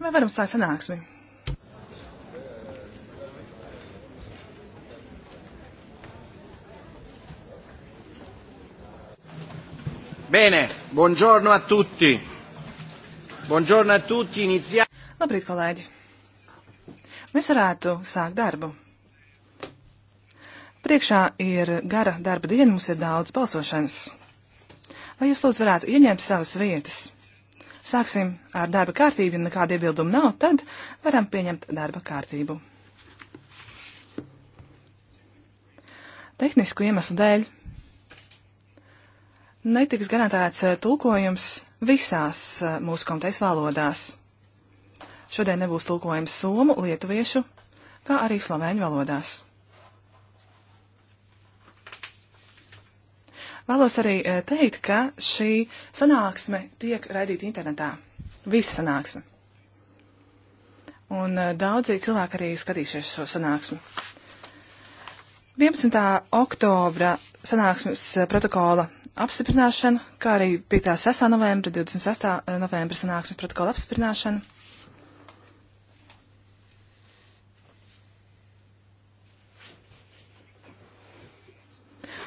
Vai varam sākt sanāksmi? Bene, buongiorno a tutti. Buongiorno a tutti, iniziamo. Labrīt, kolēģi. Mēs varētu sākt darbu. Priekšā ir gara darba diena, mums ir daudz balsošanas. Vai jūs lūdzu varētu ieņemt savas vietas? Sāksim ar darba kārtību, ja nekāda iebilduma nav, tad varam pieņemt darba kārtību. Tehnisku iemeslu dēļ netiks garantēts eh, tulkojums visās eh, mūsu komitejas valodās. Šodien nebūs tulkojums somu, lietuviešu, kā arī slovēņu valodās. Vēlos arī eh, teikt, ka šī sanāksme tiek raidīta internetā. Viss sanāksme. Un eh, daudzi cilvēki arī skatīsies šo sanāksmi. 11. oktobra sanāksmes eh, protokola apstiprināšana, kā arī 5. 6. novembra, 26. novembra sanāksmes protokola apstiprināšana.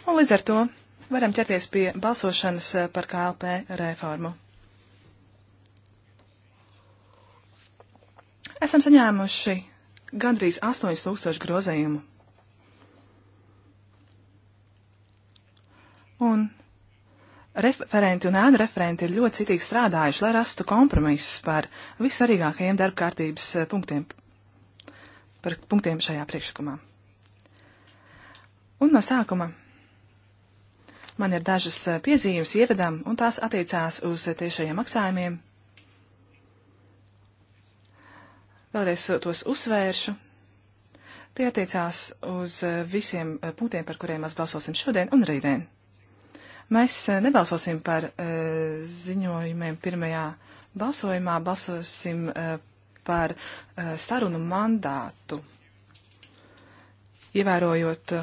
Un līdz ar to varam ķerties pie balsošanas eh, par KLP reformu. Esam saņēmuši gandrīz 8000 grozējumu. Un referenti un ēnu referenti ir ļoti citīgi strādājuši, lai rastu kompromisus par vissvarīgākajiem darbkārtības eh, punktiem, par punktiem šajā priekšlikumā. Un no sākuma Man ir dažas eh, piezīmes ievadam, un tās attiecās uz eh, tiešajiem maksājumiem. Vēlreiz tos uzsvēršu. Tie attiecās uz eh, visiem punktiem, par kuriem mēs balsosim šodien un rītdien. Mēs nebalsosim par ziņojumiem pirmajā balsojumā, balsosim par sarunu mandātu, ievērojot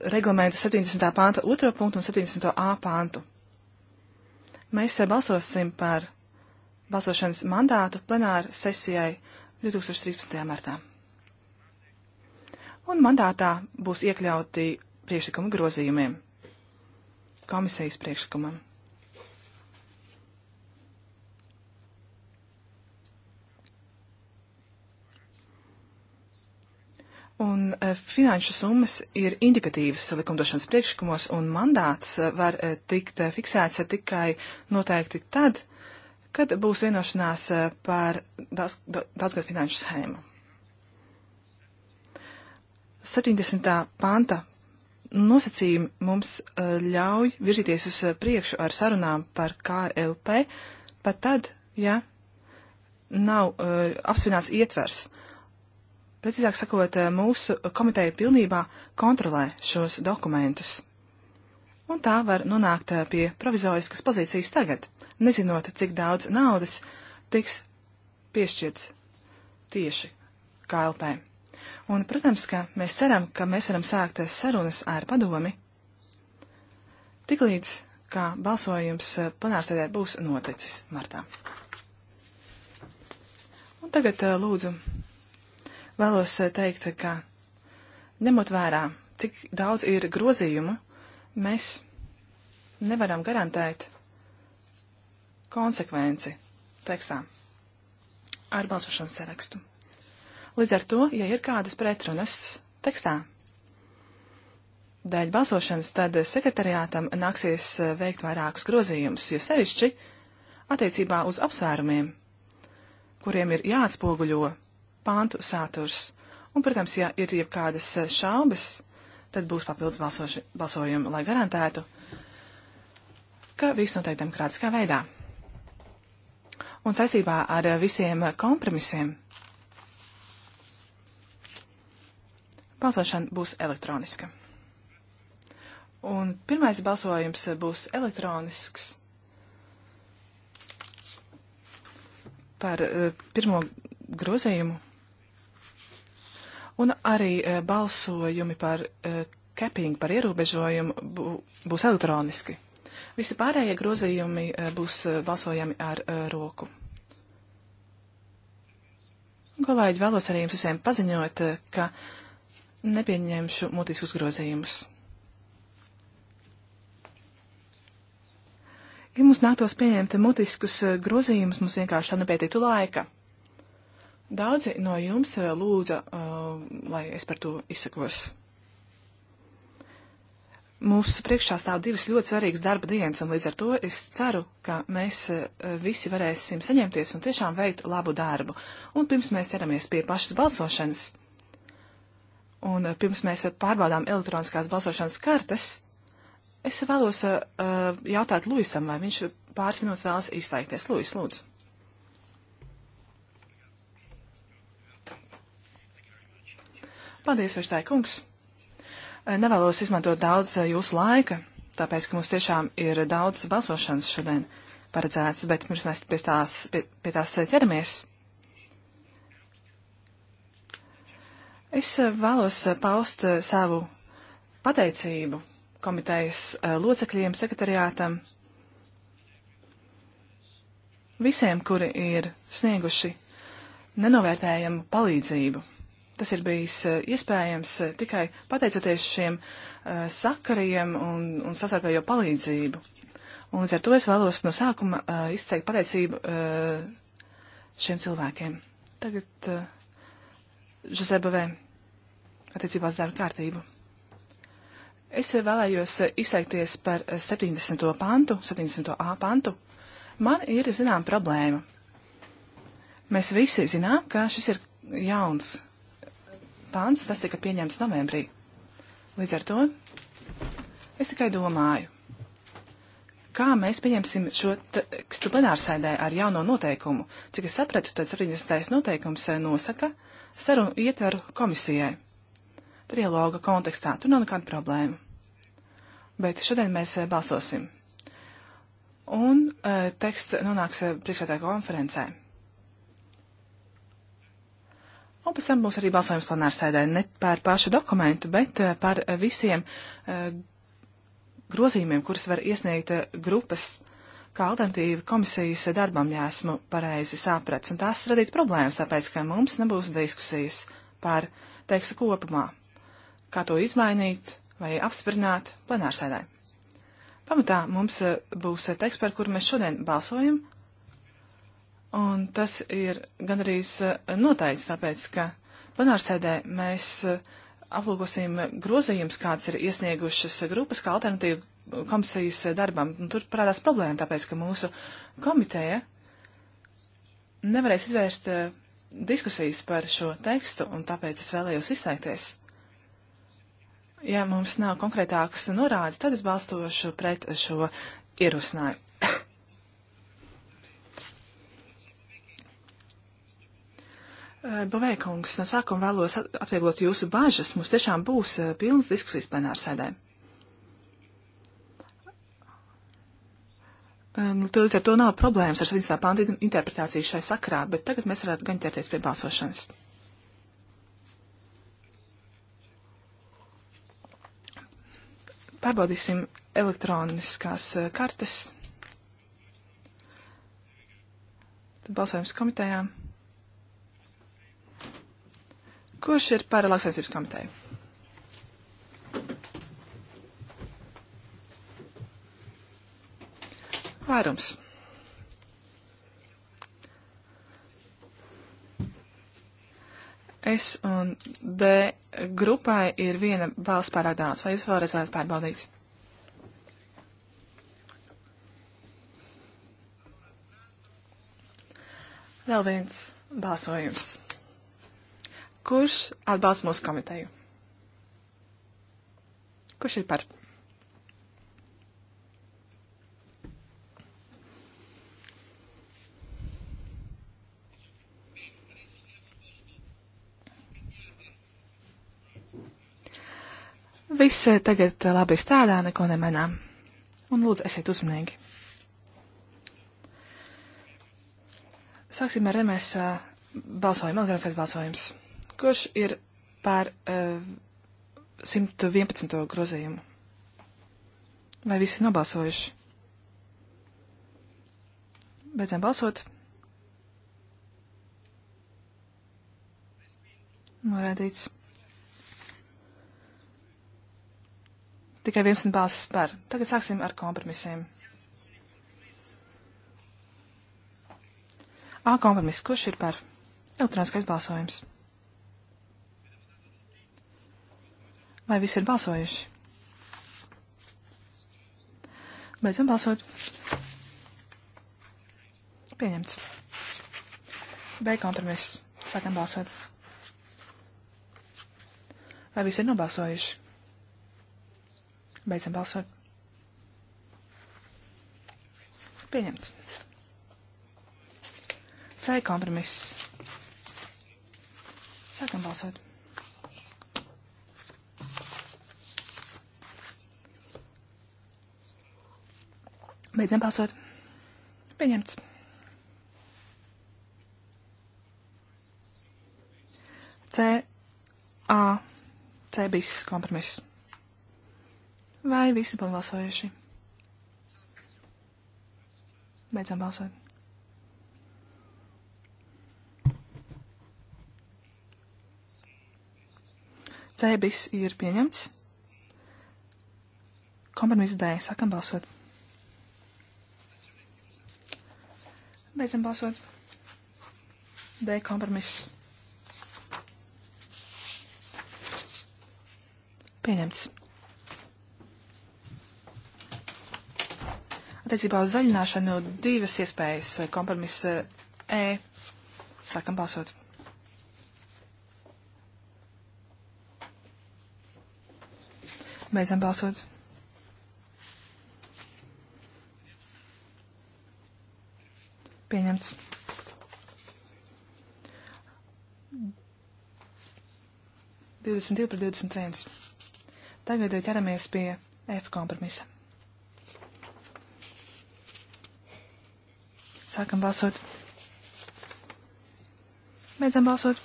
reglamenta 70. panta 2. punktu un 70. a pantu. Mēs eh, balsosim par balsošanas mandātu plenāru sesijai 2013. martā. Un mandātā būs iekļauti priekšlikuma grozījumiem komisijas priekšlikumam. Un eh, finanšu summas ir indikatīvas likumdošanas priekšlikumos, un mandāts eh, var eh, tikt fiksēts tikai noteikti tad, kad būs vienošanās par daudz, daudzgad finanšu schēmu. 70. panta nosacījumi mums ļauj virzīties uz priekšu ar sarunām par KLP, pat tad, ja nav uh, apsvināts ietvers. Uh, Precīzāk sakot, eh, mūsu komiteja pilnībā kontrolē šos dokumentus. Un tā var nonākt eh, pie provizoriskas pozīcijas tagad, nezinot, cik daudz naudas tiks piešķirts tieši KLP. Un, protams, ka mēs ceram, ka mēs varam sākt eh, sarunas ar padomi. Tiklīdz kā balsojums plenārsēdē būs noticis martā. Un tagad lūdzu Vēlos eh, teikt, ka ņemot vērā, cik daudz ir grozījumu, mēs nevaram garantēt konsekvenci tekstā ar balsošanas sarakstu. Līdz ar to, ja ir kādas pretrunas tekstā dēļ balsošanas, tad sekretariātam nāksies eh, veikt vairākus grozījumus, jo sevišķi attiecībā uz apsvērumiem, kuriem ir jāatspoguļo pāntu saturs. Un, protams, ja ir jebkādas eh, šaubas, tad būs papildus balsoši, balsojumi, lai garantētu, ka viss notiek demokrātiskā veidā. Un saistībā ar eh, visiem kompromisiem balsošana būs elektroniska. Un pirmais balsojums eh, būs elektronisks par pirmo grozījumu Un arī e, balsojumi par e, capping, par ierobežojumu bū, būs elektroniski. Visi pārējie grozījumi e, būs e, balsojami ar e, roku. Kolēģi, vēlos arī jums visiem paziņot, e, ka nepieņemšu mutiskus grozījumus. Ja mums nāktos pieņemt mutiskus grozījumus, mums vienkārši tā nepietiektu laika. Daudzi no jums eh, lūdza, eh, lai es par to izsakos. Mūsu priekšā stāv divas ļoti svarīgas darba dienas, un līdz ar to es ceru, ka mēs eh, visi varēsim saņemties un tiešām veikt labu darbu. Un pirms mēs ķeramies pie pašas balsošanas, un pirms mēs pārbaudām elektroniskās balsošanas kartes, es vēlos uh, jautāt Luisam, vai viņš pāris minūtes vēlas izteikties. Luis, lūdzu. Paldies, Virstāj kungs! Nevēlos izmantot daudz jūsu laika, tāpēc, ka mums tiešām ir daudz balsošanas šodien paredzēts, bet pirms mēs pie tās, pie, pie tās ķeramies. Es vēlos paust savu pateicību komitejas locekļiem, sekretariātam, visiem, kuri ir snieguši nenovērtējamu palīdzību Tas ir bijis eh, iespējams eh, tikai pateicoties šiem uh, sakariem un, un sasarpējo palīdzību. Un līdz ar to es vēlos no sākuma uh, izteikt pateicību uh, šiem cilvēkiem. Tagad Žozebavē attiecībās darba kārtību. Es vēlējos izteikties par 70. pantu, 70. A pantu. Man ir zinām problēma. Mēs visi zinām, ka šis ir jauns pāns, tas tika pieņemts novembrī. Līdz ar to es tikai domāju, kā mēs pieņemsim šo tekstu plenārsēdē ar jauno noteikumu. Cik es sapratu, tad 70. noteikums eh, nosaka sarunu ietveru komisijai. Trialoga kontekstā tur nav nekāda problēma. Bet šodien mēs eh, balsosim. Un uh, teksts nonāks priekšētā konferencē. Un pēc tam būs arī balsojums plenārsēdē ne par pašu dokumentu, bet eh, par eh, visiem eh, grozījumiem, kurus var iesniegt grupas kā alternatīva komisijas darbam, ja esmu pareizi sapratis. Un tās radīt problēmas, tāpēc, ka mums nebūs diskusijas par tekstu kopumā, kā to izmainīt vai apsprināt plenārsēdē. Pamatā mums būs teksts, par kuru mēs šodien balsojam, Un tas ir gandrīz eh, noteikts, tāpēc, ka plenārsēdē mēs eh, aplūkosim grozījums, kāds ir iesniegušas grupas kā alternatīva komisijas darbam. Un tur parādās problēma, tāpēc, ka mūsu komiteja nevarēs izvērst eh, diskusijas par šo tekstu, un tāpēc es vēlējos izteikties. Ja mums nav konkrētākas norādes, tad es balstošu pret šo ierosinājumu. Eh, Bovēkungs, no sākuma vēlos atvieglot jūsu bažas. Mums tiešām būs eh, pilnas diskusijas plenārsēdē. Eh, nu, Līdz ar to nav problēmas ar 17. pānta interpretāciju šai sakrā, bet tagad mēs varētu gan ķerties pie balsošanas. Pārbaudīsim elektroniskās kartes. Tad balsojums komitejām. Kurš ir par lauksaimniecības komiteju? Vairums. S un D grupai ir viena balss pārāk daudz. Vai jūs vēlreiz varat pārbaudīt? Vēl viens balsojums kurš atbalsta mūsu komiteju. Kurš ir par? Viss eh, tagad eh, labi strādā, neko nemanām. Un lūdzu, esiet uzmanīgi. Sāksim ar remēs eh, balsojumu, elektroniskais balsojums. balsojums. Kurš ir pār uh, 111. grozījumu? Vai visi ir nobalsojuši? Beidzam balsot. Norādīts. Tikai 11 balsis par. Tagad sāksim ar kompromisiem. A kompromiss, kurš ir par? Elektroniskais balsojums. Vai visi ir balsojuši? Beidzam balsot. Pieņemts. B kompromiss. Sākam balsot. Vai visi ir nobalsojuši? Beidzam balsot. Pieņemts. C kompromiss. Sākam balsot. Beidzam balsot. Pieņemts. C, A, C bijis kompromiss. Vai visi balsojuši? Beidzam balsot. Cēbis ir pieņemts. Kompromiss D. Sākam balsot. Beidzam balsot. D kompromiss. Pieņemts. Attiecībā uz zaļināšanu divas iespējas. Kompromiss eh, E. Sākam balsot. Beidzam balsot. Pieņemts. Divdesmit divi par divdesmit viens. Tagad ķeramies pie F kompromisa. Sākam balsot. Beidzam balsot.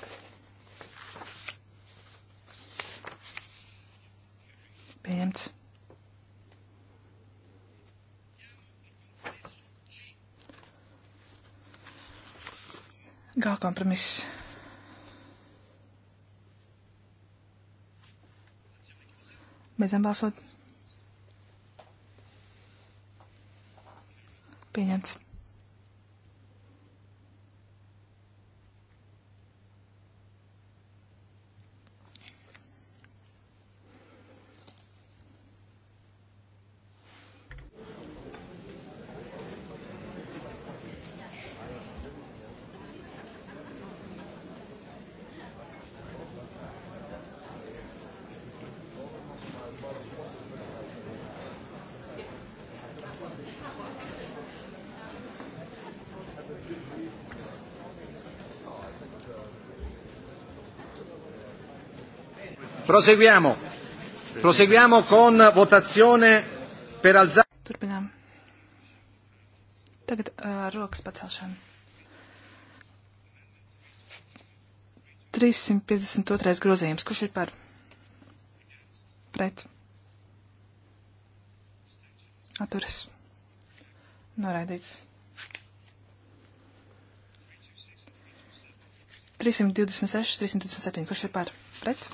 kompromiss. Beidzam balsot. Pieņemts. Proseguiamo. Proseguiamo con votazione per alzare. Turpinām. Tagad uh, rokas pacelšana. 352. grozījums. Kurš ir par? Pret. Atturas. Noraidīts. 326, 327. Kurš ir par? Pret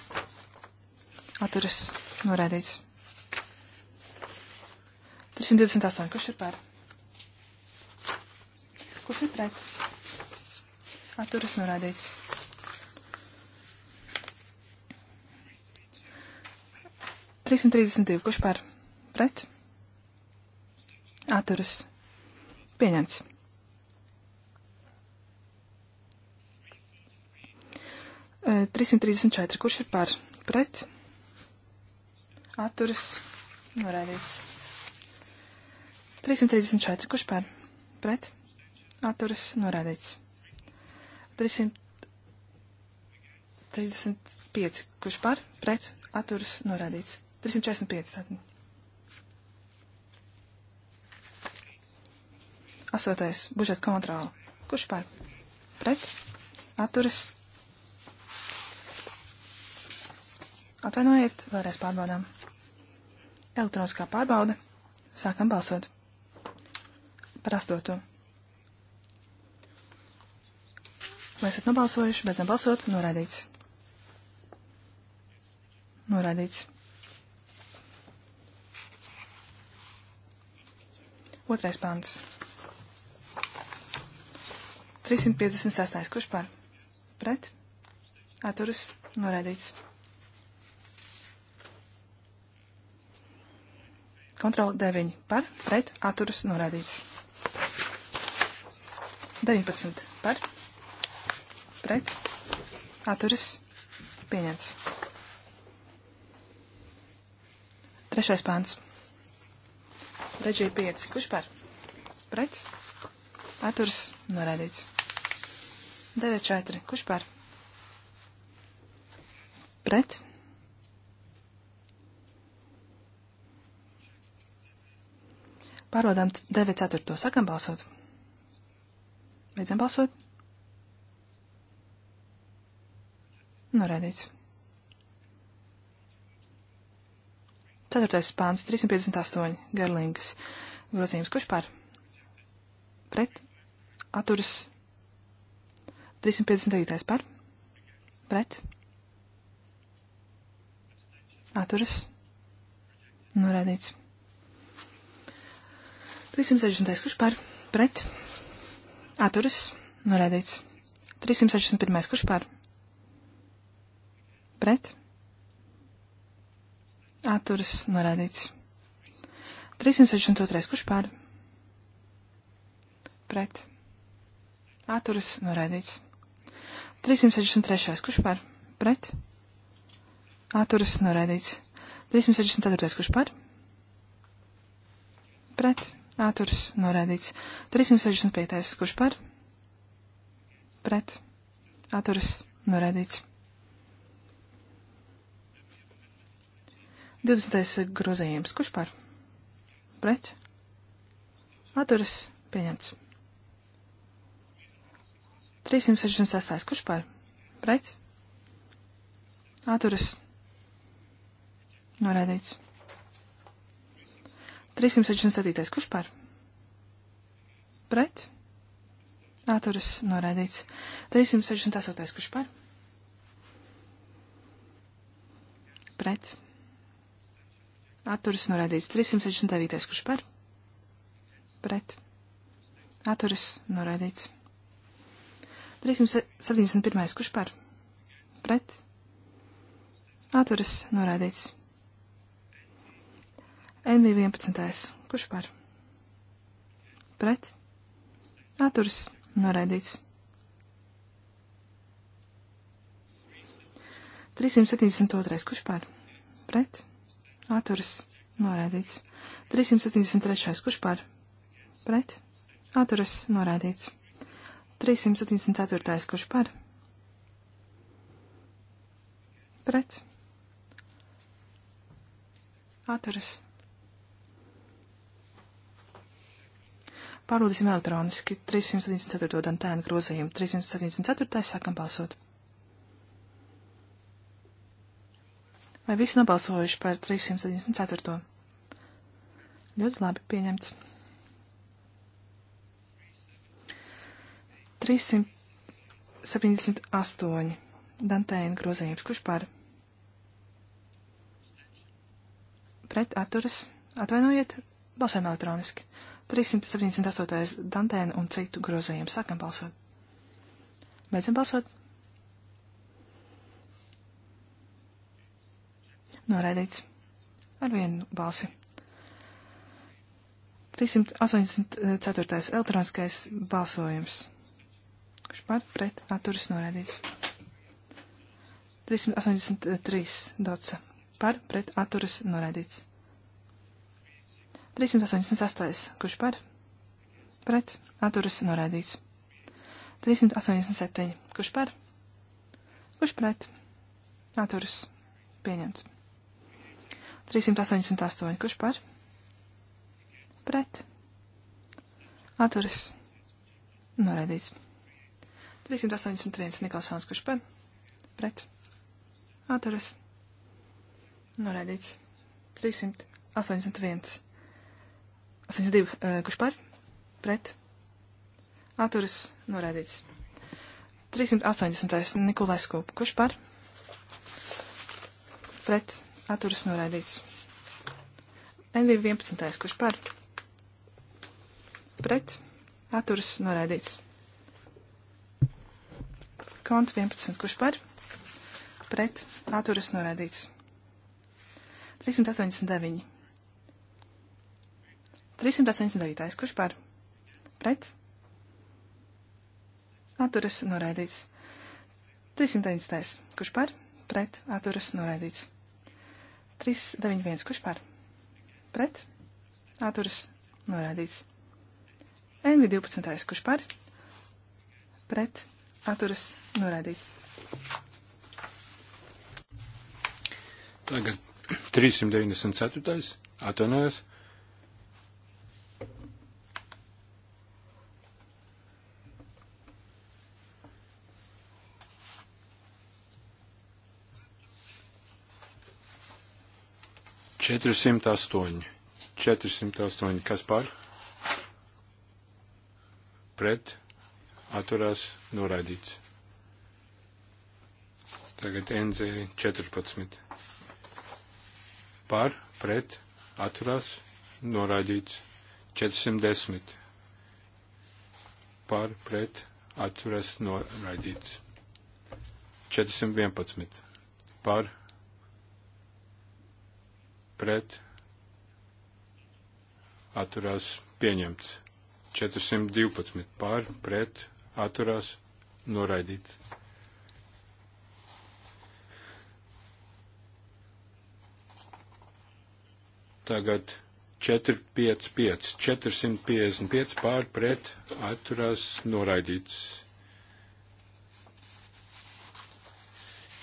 atturas norēdīts. 328. Kurš ir par? Kurš ir pret? Atturas norēdīts. Trīsim trīsdesmit divi. Kurš par? Pret? Atturas. Pieņemts. 334. Kurš ir par pret? atturas norādīts. 334, kurš par? Pret? Atturas norādīts. 335, kurš par? Pret? Atturas norādīts. 345, tātad. Astotais, budžeta kontrola. Kurš par? Pret? Atturas. Atvainojiet, vēlreiz pārbaudām. Elektroniskā pārbauda. Sākam balsot. Par astoto. Vai esat nobalsojuši? Beidzam balsot. Noraidīts. Noraidīts. Otrais pants. 356. Kurš par? Pret? Atturis. Noraidīts. Kontrola 9 par, pret, atturas norādīts. 19 par, pret, atturas pieņemts. Trešais pāns. Reģija 5. Kurš par? Pret, atturas norādīts. 9 4. Kurš par? Pret, Pārodām 94. Sakam balsot. Beidzam balsot. Norēdīts. 4. pāns, 358, garlīgas grozījums. Kurš par? Pret? Atturas. 359. par? Pret? Atturas. Norēdīts. 360. kurš par pret atturas norēdīts. 361. kurš par pret atturas norēdīts. 362. kurš par pret atturas norēdīts. 363. kurš par pret atturas norēdīts. 364. kurš par pret Āturs norādīts. 365. Kurš par? Pret. Āturs norādīts. 20. grozījums. Kurš par? Pret. Āturs pieņemts. 368. Kurš par? Pret. Āturs norādīts. 367. Kurš par? Pret? Atturas norādīts. 368. Kurš par? Pret? Atturas norādīts. 369. Kurš par? Pret? Atturas norādīts. 371. Kurš par? Pret? Atturas norādīts. NV11. Kurš par? Pret? Atturis noraidīts. 372. Kurš par? Pret? Atturis noraidīts. 373. Kurš par? Pret? Atturis noraidīts. 374. Kurš par? Pret? Atturis Pārbaudīsim elektroniski 374. dantēna grozījumu. 374. sākam balsot. Vai visi nobalsojuši par 374. Ļoti labi pieņemts. 378. Dantēna grozījums. Kurš par? Pret atturas. Atvainojiet. Balsojam elektroniski. 378. Dantēna un citu grozījumu. Sākam balsot. Beidzam balsot. Noraidīts. Ar vienu balsi. 384. elektroniskais balsojums. Kurš par pret atturis noraidīts. 383. Doca. Par pret atturis noraidīts. 386. Kurš par? Pret. Atturas noraidīts. 387. Kurš par? Kurš pret? Atturas. Pieņemts. 388. Kurš par? Pret. Atturas. Noraidīts. 381. Nikolsons. Kurš par? Pret. Atturas. Noraidīts. 381. 82. Eh, kurš par? Pret. Atturas norādīts. 380. Nikolēsku. Kurš par? Pret. Atturas norādīts. NV11. Kurš par? Pret. Atturas norādīts. Konta 11. Kurš par? Pret. Atturas norādīts. 389. 379. Kurš par? Pret? Atturas noraidīts. 390. Kurš par? Pret? Atturas noraidīts. 391. Kurš par? Pret? Atturas noraidīts. NV12. Kurš par? Pret? Atturas noraidīts. Tagad 394. atvainojos. 408. 408. Kas par? Pret. Atturās noraidīts. Tagad NZ 14. Par, pret, atturās, noraidīts. 410. Par, pret, atturās, noraidīts. 411. Par, pret atturās pieņemts. 412 pār pret atturās noraidīts. Tagad 455, 455 pār pret atturās noraidīts.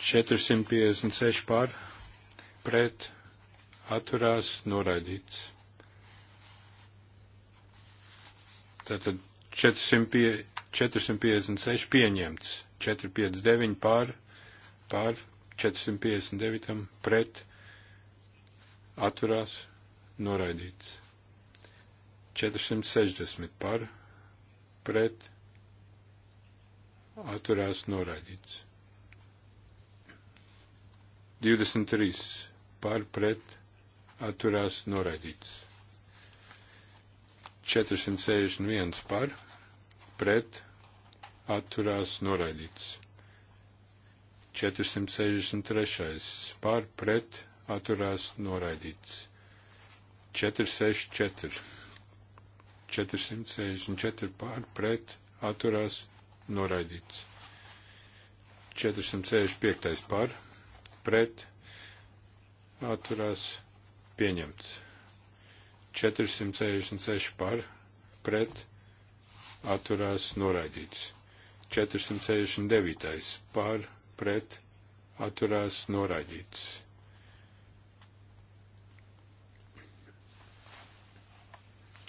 456 pār pret atturās noraidīts. Tātad 400, 456 pieņemts, 459 pār, pār 459 pret atturās noraidīts. 460 par pret atturās noraidīts. 23 par pret atturās noraidīts. 461 par, pret, atturās noraidīts. 463 par, pret, atturās noraidīts. 464. 464 pār pret atturās noraidīts. 465 pār pret atturās pieņemts. 466 par, pret, atturās noraidīts. 469 par, pret, atturās noraidīts.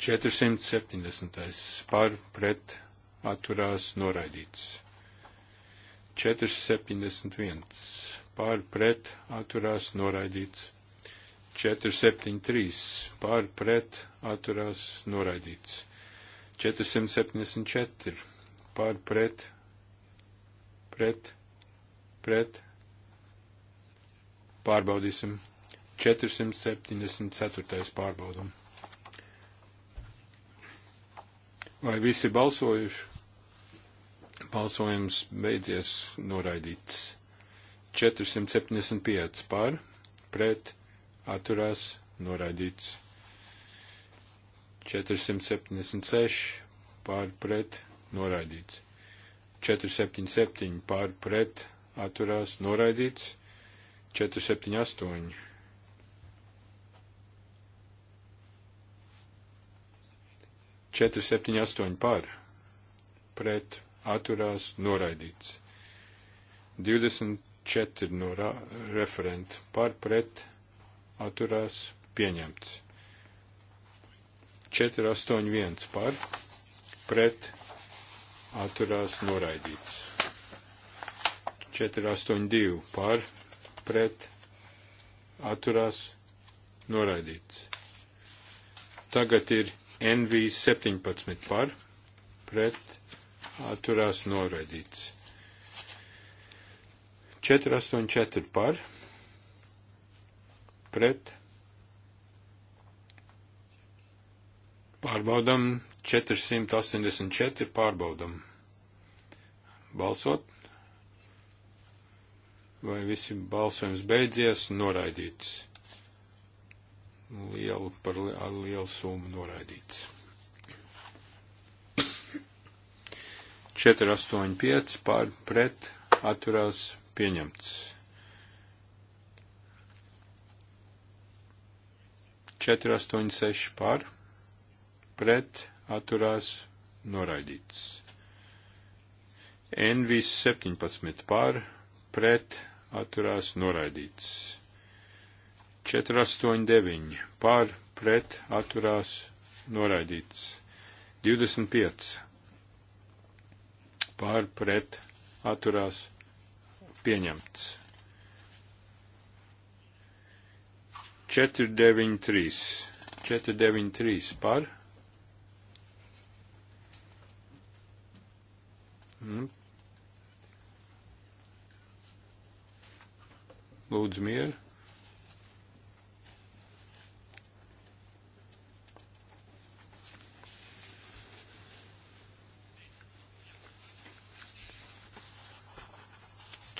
Četrsimt septiņdesmitais par pret atturās noraidīts. 471 pār pret atturās noraidīts. 473 pār pret atturās noraidīts. 474 pār pret, pret, pret. Pārbaudīsim. 474. pārbaudam. Vai visi balsojuši? Balsojums beidzies noraidīts. 475 pār pret atturās noraidīts. 476 pār pret noraidīts. 477 pār pret atturās noraidīts. 478 478 pār pret atturās noraidīts. 24 no referenta pār pret atturās pieņemts. 481 par, pret, atturās noraidīts. 482 par, pret, atturās noraidīts. Tagad ir NV 17 par, pret, atturās noraidīts. 484 par, pret. Pārbaudam 484, pārbaudam. Balsot. Vai visi balsojums beidzies, noraidīts. Lielu par li ar lielu summu noraidīts. 485 pār pret atturās pieņemts. 486 par, pret atturās noraidīts. Envis 17 par, pret atturās noraidīts. 489 par, pret atturās noraidīts. 25 par, pret atturās pieņemts. 493. 493 par. Nu. Lūdzu, mieru.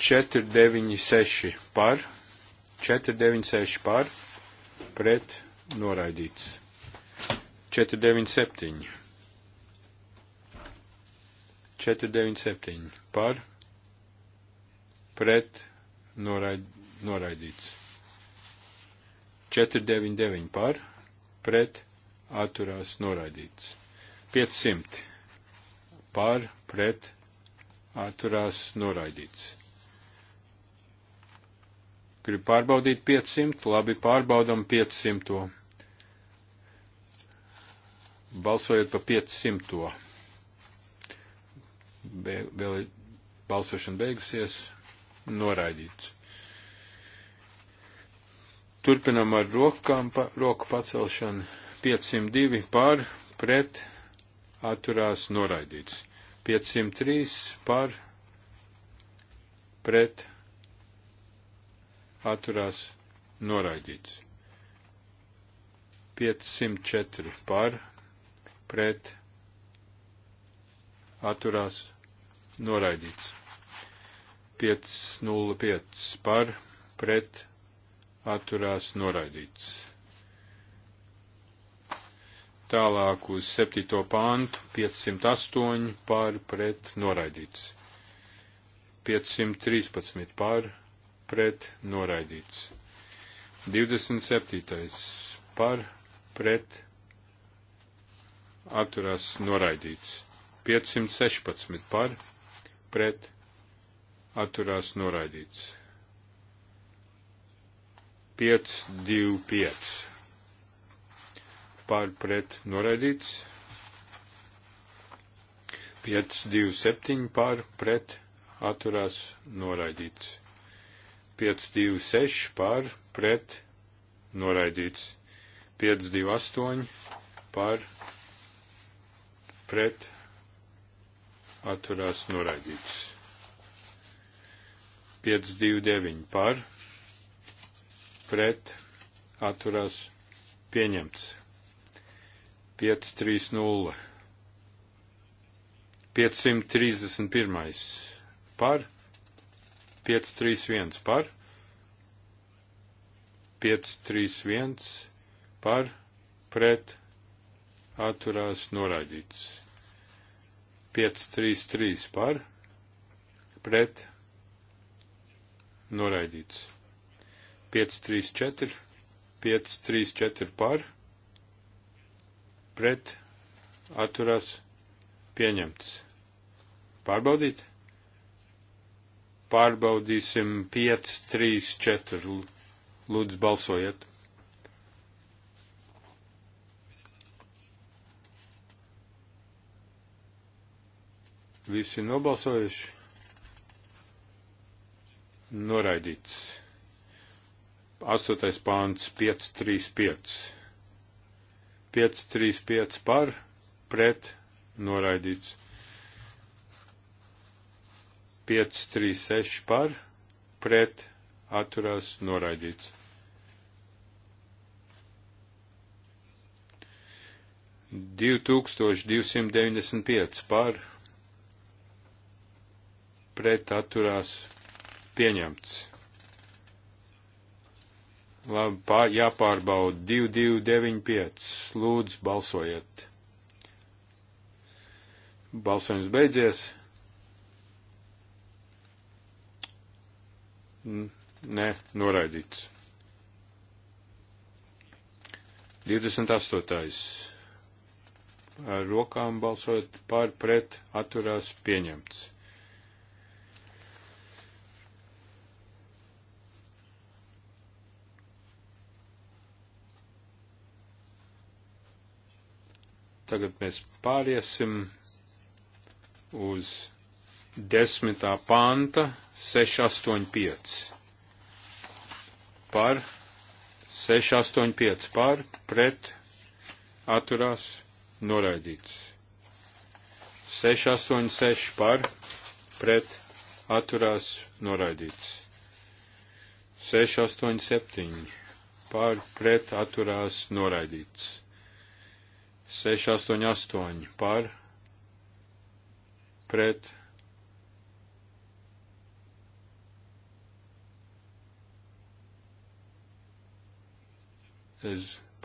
Četri, deviņi, seši par, četri, deviņi, seši par, pret noraidīts. 497. 497 par pret noraid, noraidīts. 499 par pret atturās noraidīts. 500 par pret atturās noraidīts. Grib pārbaudīt 500, labi pārbaudam 500. Balsojot pa 500. Be, vēl ir balsošana beigusies, noraidīts. Turpinam ar rokām, pa, roku pacelšanu. 502 pār, pret, atturās, noraidīts. 503 pār, pret, atturās noraidīts. 504 par, pret, atturās, noraidīts. 505 par, pret, atturās, noraidīts. Tālāk uz 7. pāntu 508 par, pret, noraidīts. 513 par, pret, pret noraidīts. 27. par pret atturās noraidīts. 516 par pret atturās noraidīts. 525 par pret noraidīts. 527 par pret atturās noraidīts. 526 par pret noraidīts. 528 par pret atturās noraidīts. 529 par pret atturās pieņemts. 530 531 par 531 par, 531 par, pret, atturās noraidīts. 533 par, pret, noraidīts. 534, 534 par, pret, atturās, pieņemts. Pārbaudīt? pārbaudīsim 5, 3, 4. Lūdzu, balsojiet! Visi nobalsojuši? Noraidīts. 8. pāns 535. 535 par, pret, noraidīts. 5, 3, 6 par, pret, atturās, noraidīts. Divi tūkstoši divsimt deviņdesmit pieci par, pret atturās, pieņemts. Labi, pār, jāpārbauda 2295. Lūdzu, balsojiet. Balsojums beidzies. Nē, noraidīts. 28. Ar rokām balsot par pret atturās pieņemts. Tagad mēs pāriesim uz 10. panta 685 par 685 par pret atturās noraidīts. 686 par pret atturās noraidīts. 687 par pret atturās noraidīts. 688 par pret atturās noraidīts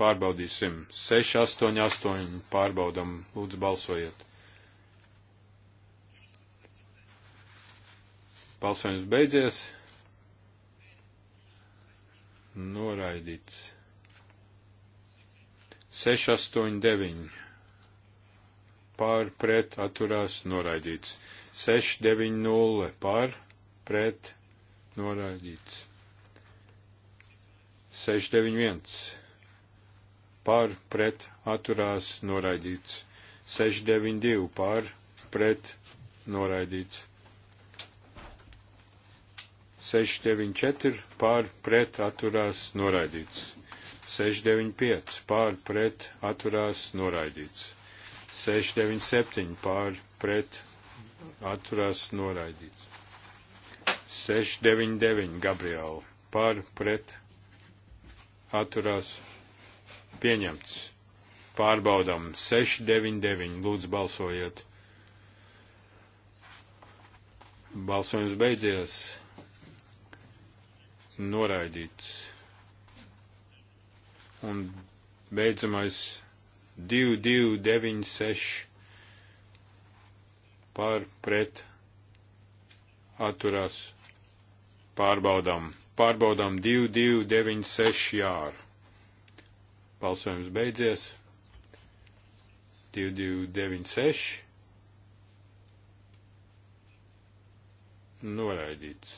pārbaudīsim 688, pārbaudam, lūdzu balsojiet. Balsojums beidzies. Noraidīts. 689. Pār pret atturās noraidīts. 690 pār pret noraidīts. 691 pār pret atturās noraidīts. 692 pār pret noraidīts. 694 pār pret atturās noraidīts. 695 pār pret atturās noraidīts. 697 pār pret atturās noraidīts. 699 Gabriela pār pret atturās noraidīts pieņemts. Pārbaudām 699, lūdzu balsojiet. Balsojums beidzies. Noraidīts. Un beidzamais 2296 par pret atturās pārbaudām. Pārbaudām 2296 jāru. Balsojums beidzies. 2296. Noraidīts.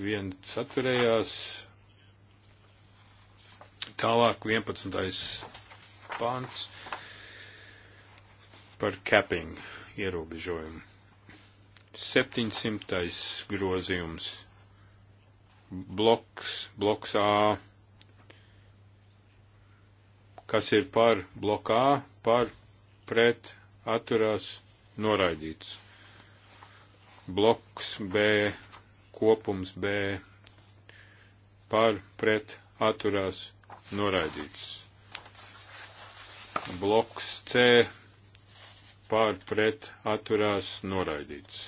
Viens atturējās. Tālāk 11. pāns par capping ierobežojumu. 700. grozījums. Bloks, bloks A kas ir par blokā, par pret atturās noraidīts. Bloks B, kopums B, par pret atturās noraidīts. Bloks C, par pret atturās noraidīts.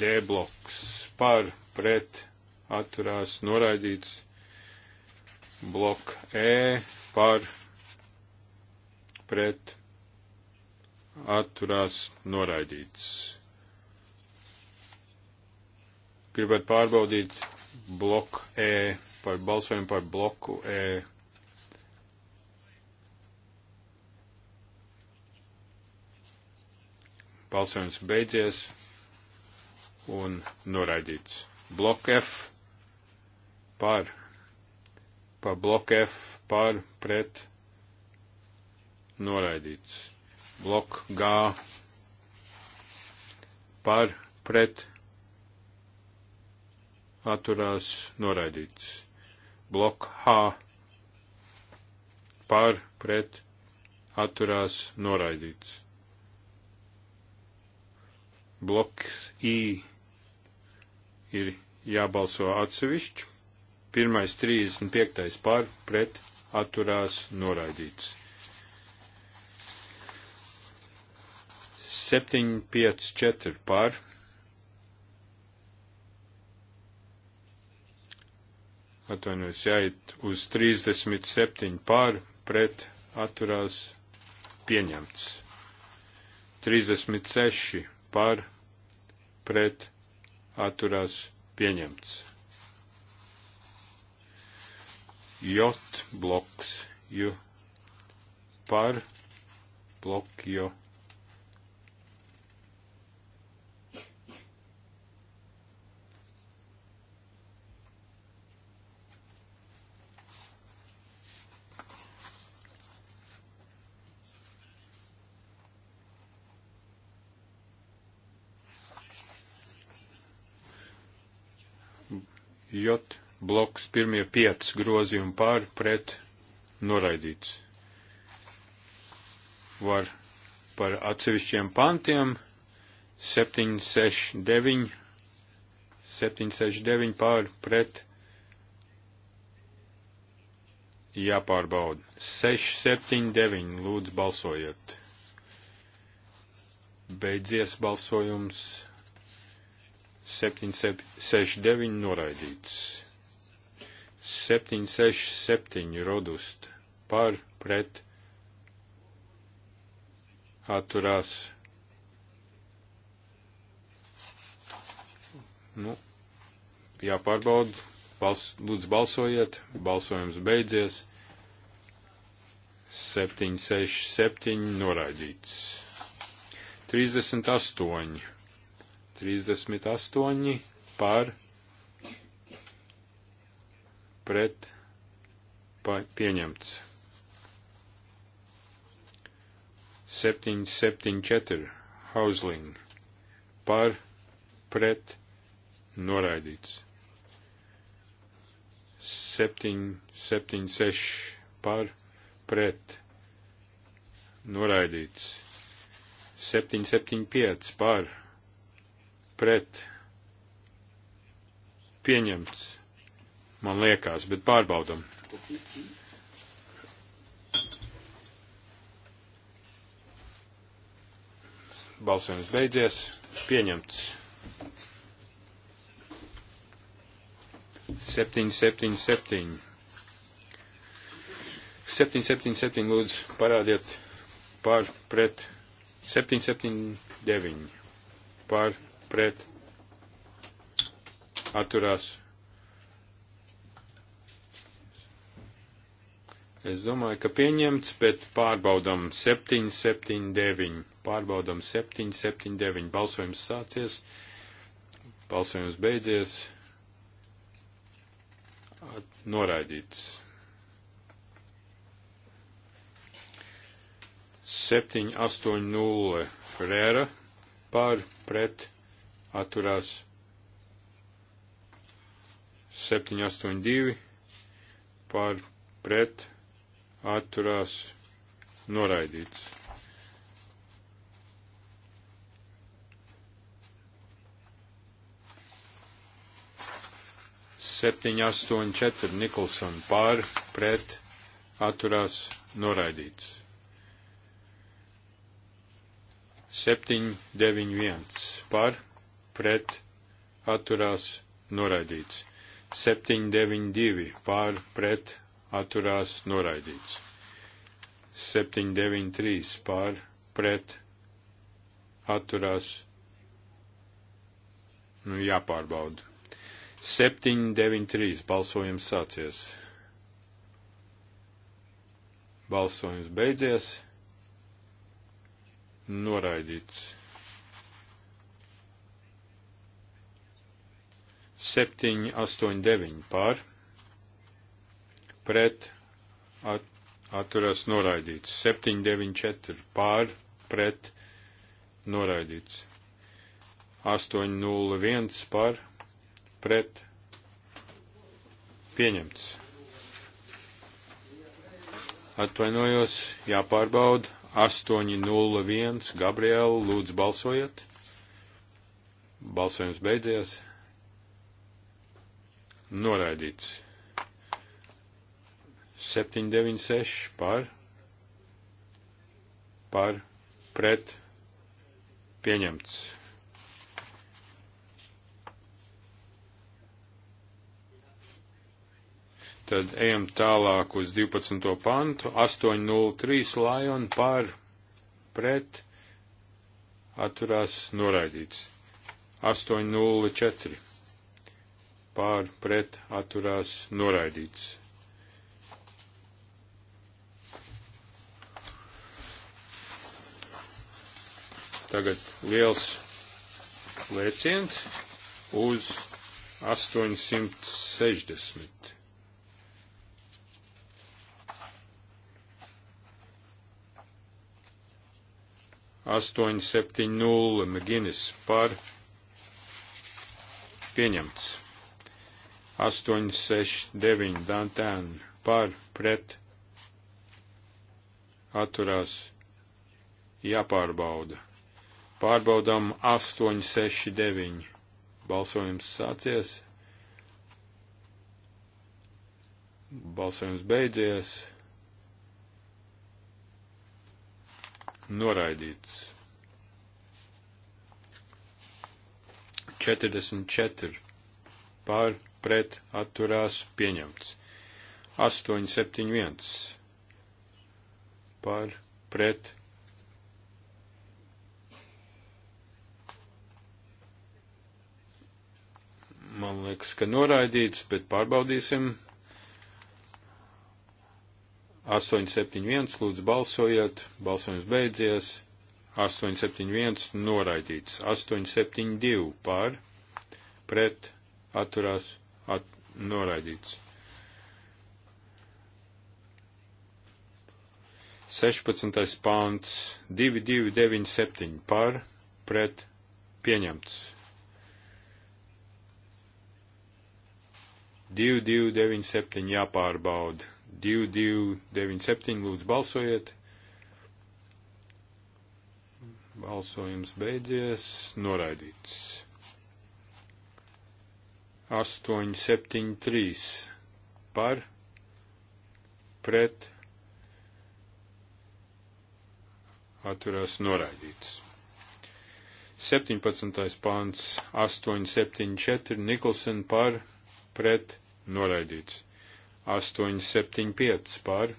D bloks, par pret atturās noraidīts blok E par pret atturās noraidīts. Gribat pārbaudīt bloku E par balsojumu par bloku E. Balsojums beidzies un noraidīts. Blok F par par bloku F par pret noraidīts. Blok G par pret atturās noraidīts. Blok H par pret atturās noraidīts. Bloks I ir jābalso atsevišķi Pirmais 35. par pret atturās noraidīts. 754 par atvainojos, jāiet uz 37 pār, pret atturās pieņemts. 36 pār, pret atturās pieņemts. J bloks, jo par bloku, jo. J bloks pirmie pieci grozījumi pār pret noraidīts. Var par atsevišķiem pantiem 769, 769 pār pret jāpārbauda. 679 lūdzu balsojiet. Beidzies balsojums 769 noraidīts. 767 rodust par pret atturās. Nu, jāpārbauda, Bals, lūdzu balsojiet, balsojums beidzies, 767 noraidīts, 38, 38 par pret pret pieņemts. 774 Hausling par pret noraidīts. 776 par pret noraidīts. 775 par pret pieņemts man liekas, bet pārbaudam. Balsojums beidzies, pieņemts. 777. 777 lūdzu parādiet pār pret 779 pār pret atturās Es domāju, ka pieņemts, bet pārbaudam 779. Pārbaudam 779. Balsojums sācies, balsojums beidzies, noraidīts. 780 Ferēra pār pret atturās 782 pār pret atturās atturās noraidīts. Septiņi, astoņi, četri Nikolson pār, pret, atturās noraidīts. Septiņi, deviņi, viens pār, pret, atturās noraidīts. Septiņi, deviņi, divi pār, pret, atturās noraidīts. 793 pār pret atturās nu, jāpārbauda. 793 balsojums sācies. Balsojums beidzies. Noraidīts. 789 pār pret at, atturas noraidīts. 794 pār pret noraidīts. 801 pār pret pieņemts. Atvainojos, jāpārbauda. 801 Gabriela, lūdzu balsojiet. Balsojums beidzies. Noraidīts. 796 par, par, pret, pieņemts. Tad ejam tālāk uz 12. pantu, 803 lajon par, pret, atturās noraidīts. 804 pār, pret, atturās noraidīts. Tagad liels lēciens uz 860. Astoņi septiņi nulle Meginis par pieņemts. 869 Dantēn par pret atturās jāpārbauda. Pārbaudām 869. Balsojums sācies. Balsojums beidzies. Noraidīts. 44 pār pret atturās pieņemts. 871 pār pret Man liekas, ka noraidīts, bet pārbaudīsim. 871, lūdzu balsojiet, balsojums beidzies. 871 noraidīts, 872 pār, pret, atturās, at, noraidīts. 16. pāns 2297 pār, pret, pieņemts. 2297 jāpārbauda. 2297 lūdzu balsojiet. Balsojums beidzies, noraidīts. 873 par, pret, atturās noraidīts. 17. pāns 874 Nikolsen par, pret pret noraidīts. 875 par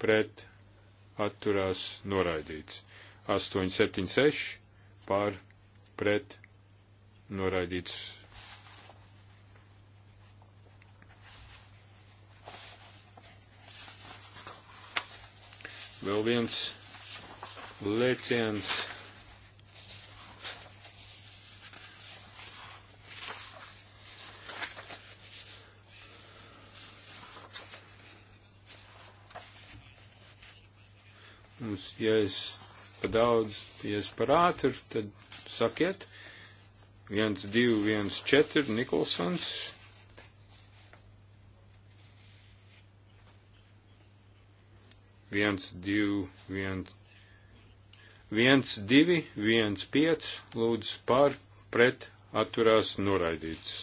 pret atturās noraidīts. 876 par pret noraidīts. Vēl viens lēciens mums, ja es pa daudz, ja es par ātru, tad sakiet, 1, 2, 1, 4, Nikolsons. viens, divi, viens, viens, divi, viens, piec, lūdzu pār, pret, atturās, noraidīts.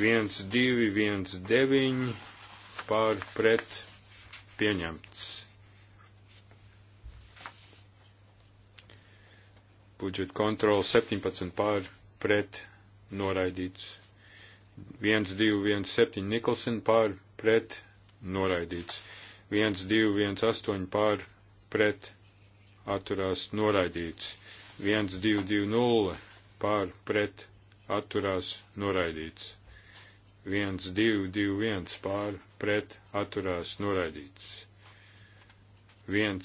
viens, divi, viens, deviņi, pār, pret, pieņemts. budžeta kontrola 17 pār pret noraidīts. 1, 2, 1, 7 Nikolsen pār pret noraidīts. 1, 2, 1, 8 pār pret atturās noraidīts. 1, 2, 2, 0 pār pret atturās noraidīts. 1, 2, 2, 1 pār pret atturās noraidīts. 1,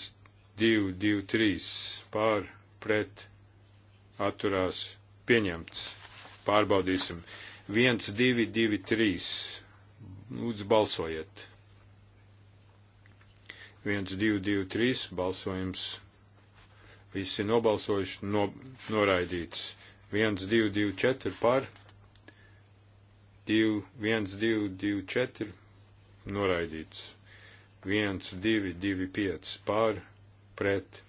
2, 2, 3 pār pret atturās pieņemts. Pārbaudīsim. 1, 2, 2, 3. Lūdzu, balsojiet. 1, 2, 2, 3. Balsojums. Visi nobalsojuši, no, noraidīts. 1, 2, 2, 4 par. 2, 1, 2, 2, 4. Noraidīts. 1, 2, 2, 5 par. Pret.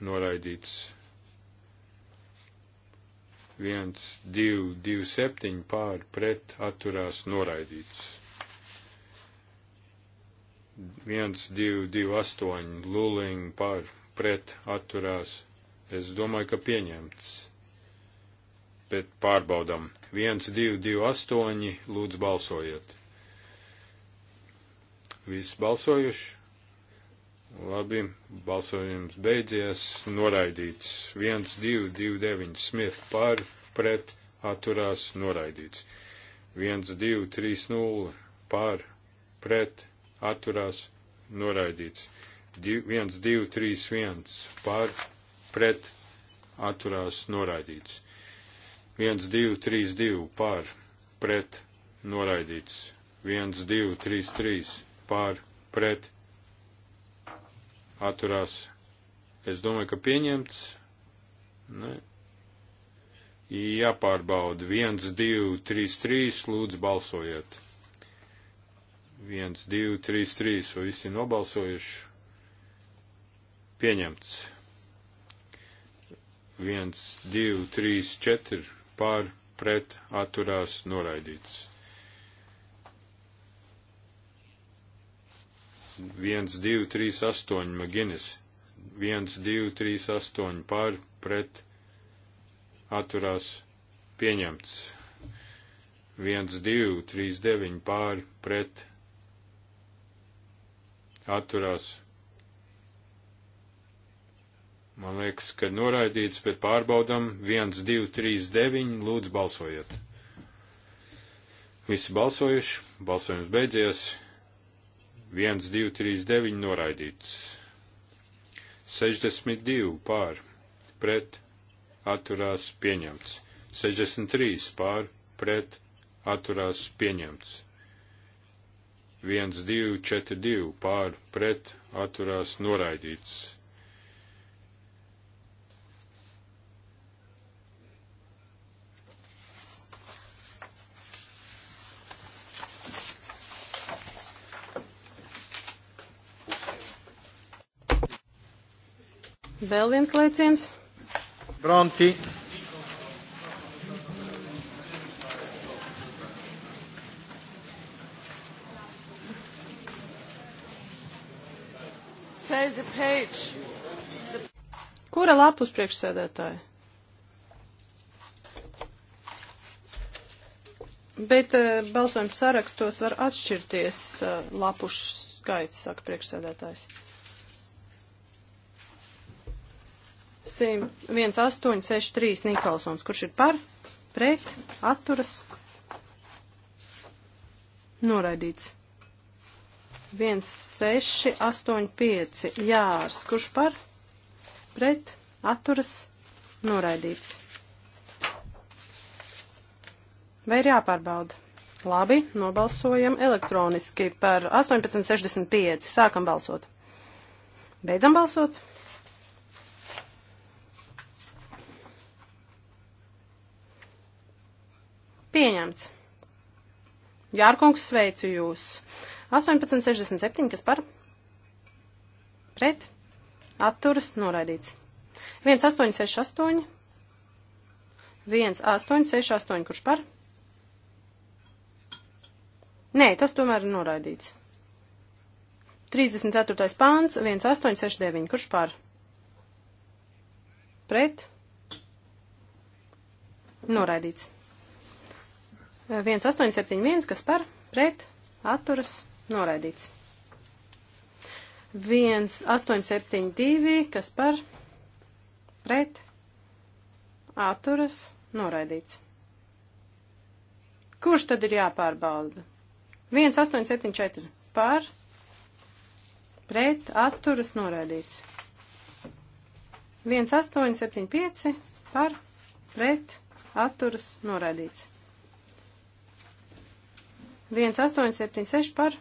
Noraidīts. 1, 2, 2, 7 pār pret atturās noraidīts. 1, 2, 2, 8 luling pār pret atturās. Es domāju, ka pieņemts. Bet pārbaudam. 1, 2, 2, 8 lūdzu balsojiet. Visi balsojuši? Labi, balsojums beidzies, noraidīts. 1, 2, 2, 9, Smith par, pret, atturās, noraidīts. 1, 2, 3, 0, par, pret, atturās, noraidīts. 1, 2, 3, 1, par, pret, atturās, noraidīts. 1, 2, 3, 2, par, pret, noraidīts. 1, 2, 3, 3, par, pret, noraidīts atturās. Es domāju, ka pieņemts. Ne. Jāpārbauda. 1, 2, 3, 3. Lūdzu, balsojiet. 1, 2, 3, 3. Vai visi nobalsojuši? Pieņemts. 1, 2, 3, 4. Pār, pret, atturās, noraidīts. 1, 2, 3, 8, Maginis, 1, 2, 3, 8, pār, pret, atturās, pieņemts, 1, 2, 3, 9, pār, pret, atturās, man liekas, ka noraidīts, bet pārbaudam, 1, 2, 3, 9, lūdzu balsojiet. Visi balsojuši, balsojums beidzies. 1, 2, 3, 9 noraidīts, 62 pār, pret, atturās pieņemts, 63 pār, pret, atturās pieņemts, 1, 2, 4, 2 pār, pret, atturās noraidīts, Vēl viens lēciens. Pronti. The... Kura lapus priekšsēdētāji? Bet uh, eh, balsojums sarakstos var atšķirties uh, eh, lapušu skaits, saka priekšsēdētājs. 1863 Nikolsons, kurš ir par, pret, atturas, noraidīts. 1685 Jārs, kurš par, pret, atturas, noraidīts. Vai ir jāpārbauda? Labi, nobalsojam elektroniski par 1865. Sākam balsot. Beidzam balsot. Pieņemts. Jārkungs, sveicu jūs. 1867, kas par? Pret. Atturas noraidīts. 1868. 1868, kurš par? Nē, tas tomēr ir noraidīts. 34. pāns, 1869, kurš par? Pret. Noraidīts. 1871, kas par pret atturas noraidīts. 1872, kas par pret atturas noraidīts. Kurš tad ir jāpārbauda? 1874 par pret atturas noraidīts. 1875 par pret atturas noraidīts. 1876 par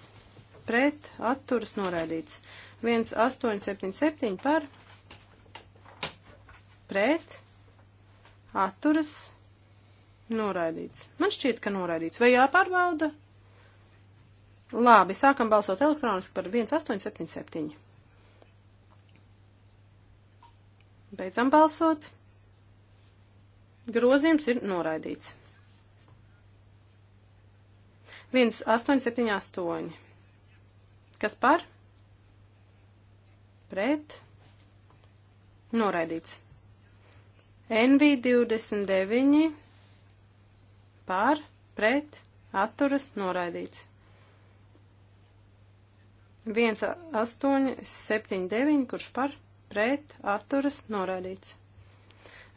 pret atturas noraidīts. 1877 par pret atturas noraidīts. Man šķiet, ka noraidīts. Vai jāpārbauda? Labi, sākam balsot elektroniski par 1877. Beidzam balsot. Grozījums ir noraidīts. 1878. Kas par? Pret. Noraidīts. NV29 pār, pret, atturas, noraidīts. 1, 8, 7, 9, kurš par, pret, atturas, noraidīts.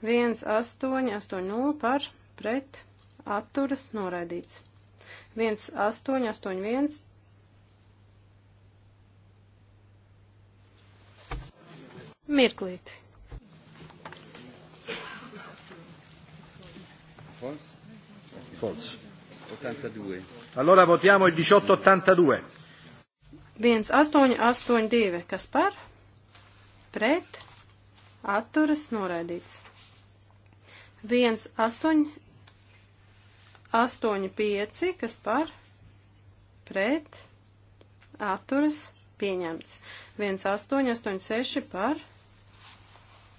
1, 8, 8, 0, par, pret, atturas, noraidīts. 1881. Mirklīti. False? False. 82. Allora votiamo il 1882. 1882. Kas par? Pret? Atturas noraidīts. 18 8,5, kas par pret atturas pieņemts. 1,886 par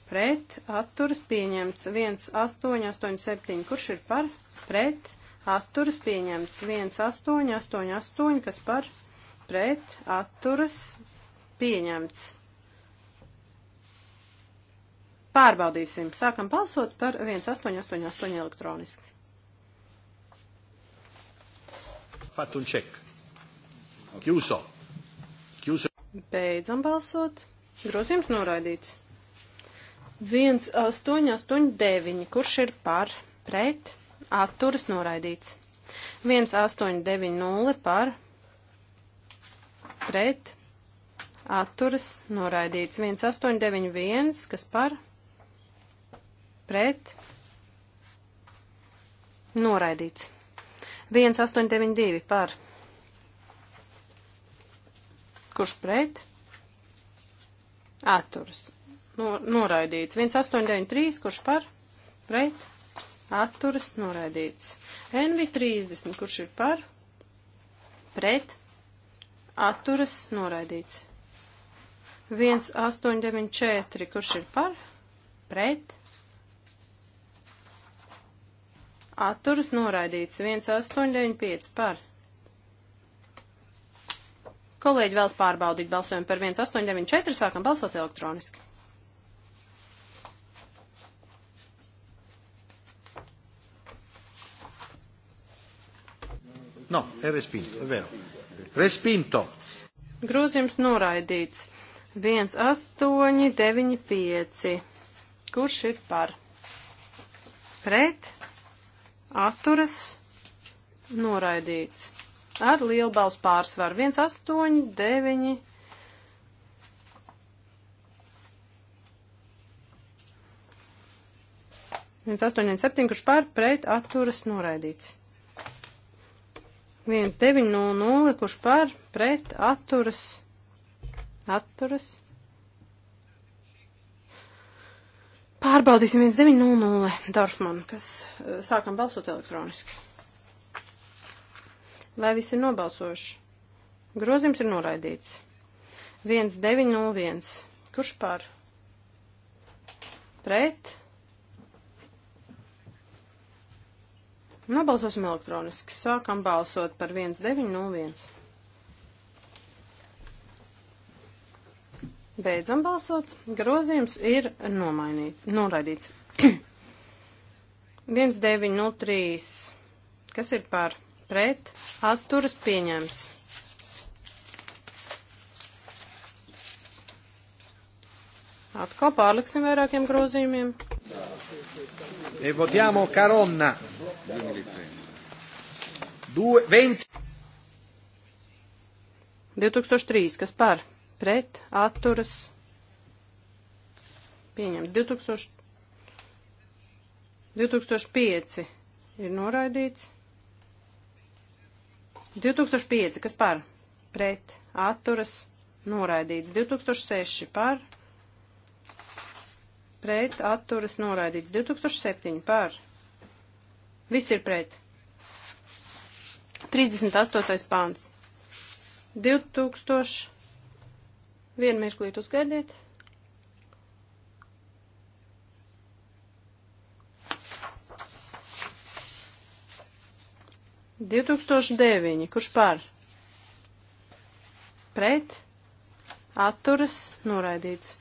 pret atturas pieņemts. 1,887, kurš ir par pret atturas pieņemts. 1,888, kas par pret atturas pieņemts. Pārbaudīsim. Sākam balsot par 1888 elektroniski. fatto un check. Chiuso. Chiuso. Beidzam balsot. Grozījums noraidīts. 1, 8, 8, 9. Kurš ir par? Pret? Atturas noraidīts. 1, 8, 9, 0 par? Pret? Atturas noraidīts. 1, 8, 9, 1. Kas par? Pret? Noraidīts. 1892 par. Kurš pret? Atturas. Nu, noraidīts. 1893, kurš par? Pret? Atturas. Noraidīts. NV30, kurš ir par? Pret? Atturas. Noraidīts. 1894, kurš ir par? Pret? Atturas noraidīts 1895 par. Kolēģi vēlas pārbaudīt balsojumu par 1894, sākam balsot elektroniski. No, è respinto, è vero. Respinto. Grozījums noraidīts. 1, 8, 9, 5. Kurš ir par? Pret? atturas noraidīts. Ar lielu balsu pārsvaru. 1, 8, 9. Viens astoņiem septiņi, kurš pār pret atturas noraidīts. Viens deviņi nu, nulle, kurš pār pret atturas, atturas Pārbaudīsim 1900 Dorfman, kas eh, sākam balsot elektroniski. Vai visi ir nobalsojuši? Grozījums ir noraidīts. 1901. Kurš pār? Pret? Nobalsosim elektroniski. Sākam balsot par 1901. Beidzam balsot. Grozījums ir nomainīt, noraidīts. 1903. Nu, Kas ir par pret? Atturas pieņemts. Atkal pārliksim vairākiem grozījumiem. E votiamo Caronna. 2003. Kas par? pret atturas pieņems. 2000, 2005 ir noraidīts. 2005, kas par pret atturas noraidīts. 2006 par pret atturas noraidīts. 2007 par viss ir pret. 38. pāns. 2000. Vienu mirklīt uzgaidiet. Divtūkstoši deviņi, kurš pār? Pret, atturas, noraidīts.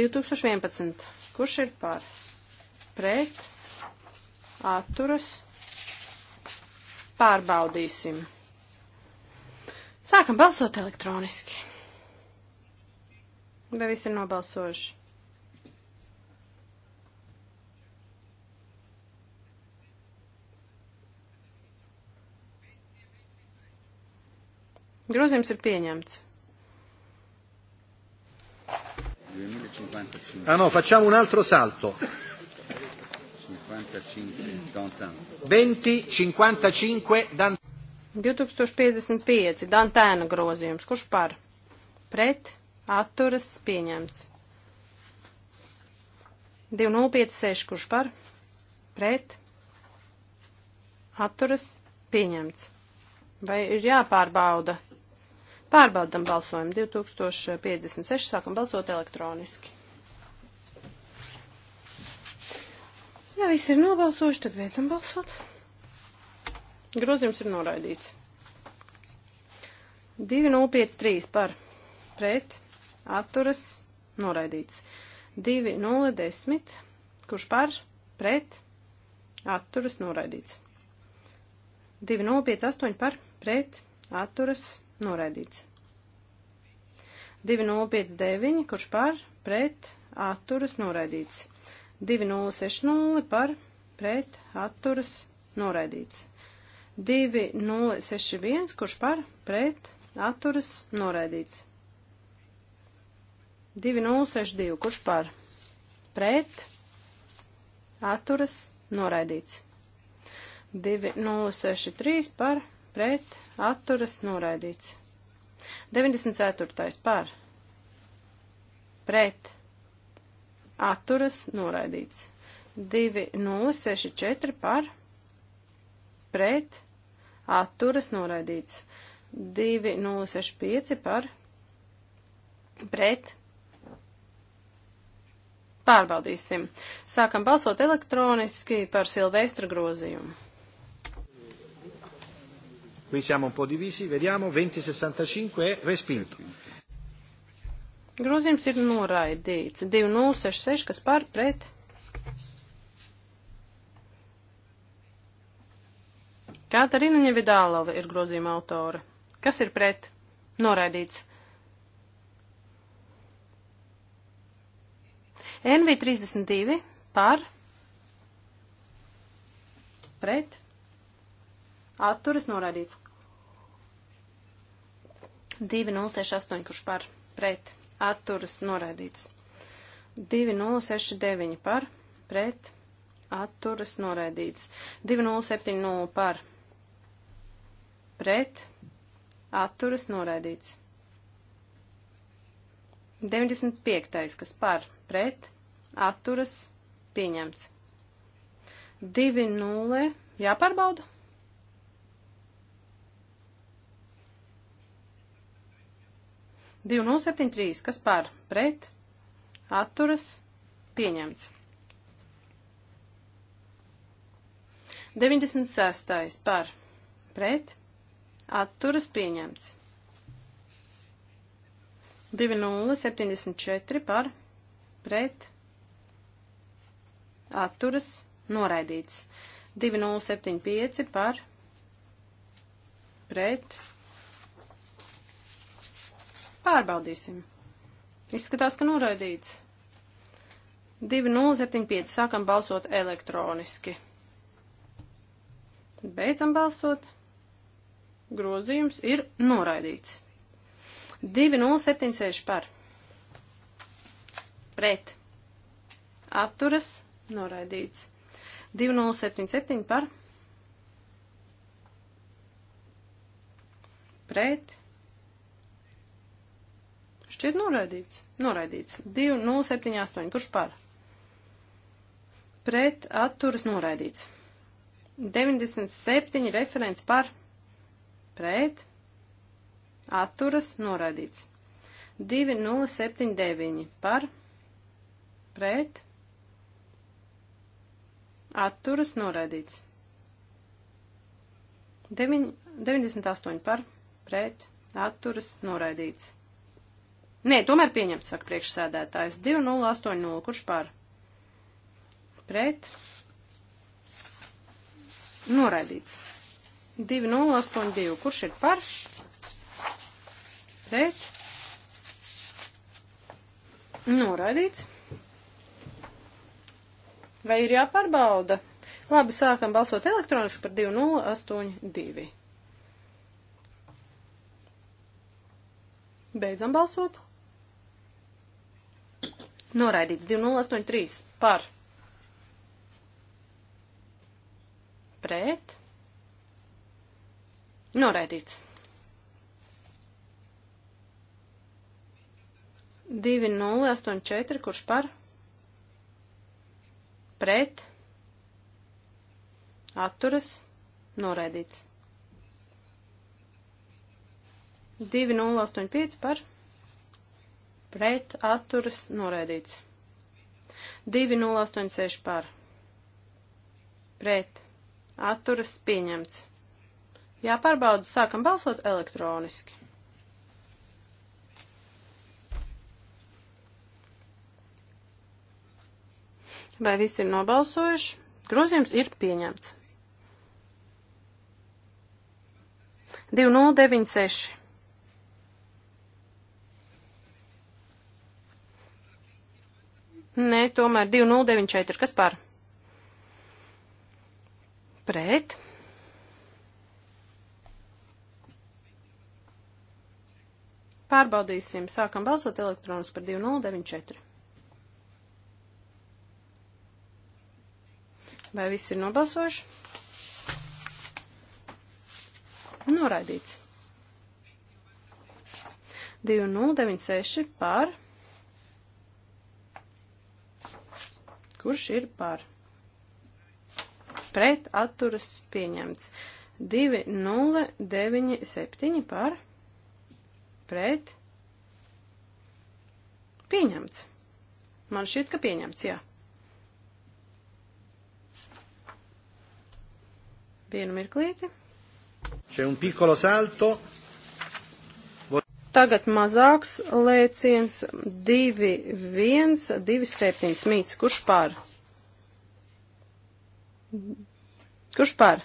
2011, kurš ir pār? Pret, atturas, pārbaudīsim. Sākam balsot elektroniski. Vai visi ir nobalsojuši? Grozījums ir pieņemts. Ah no, facciamo un altro salto. 2055 dan... 2055 Dantēna grozījums. Kurš par? Pret? atturas pieņemts. 2056, kurš par, pret, atturas pieņemts. Vai ir jāpārbauda? Pārbaudam balsojumu 2056, sākam balsot elektroniski. Ja visi ir nobalsojuši, tad beidzam balsot. Grozījums ir noraidīts. 2053 par pret atturas noraidīts. 2, 0, 10, kurš par, pret, atturas noraidīts. 2, 0, 5, 8 par, pret, atturas noraidīts. 2, 0, 5, 9, kurš par, pret, atturas noraidīts. 2, 0, 6, 0 par, pret, atturas noraidīts. 2, 0, 6, 1, kurš par, pret, atturas noraidīts. 2062, kurš par pret atturas noraidīts. 2063 par pret atturas noraidīts. 94. par pret atturas noraidīts. 2064 par pret atturas noraidīts. 2065 par pret Pārbaudīsim. Sākam balsot elektroniski par Silvestra grozījumu. Qui siamo un po' divisi, vediamo, 2065 è respinto. Grozījums ir noraidīts. 2066, kas par pret? Kātarina Nevidālova ir grozījuma autore. Kas ir pret? Noraidīts. NV32 par pret atturas noraidīts. 2068, kurš par pret atturas noraidīts. 2069 par pret atturas noraidīts. 2070 par pret atturas noraidīts. 95. kas par pret atturas pieņemts. 2.0. Jāpārbauda. Divi nulle septiņi trīs, kas par pret, atturas, pieņemts. 96. par pret, atturas, pieņemts. 2074 par pret atturas noraidīts. 2075 par pret pārbaudīsim. Izskatās, ka noraidīts. 2075 sākam balsot elektroniski. Beidzam balsot. Grozījums ir noraidīts. 2076 par. Pret. Atturas. Noraidīts. 2077 par. Pret. Šķiet noraidīts. Noraidīts. 2078. Kurš par? Pret atturas noraidīts. 97 referents par. Pret atturas noraidīts. 2079 par pret atturas noraidīts. 9, 98 par pret atturas noraidīts. Nē, tomēr pieņemts, saka priekšsēdētājs. 2080, kurš par pret noraidīts. 2082, kurš ir par pret pret. Noraidīts. Vai ir jāpārbauda? Labi, sākam balsot elektroniski par 2082. Beidzam balsot. Noraidīts 2083 par. Pret. Noraidīts. 2084, kurš par? Pret. Atturas. Noraidīts. 2085 par pret atturas noraidīts. 2086 par pret atturas pieņemts. Jāpārbauda, sākam balsot elektroniski. Vai visi ir nobalsojuši? Grozījums ir pieņemts. 2096. Nē, tomēr 2094. Kas par? Pret. Pārbaudīsim. Sākam balsot elektronus par 2094. Vai viss ir nobalsojuši? Noraidīts. 2096 par. Kurš ir par? Pret atturas pieņemts. 2097 par. Pret. Pieņemts. Man šķiet, ka pieņemts, jā. Vienu mirklīti. C'è un piccolo salto. Tagad mazāks lēciens 2, 1, 2, 7 mīts. Kurš pār? Kurš pār?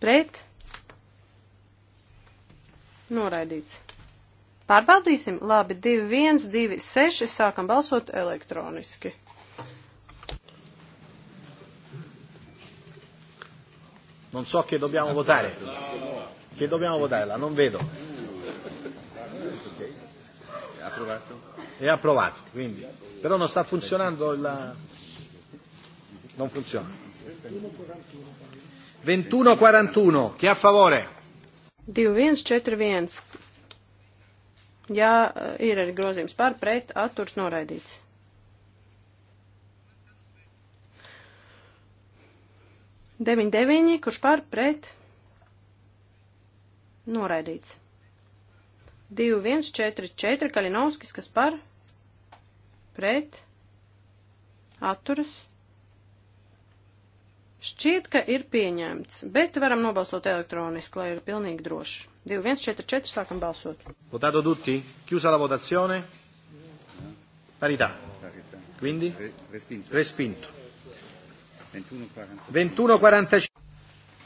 Pret? Noraidīts. Pārbaudīsim. Labi, 2, 1, 2, 6. Sākam balsot elektroniski. Non so che dobbiamo votare. Che dobbiamo votarla, non vedo. È approvato? È approvato, quindi. Però non sta funzionando il... Non funziona. 2141, chi è a favore? 2141. Jā, eh, ir arī grozījums pār, pret, atturs noraidīts. 99, kurš par pret noraidīts. 2144 Kalinovskis, kas par pret atturas. Šķiet, ka ir pieņemts, bet varam nobalsot elektroniski, lai ir pilnīgi droši. 2144 sākam balsot. Votato tutti, chiusa la votazione. Parità. Quindi respinto. respinto. 21.45.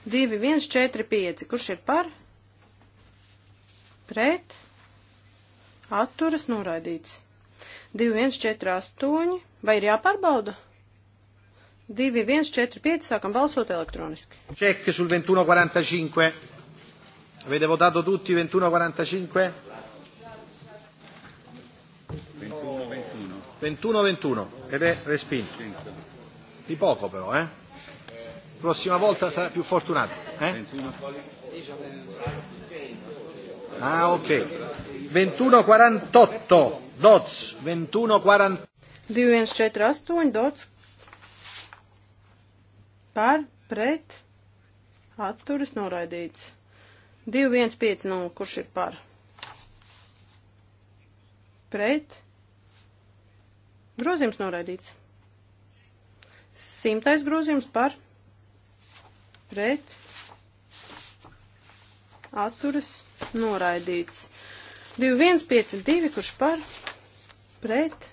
2.145. Kurš ir par? Pret? Atturas noraidīts. 2.148. Vai ir jāpārbauda? 2.145. Sākam balsot elektroniski. Check sul 21.45. Avete votato tutti 21.45? 21-21 ed è respinto. Di poco però, eh? Prossima volta sarà più fortunato. Eh? Ah, ok. 21.48, Dots, 21.48. 2148, Dots. Par, pret, atturis noraidīts. 2150, kurš ir par? Pret. Grozījums noraidīts. Simtais grozījums par pret atturas noraidīts. 2152, kurš par pret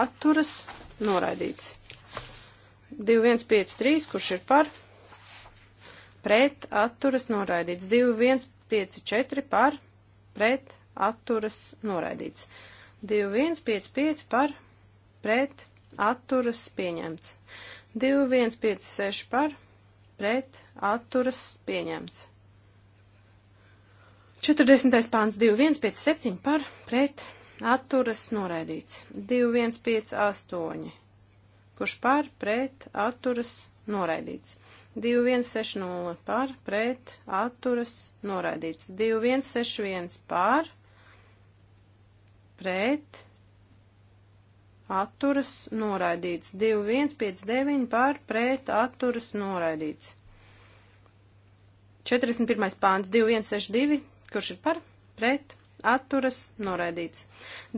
atturas noraidīts. 2153, kurš ir par pret atturas noraidīts. 2154 par pret atturas noraidīts. 2155 par pret atturas pieņemts. 2156 par, pret, atturas pieņemts. 40. pāns 2157 par, pret, atturas noraidīts. 2158, kurš par, pret, atturas noraidīts. 2160 par, pret, atturas, noraidīts. 2161 par, pret, atturas noraidīts. 2159 par pret atturas noraidīts. 41. pāns 2162, kurš ir par pret atturas noraidīts.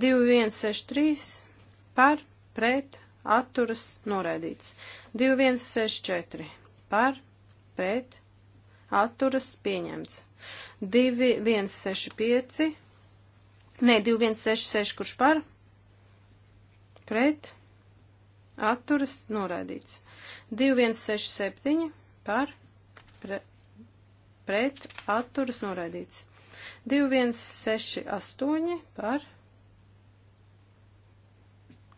2163 par pret atturas noraidīts. 2164 par pret atturas pieņemts. 2165, nē, 2166, kurš par pret, atturas, noraidīts. 2167 par, pre, pret, atturas, noraidīts. 2168 par,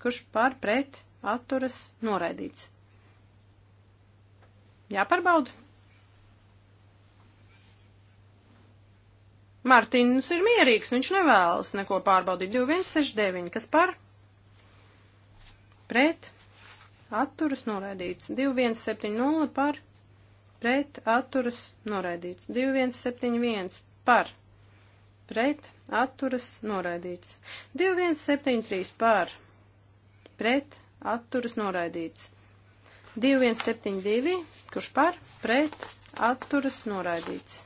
kurš par, pret, atturas, noraidīts. Jāparbauda. Martīns ir mierīgs, viņš nevēlas neko pārbaudīt. 2169, kas par? pret, atturas noraidīts. 2170 par, pret, atturas noraidīts. 2171 par, pret, atturas noraidīts. 2173 par, pret, atturas noraidīts. 2172, kurš par, pret, atturas noraidīts.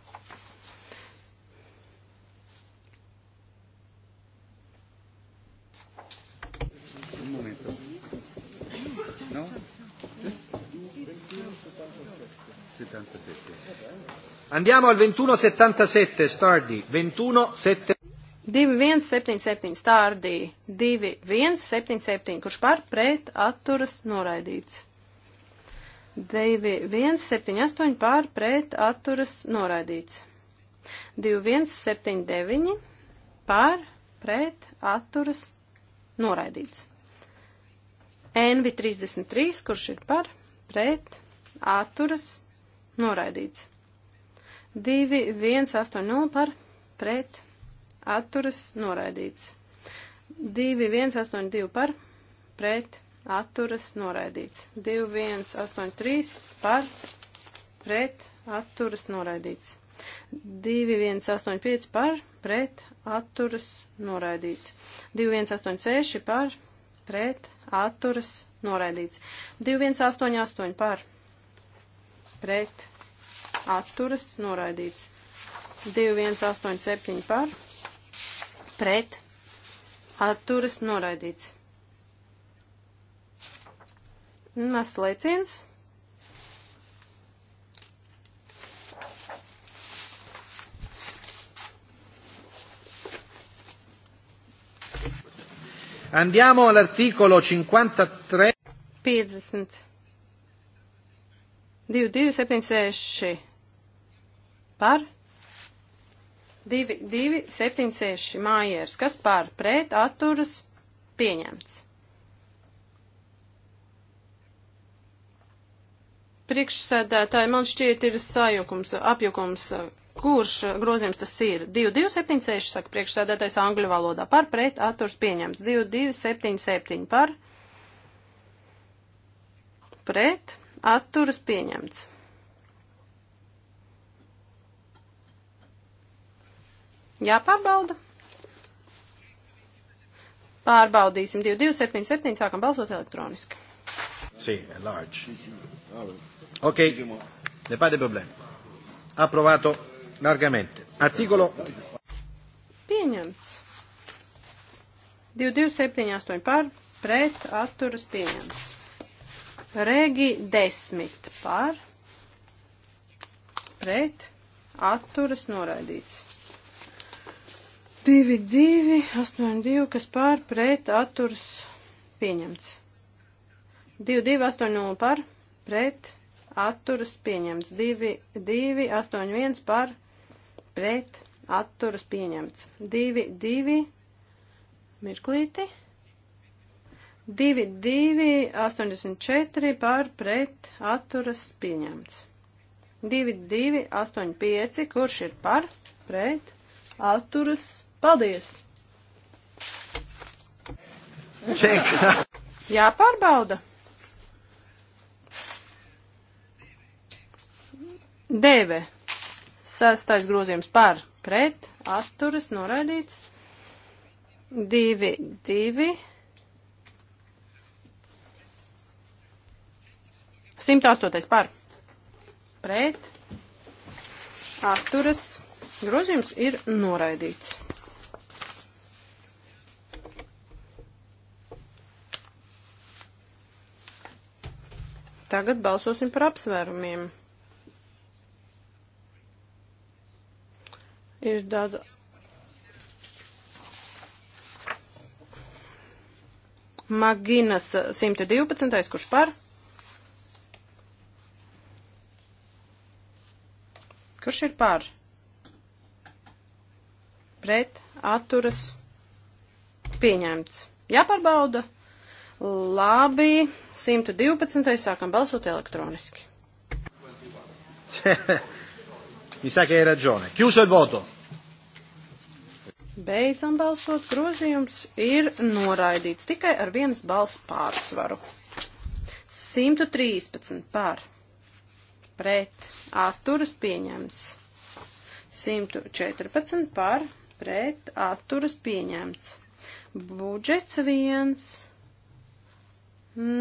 77. Andiamo al 2177, Stardi. 2177. 2177, Stardi. 2177, kurš par pret atturas noraidīts. 2178 pār pret atturas noraidīts. 2179 pār pret atturas noraidīts. NV33, kurš ir par pret atturas noraidīts noraidīts. 2, 1, 8, 0 par pret atturas noraidīts. 2, 1, 8, 2 par pret atturas noraidīts. 2, 1, 8, 3 par pret atturas noraidīts. 2, 1, 8, 5 par pret atturas noraidīts. 2, 1, 8, 6 par pret atturas noraidīts. 2, 1, 8, 8 par pret pret atturas noraidīts. 2187 par pret atturas noraidīts. Mēs lēciens. Andiamo all'articolo 53. 50. 2276 par 2276 mājers, kas par pret atturas pieņemts. Priekšsēdētāji, man šķiet, ir sajukums, apjukums, kurš grozījums tas ir. 2276, saka priekšsēdētājs angļu valodā, par pret atturs pieņemts. 2277 par pret atturas pieņemts. Jāpārbauda. Pārbaudīsim 2277, sākam balsot elektroniski. Sì, è large. Ok, ne pas de problème. Approvato largamente. Articolo. Pieņemts. 2278 par, pret, atturas pieņemts. Regi 10 par pret atturas noraidīts. 2, 2, 8, 2, kas pār pret atturas pieņemts. 2, 2, 8, 0 par pret atturas pieņemts. 2, 2, 8, 1 par pret atturas pieņemts. 2, 2, mirklīti. 2, 2, 84 par pret atturas pieņemts. 2, 2, 8, 5, kurš ir par pret atturas. Paldies! Ček. Jāpārbauda. Deve. Sastais grozījums par pret atturas noraidīts. 2, 2. 108. par pret atturas grozījums ir noraidīts. Tagad balsosim par apsvērumiem. Ir daudz Maginas 112, kurš par Kurš ir par? Pret, atturas, pieņemts. Jāpārbauda. Labi, 112. sākam balsot elektroniski. Mi sa che hai ragione. Chiuso il voto. Beidzam balsot, grozījums ir noraidīts tikai ar vienas balss pārsvaru. 113 pār pret atturas pieņemts. 114 par pret atturas pieņemts. Budžets 1.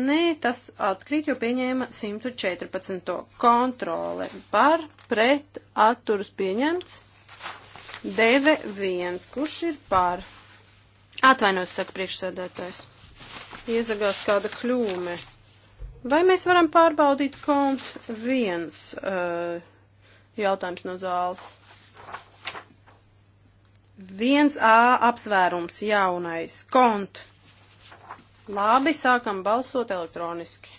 Nē, tas atkrīt, jo pieņēma 114. kontrole par pret atturas pieņemts. Deve 1. Kurš ir par? Atvainojos, saka priekšsēdētājs. Iezagās kāda kļūme. Vai mēs varam pārbaudīt kont viens uh, jautājums no zāles? Viens A apsvērums jaunais kont. Labi, sākam balsot elektroniski.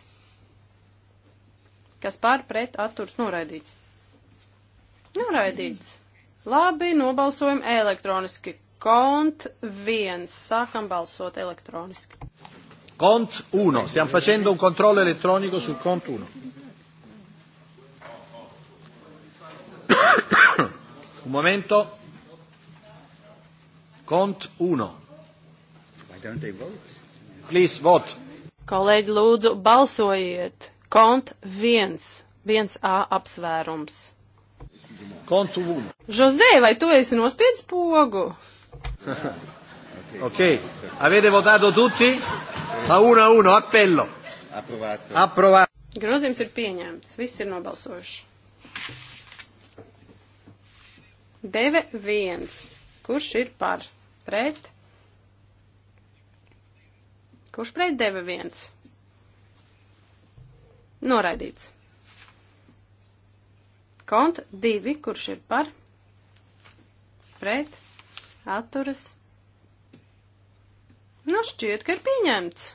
Kas pār pret atturs noraidīts? Noraidīts. Labi, nobalsojam elektroniski. Kont viens. Sākam balsot elektroniski. Cont 1, stiamo facendo un controllo elettronico sul cont 1. un momento. Cont 1. Please vote. Kolēģi, lūdzu, balsojiet. Kont 1, 1A apsvērums. Kont 1. Jose, vai tu esi nospiedis pogu? ok, avete votato tutti? A 1-1 appello. Approvato. Approvato. Grozījums ir pieņemts. Viss ir nobalsojuši. 9-1. Kurš ir par? Pret? Kurš pret 9-1? Noraidīts. Kont 2. Kurš ir par? Pret? Atturas? Nu, šķiet, ka ir pieņemts.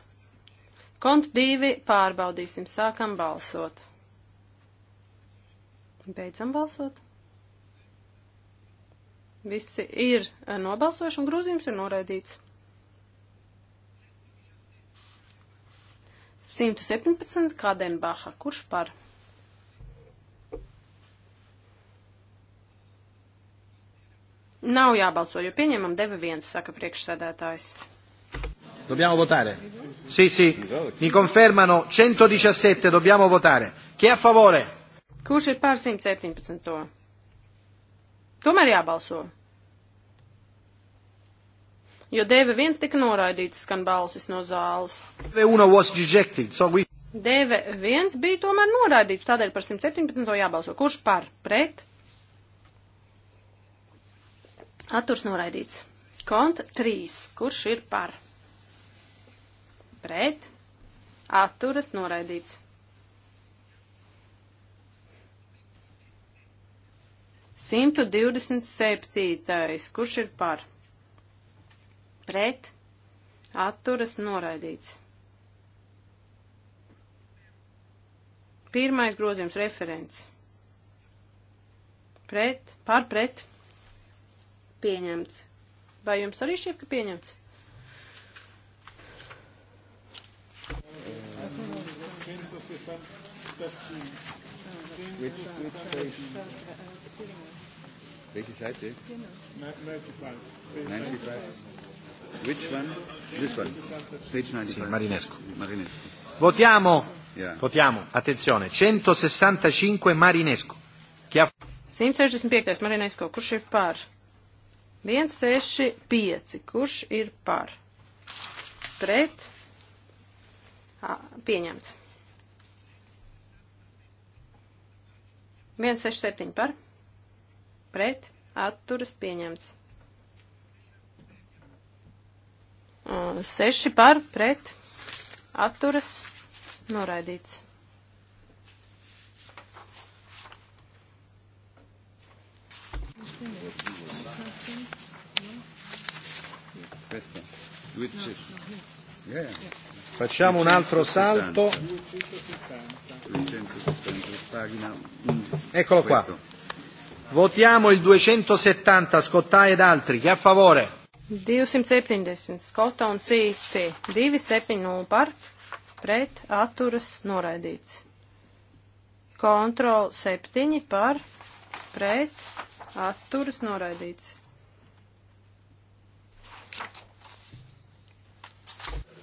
Kont divi pārbaudīsim, sākam balsot. Beidzam balsot. Visi ir eh, nobalsojuši un grūzījums ir noraidīts. 117 Kadenbaha. Kurš par? Nav jābalso, jo pieņemam 9-1, saka priekšsēdētājs. Dobbiamo votare? Sì, sì. Mi confermano 117, dobbiamo votare. Chi è a favore? Kurš ir pār 117? Tomēr jābalso. Jo DV1 tika noraidīts, skan balsis no zāles. DV1 was rejected, so we... DV1 bija tomēr noraidīts, tādēļ par 117 jābalso. Kurš par? Pret? Atturs noraidīts. Kont 3. Kurš ir par? pret, atturas noraidīts. Simtu divdesmit septītais, kurš ir par? Pret, atturas noraidīts. Pirmais grozījums referents. Pret, par pret, pieņemts. Vai jums arī šķiet, ka pieņemts? solo... 165. Which, which page? Welche Seite? 95. 95. Which one? This one. Page 95. Sì, Marinesco. Marinesco. Votiamo. Yeah. Votiamo. Attenzione. 165 Marinesco. Chi ha... 165. Marinesco. Kurš ir par? 165. Kurš ir par? Pret? pieņemts. 167 par, pret, atturas pieņemts. 6 par, pret, atturas noraidīts. Questa. Due no, no, yeah. yeah. Facciamo un altro salto. Eccolo qua. Votiamo il 270 Scottà ed altri. Chi è a favore? 270 Skotta un citi 270 nu par pret atturas noraidīts. Kontrol 7 par pret atturas noraidīts.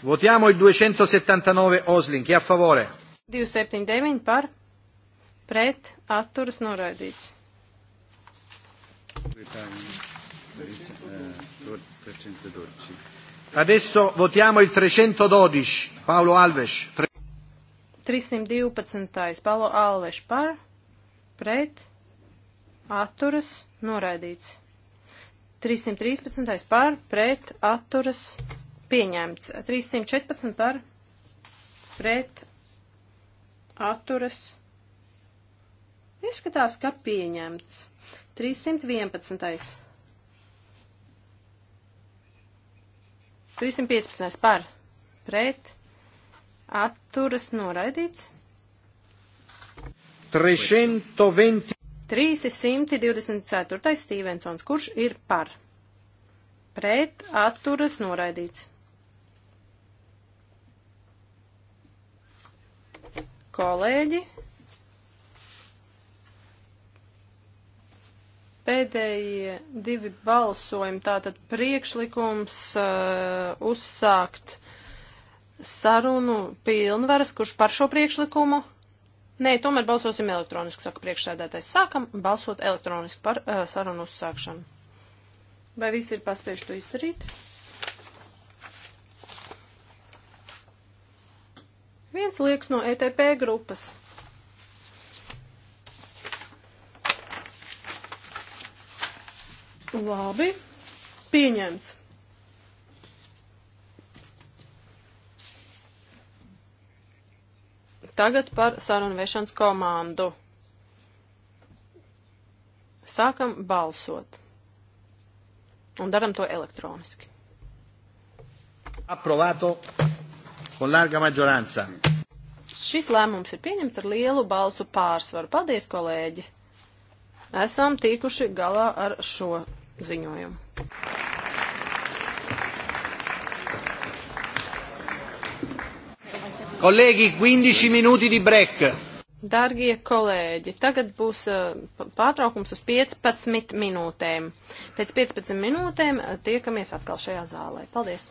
Votiamo il 279 Osling. Chi è a favore? 279 par. Pret. Atturas noraidīts. Adesso votiamo il 312. Paolo Alves. 312. Paolo Alves par. Pret. Atturas noraidīts. 313. par. Pret. Atturas noraidīts pieņemts. 314 par pret atturas. Izskatās, ka pieņemts. 311. 315. par pret atturas noraidīts. 320. 324. Stīvensons, kurš ir par? Pret atturas noraidīts. kolēģi. Pēdējie divi balsojumi, tātad priekšlikums uh, uzsākt sarunu pilnvaras, kurš par šo priekšlikumu. Nē, tomēr balsosim elektroniski, saka priekšsēdētājs. Sākam balsot elektroniski par uh, sarunu uzsākšanu. Vai visi ir paspējuši to izdarīt? Viens liekas no ETP grupas. Labi, pieņemts. Tagad par sarunvešanas komandu. Sākam balsot. Un daram to elektroniski. Aprovāto con larga maggioranza. Šis lēmums ir pieņemts ar lielu balsu pārsvaru. Paldies, kolēģi! Esam tikuši galā ar šo ziņojumu. Kolēģi, 15 minūti di break. Dargie kolēģi, tagad būs eh, pārtraukums uz 15 minūtēm. Pēc 15 minūtēm eh, tiekamies atkal šajā zālē. Paldies!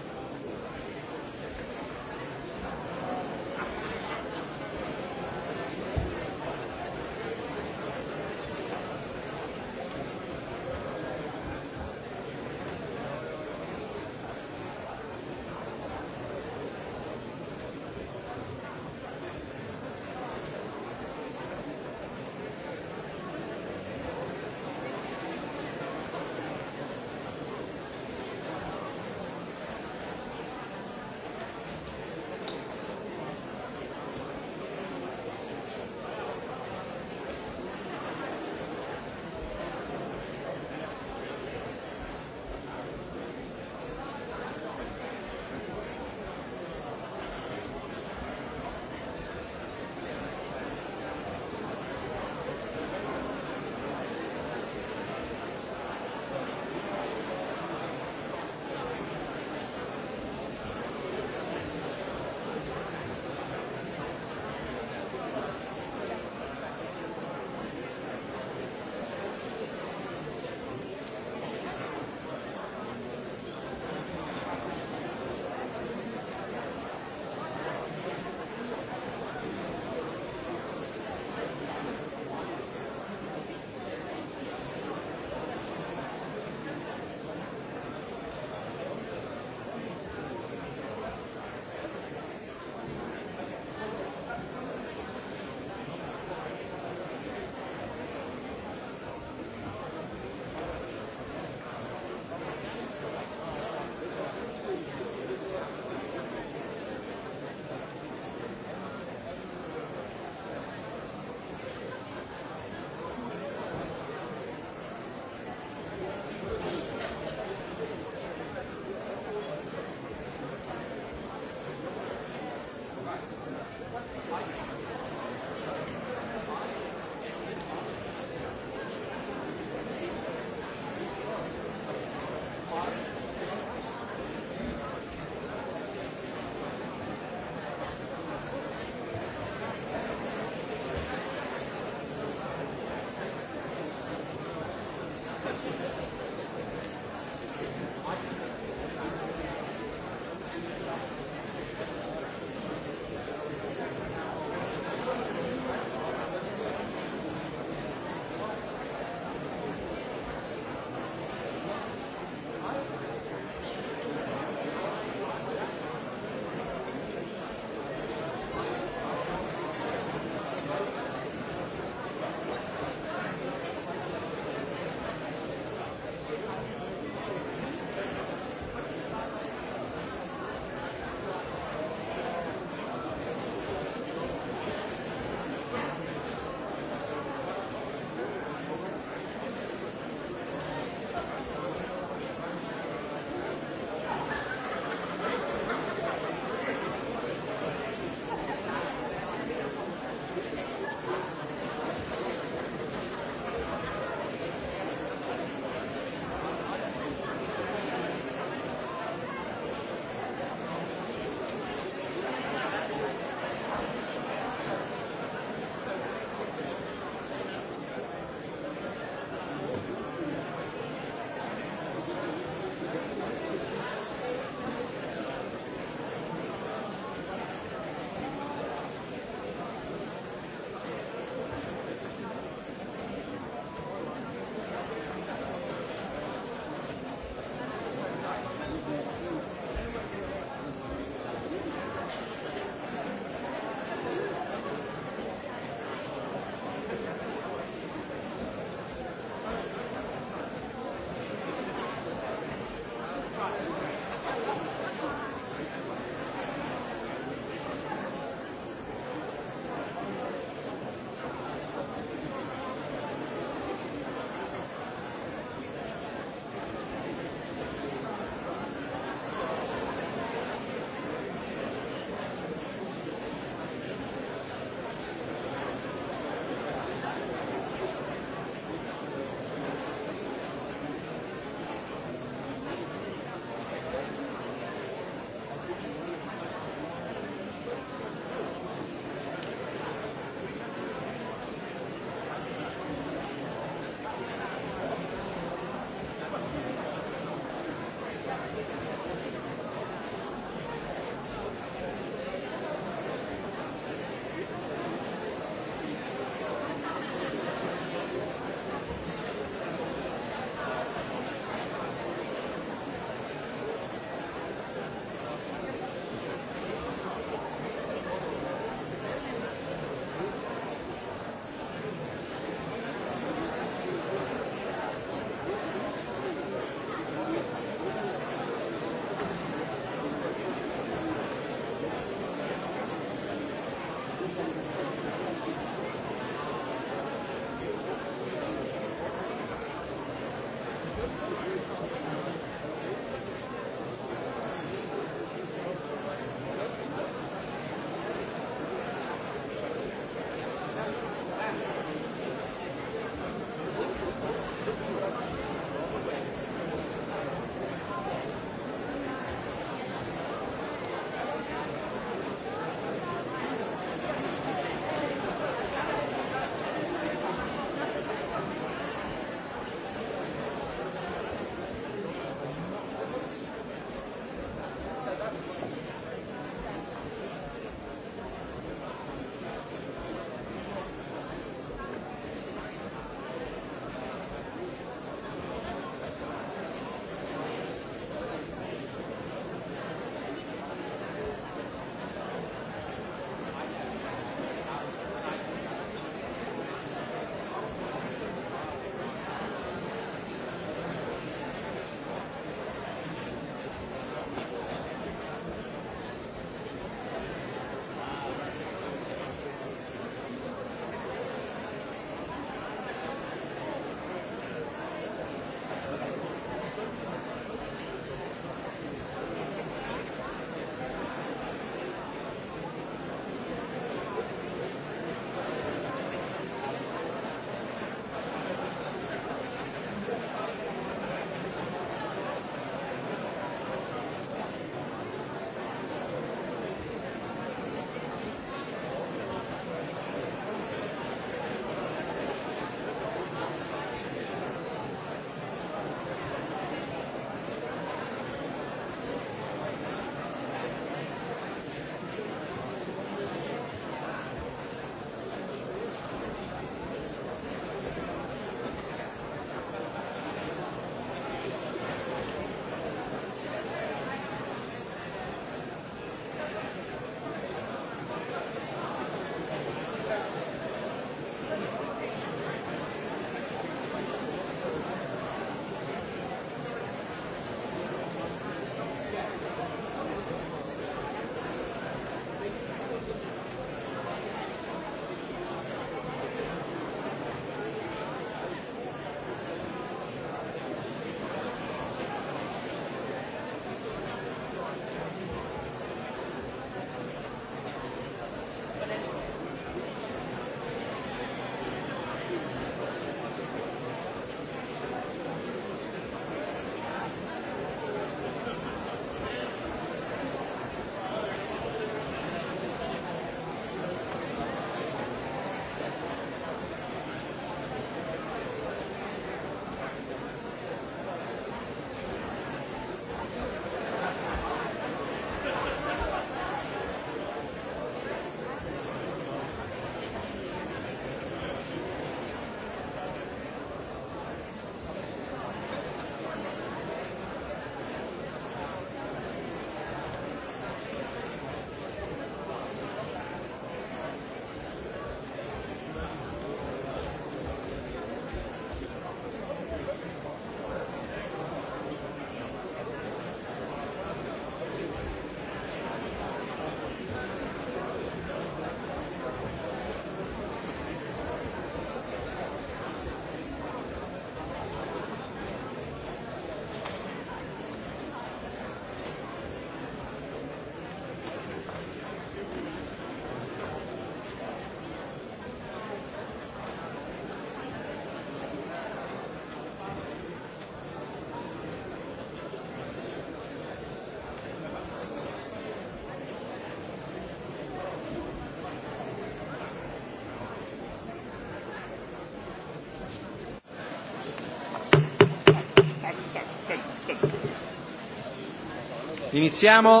Iniciamo.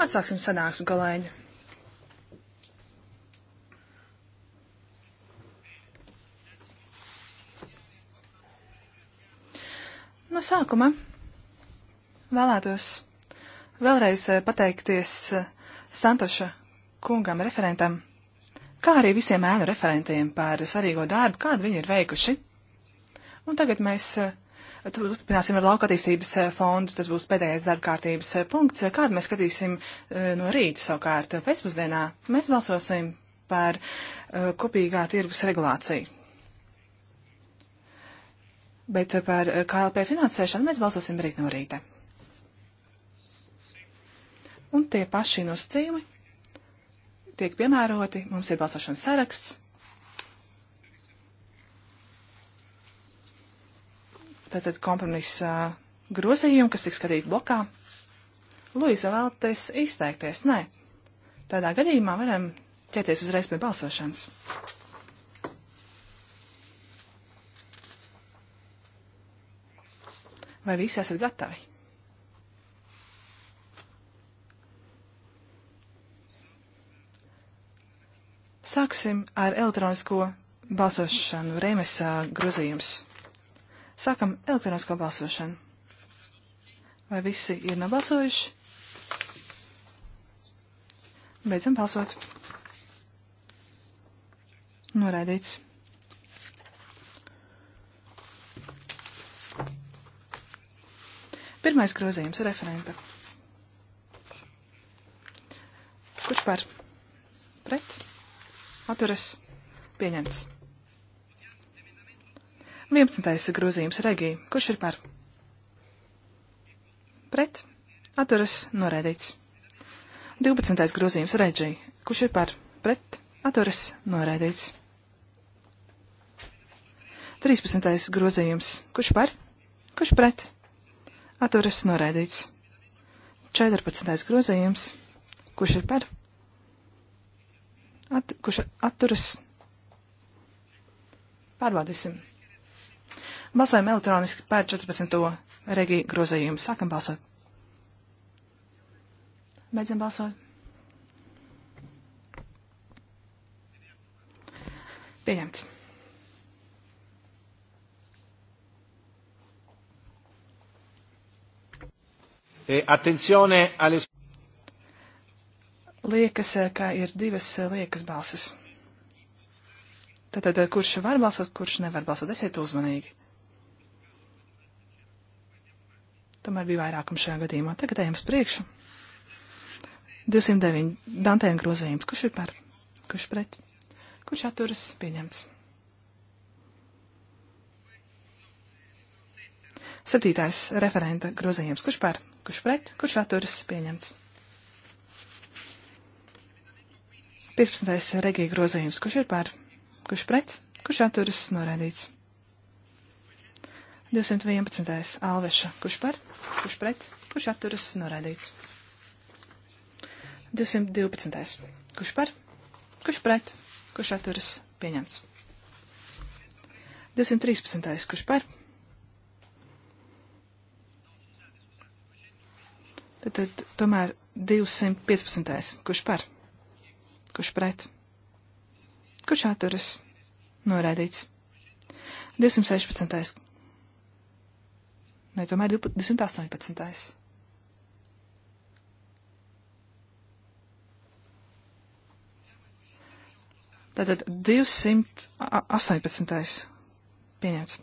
Atsāksim sanāksmi, kolēģi. No sākuma vēlētos vēlreiz eh, pateikties eh, Santoša kungam referentam, kā arī visiem ēnu referentiem par svarīgo darbu, kādu viņi ir veikuši. Un tagad mēs uh, Turpināsim ar lauka attīstības eh, fondu. Tas būs pēdējais darba kārtības eh, punkts. Kādu mēs skatīsim eh, no rīta savukārt pēcpusdienā? Mēs balsosim par kopīgā tirgus regulāciju. Bet par KLP finansēšanu mēs balsosim rīt no rīta. Un tie paši nosacījumi tiek piemēroti. Mums ir balsošanas saraksts. Tātad kompromisa grozījumi, kas tiks skatīti blokā. Luisa vēlaties izteikties? Nē. Tādā gadījumā varam ķerties uzreiz pie balsošanas. Vai visi esat gatavi? Sāksim ar elektronisko balsošanu Rēmes grozījums. Sākam elektronisko balsošanu. Vai visi ir nobalsojuši? Beidzam balsot. Noraidīts. Pirmais grozījums - referenta. Kurš par? Pret? Atturas. Pieņemts. 11. grozījums Regī. Kurš ir par? Pret. Atturas norēdīts. 12. grozījums Regī. Kurš ir par? Pret. Atturas norēdīts. 13. grozījums. Kurš par? Kurš pret? Atturas norēdīts. 14. grozījums. Kurš ir par? At, kurš atturas? Pārbaudīsim. Balsojam elektroniski par 14. regiju grozījumu. Sākam balsot. Beidzam balsot. Pieņemts. E, attenzione alle. Liekas, e, ka ir divas e, liekas balsis. Tātad, kurš var balsot, kurš nevar balsot, esiet uzmanīgi. Tomēr bija vairākums šajā gadījumā. Tagad ejam uz priekšu. 209 Dantēna grozījums. Kurš ir par? Kurš pret? Kurš atturas? Pieņemts. Septītais referenta grozījums. Kurš par? Kurš pret? Kurš atturas? Pieņemts. 15. regija grozījums. Kurš ir par? Kurš pret? Kurš atturas? Norādīts. 211. Alveša. Kurš par? Kurš pret? Kurš atturas? Norādīts. 212. Kurš par? Kurš pret? Kurš atturas? Pieņemts. 213. Kurš par? Tad, tad tomēr 215. Kurš par? Kurš pret? Kurš atturas? Norādīts. 216. Nē, tomēr 218. Tātad 218. pieņemts.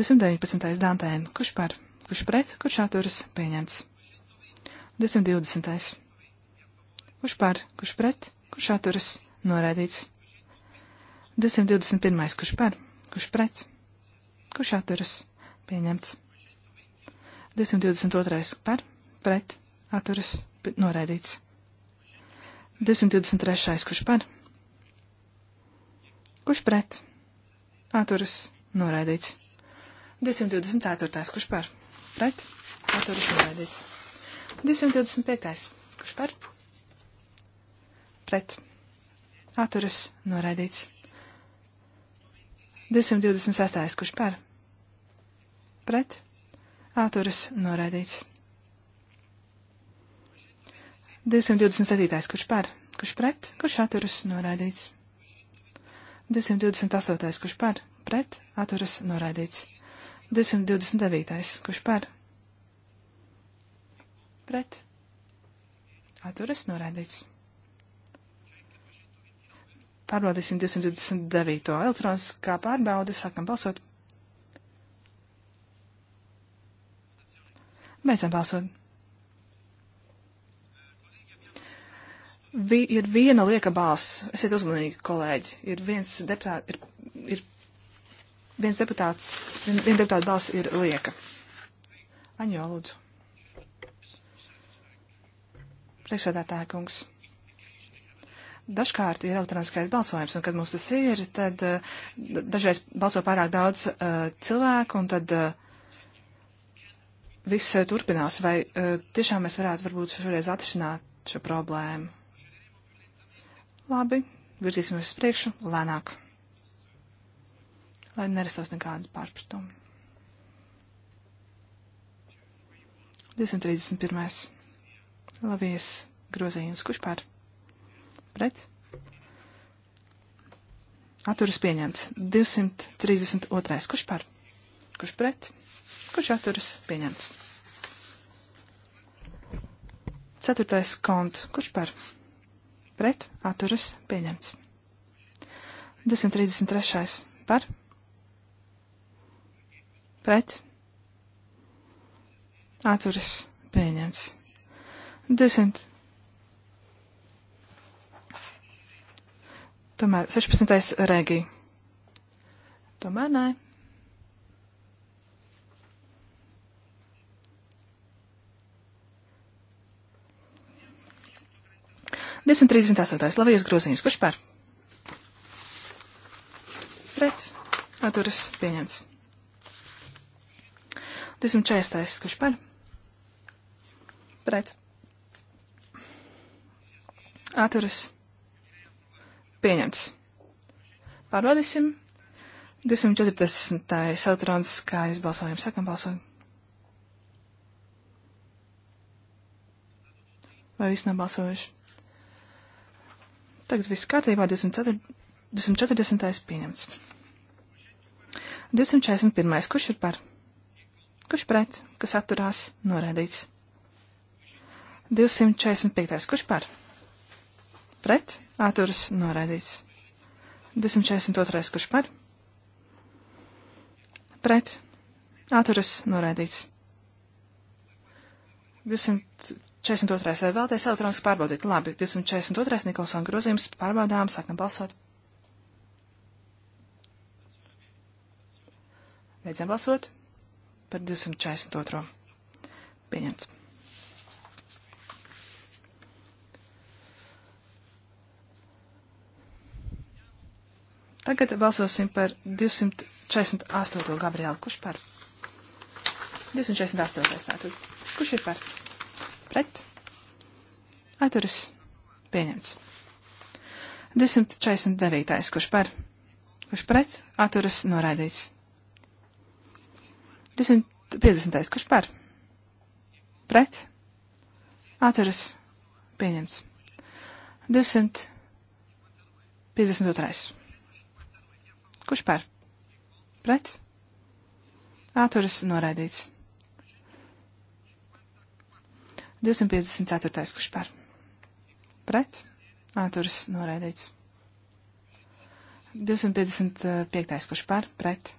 219. Dantēna. Kurš par? Kurš pret? Kurš atturas? Pieņemts. 220. Kurš par? Kurš pret? Kurš atturas? Noraidīts. 221. Kurš par? Kurš pret? kurš atturas pieņemts. 222. par, pret, atturas noraidīts. 223. kurš par, kurš pret, atturas noraidīts. 224. kurš par, pret, atturas noraidīts. 225. kurš par, pret, atturas noraidīts. 226. kurš par, pret āturas noraidīts. 227. kurš par, kurš pret, kurš āturas noraidīts. 228. kurš par, pret āturas noraidīts. 229. kurš par, pret āturas noraidīts. Pārbaudīsim 229. elektroniskā pārbaude, sākam balsot. Beidzam balsot. Vi, ir viena lieka balss. Esiet uzmanīgi, kolēģi. Ir viens deputāts, ir, ir viens deputāts, vien, viena deputāta balss ir lieka. Aņo, lūdzu. Priekšsēdētāja kungs. Dažkārt ir elektroniskais balsojums, un kad mums tas ir, tad eh, dažreiz balso pārāk daudz uh, cilvēku, un tad uh, viss eh, turpinās, vai eh, tiešām mēs varētu varbūt šoreiz atrisināt šo problēmu. Labi, virzīsimies uz priekšu lēnāk, lai nerastos nekādas pārpratumi. 231. Lavijas grozījums. Kurš pār? Pret? Atturis pieņemts. 232. Kurš pār? Kurš pret? Kurš atturas? Pieņemts. Ceturtais kont. Kurš par? Pret. Atturas. Pieņemts. 233. Par? Pret. Atturas. Pieņemts. 200. Tomēr 16. regija. Tomēr nē. 1038. Lavijas grozījums. Kurš par? Pret. Atturas pieņemts. 1040. Kurš par? Pret. Atturas pieņemts. Pārbaudīsim. 240. elektrons, kā es balsoju, sakam balsoju. Vai viss nav balsojuši? Tagad viss kārtībā 24, 240. pieņemts. 241. Kurš ir par? Kurš pret? Kas atturās? Norēdīts. 245. Kurš par? Pret? Atturas? Norēdīts. 242. Kurš par? Pret? Atturas? Norēdīts. 200. 42. vai vēlties elektroniski pārbaudīt? Labi, 242. Nikolsona grozījums pārbaudām, sākam balsot. Beidzam balsot par 242. Pieņemts. Tagad balsosim par 248. Gabrielu. Kurš par? 248. Tātad. Kurš ir par? pret, atturas pieņemts. 249. kurš par, kurš pret, atturas noraidīts. 250. kurš par, pret, atturas pieņemts. 252. Kurš par, pret, atturas noraidīts. 254. kurš par. Pret. Āturas noraidīts. 255. kurš par. Pret.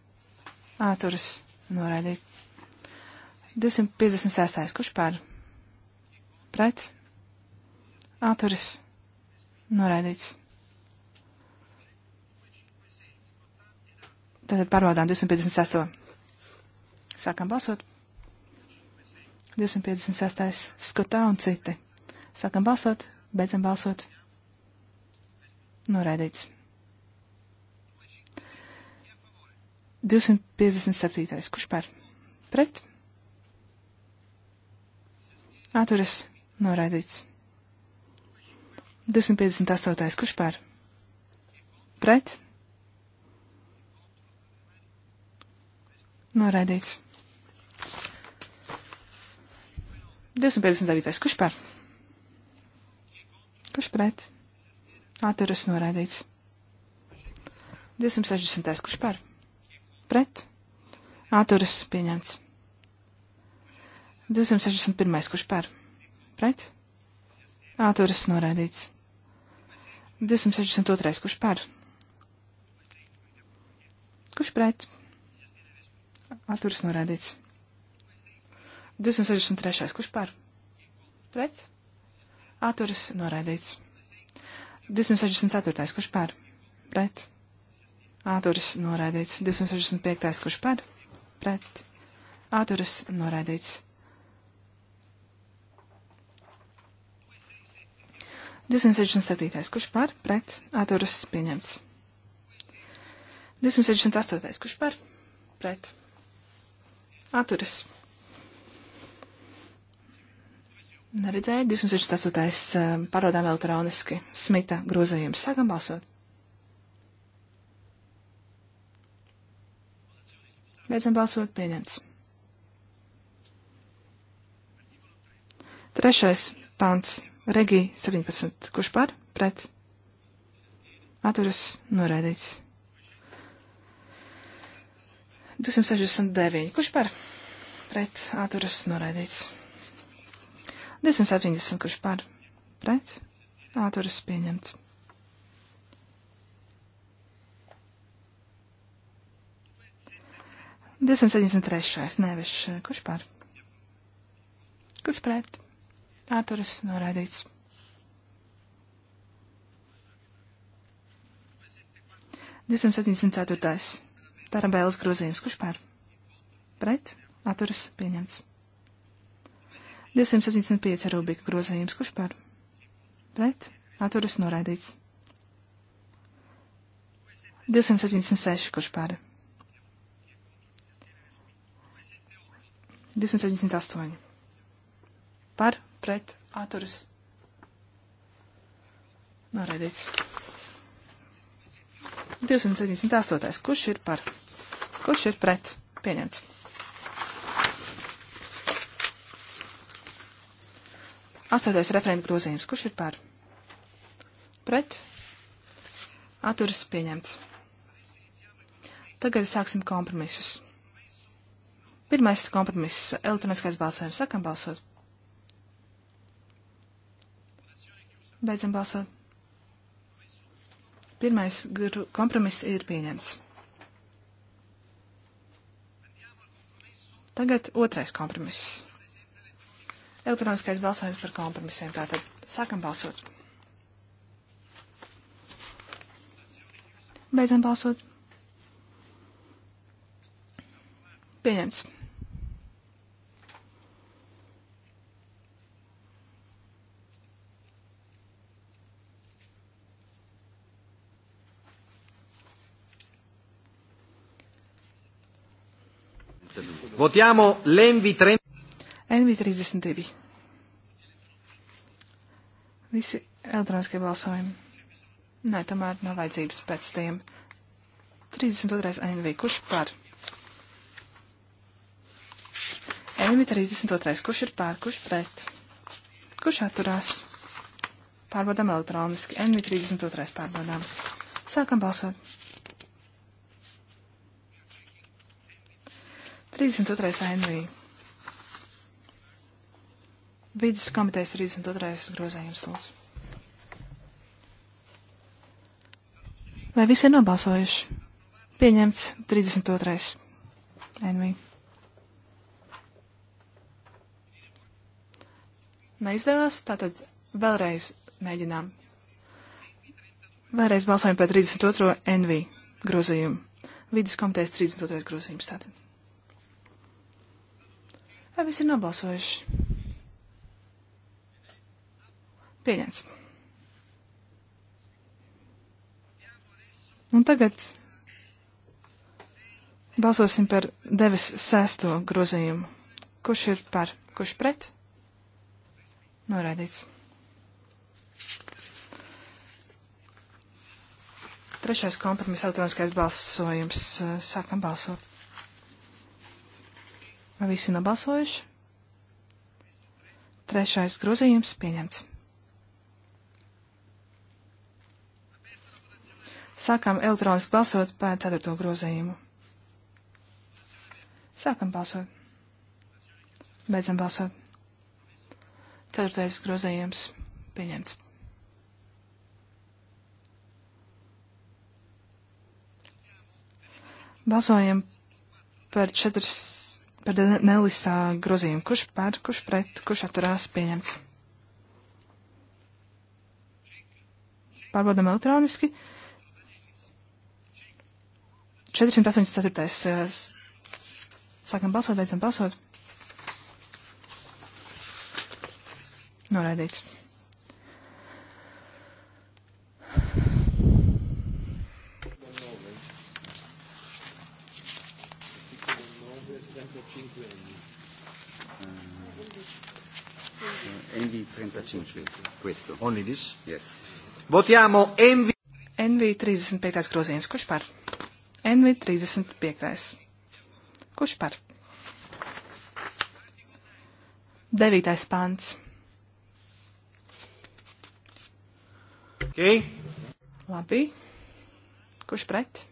Āturas noraidīts. 256. kurš par. Pret. Āturas noraidīts. Tātad pārbaudām 258. Sākam balsot. 256. skotā un citi. Sākam balsot, beidzam balsot. Noraidīts. 257. Kurš par? Pret? Atturas. Noraidīts. 258. Kurš par? Pret? Noraidīts. 259. Kurš par? Kurš pret? Atturas noraidīts. 260. Kurš par? Pret? Atturas pieņemts. 261. Kurš par? Pret? Atturas noraidīts. 262. Kurš par? Kurš pret? Atturas noraidīts. 263. Kurš par? Pret? Atturas noraidīts. 264. Kurš par? Pret? Atturas noraidīts. 265. Kurš par? Pret? Atturas noraidīts. 267. Kurš par? Pret? Atturas pieņemts. 268. Kurš par? Pret? Atturas. Neredzēju, 268. Eh, parodām elektroniski. Smita grozējums. Sākam balsot. Beidzam balsot pieņemts. Trešais pants. Regī 17. Kurš par? Pret. Atturas norēdīts. 269. Kurš par? Pret. Atturas norēdīts. 270, kurš par pret atturas pieņemts. 273. Nevis kurš par? Kurš pret? Atturas norādīts. 274. Tarabēlas grozījums. Kurš par? Pret? Atturas pieņemts. 275 Rubika grozījums. Kurš par? Pret? Atturas noraidīts. 276. Kurš par? 278. Par? Pret? Atturas noraidīts. 278. Kurš ir par? Kurš ir pret? Pieņemts. Astotais referenta grozījums. Kurš ir par? Pret? Atturas pieņemts. Tagad sāksim kompromisus. Pirmais kompromiss - elektroniskais balsojums. Sākam balsot. Beidzam balsot. Pirmais kompromiss ir pieņemts. Tagad otrais kompromiss. Elektroniskais balsojums par kompromisiem. Tātad sākam balsot. Beidzam balsot. Pieņemts. Votiamo l'Envi 30. NV32. Visi elektroniskie balsojumi. Nē, tomēr nav vajadzības pēc tiem. 32. NV. Kurš par? NV 32. Kurš ir pār, kurš pret? Kurš atturās? Pārbaudām elektroniski. NV 32. pārbaudām. Sākam balsot. 32. NV. Vides komitejas 32. grozējums lūdzu. Vai visi ir nobalsojuši? Pieņemts 32. NV. Neizdevās, tātad vēlreiz mēģinām. Vēlreiz balsojam par 32. NV grozījumu. Vides komitejas 32. grozījums tātad. Vai visi ir nobalsojuši? Pieņems. Un tagad balsosim par devis sesto grozījumu. Kurš ir par, kurš pret? Noraidīts. Trešais kompromiss elektroniskais balsojums. Sākam balsot. Vai visi nobalsojuši? Trešais grozījums pieņemts. Sākam elektroniski balsot par ceturto grozījumu. Sākam balsot. Beidzam balsot. Ceturtais grozījums pieņemts. Balsojam par četras, par Nelisā grozījumu. Kurš par, kurš pret, kurš atturās pieņemts? Pārbaudam elektroniski. Uh, 484. Eh, sākam balsot, beidzam balsot. Noraidīts. Eh, NV35, questo. Only this? Yes. Votiamo NV... NV35 grozījums. Kurš par? NV 35. Kurš par? 9. pants. Okay. Labi. Kurš pret?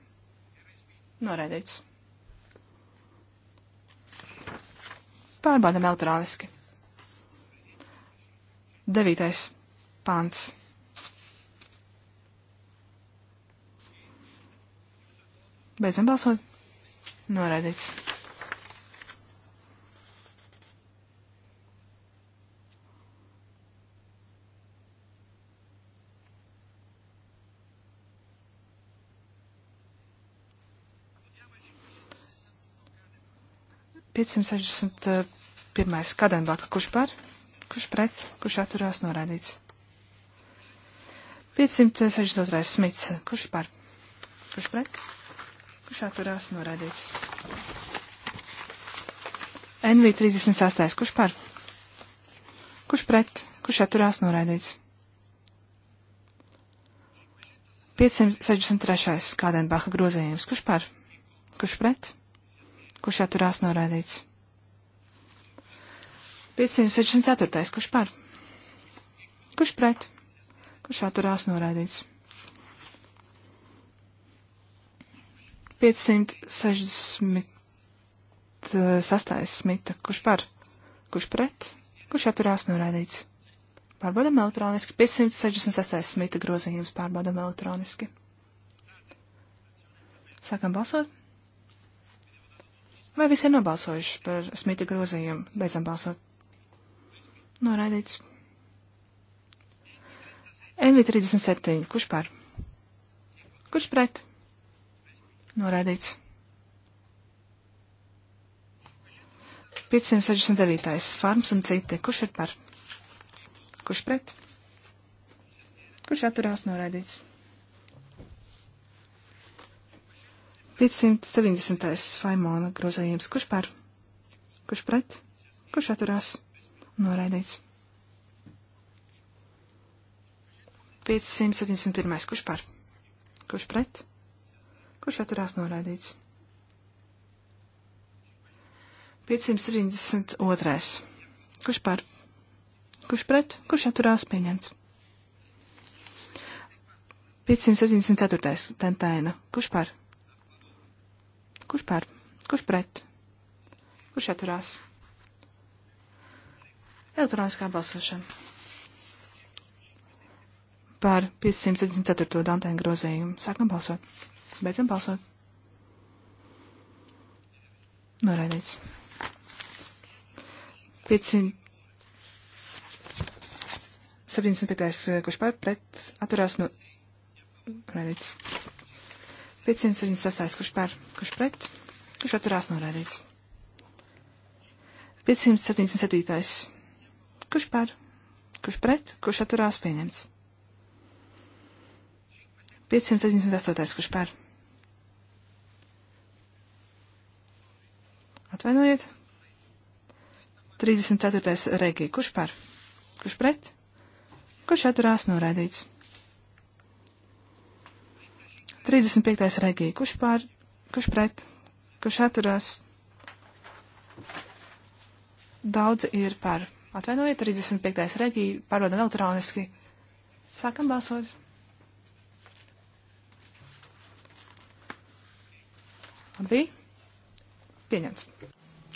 Noraidīts. Pārbaudam elektroniski. Devītais pants. Beidzam balsot. Norādīts. Piecsimt sešdesmit pirmais kadenbaka, kurš par, kurš pret, kurš atturās norādīts. 562. smits, kurš par, kurš pret, kurš atturās norādīts. NV 36. kurš par? Kurš pret? Kurš atturās norādīts? 563. Kādenbacha grozījums. Kurš par? Kurš pret? Kurš atturās norādīts? 564. Kurš par? Kurš pret? Kurš atturās norādīts? 568. Eh, smita. Kurš par? Kurš pret? Kurš atturās norādīts? Pārbaudam elektroniski. 568. smita grozījums pārbaudam elektroniski. Sākam balsot. Vai visi ir nobalsojuši par smita grozījumu? Beidzam balsot. Noraidīts. NV37. Kurš par? Kurš pret? Noraidīts. 569. Farms un citi. Kurš ir par? Kurš pret? Kurš atturās noraidīts? 570. Faimona grozējums. Kurš par? Kurš pret? Kurš atturās? Noraidīts. 571. Kurš par? Kurš pret? Kurš atturās noraidīts? 532. Kurš par? Kurš pret? Kurš atturās pieņemts? 574. Tentaina. Kurš par? Kurš par? Kurš pret? Kurš atturās? Elektroniskā balsošana. Par 574. Dantēna grozījumu. Sākam balsot. Beidzam balsot. Noraidīts. 575. Eh, kurš par pret atturās no. Nu, noraidīts. 576. kurš par kurš pret kurš atturās noraidīts. 577. Kurš par? Kurš pret? Kurš atturās pieņemts? 578. Kurš par? Atvainojiet. 34. Reiki. Kurš par? Kurš pret? Kurš atturās noraidīts? 35. Reiki. Kurš par? Kurš pret? Kurš atturās? Daudzi ir par. Atvainojiet, 35. Reiki. Pārbaudam elektroniski. Sākam balsot. Labi. Pieņemts.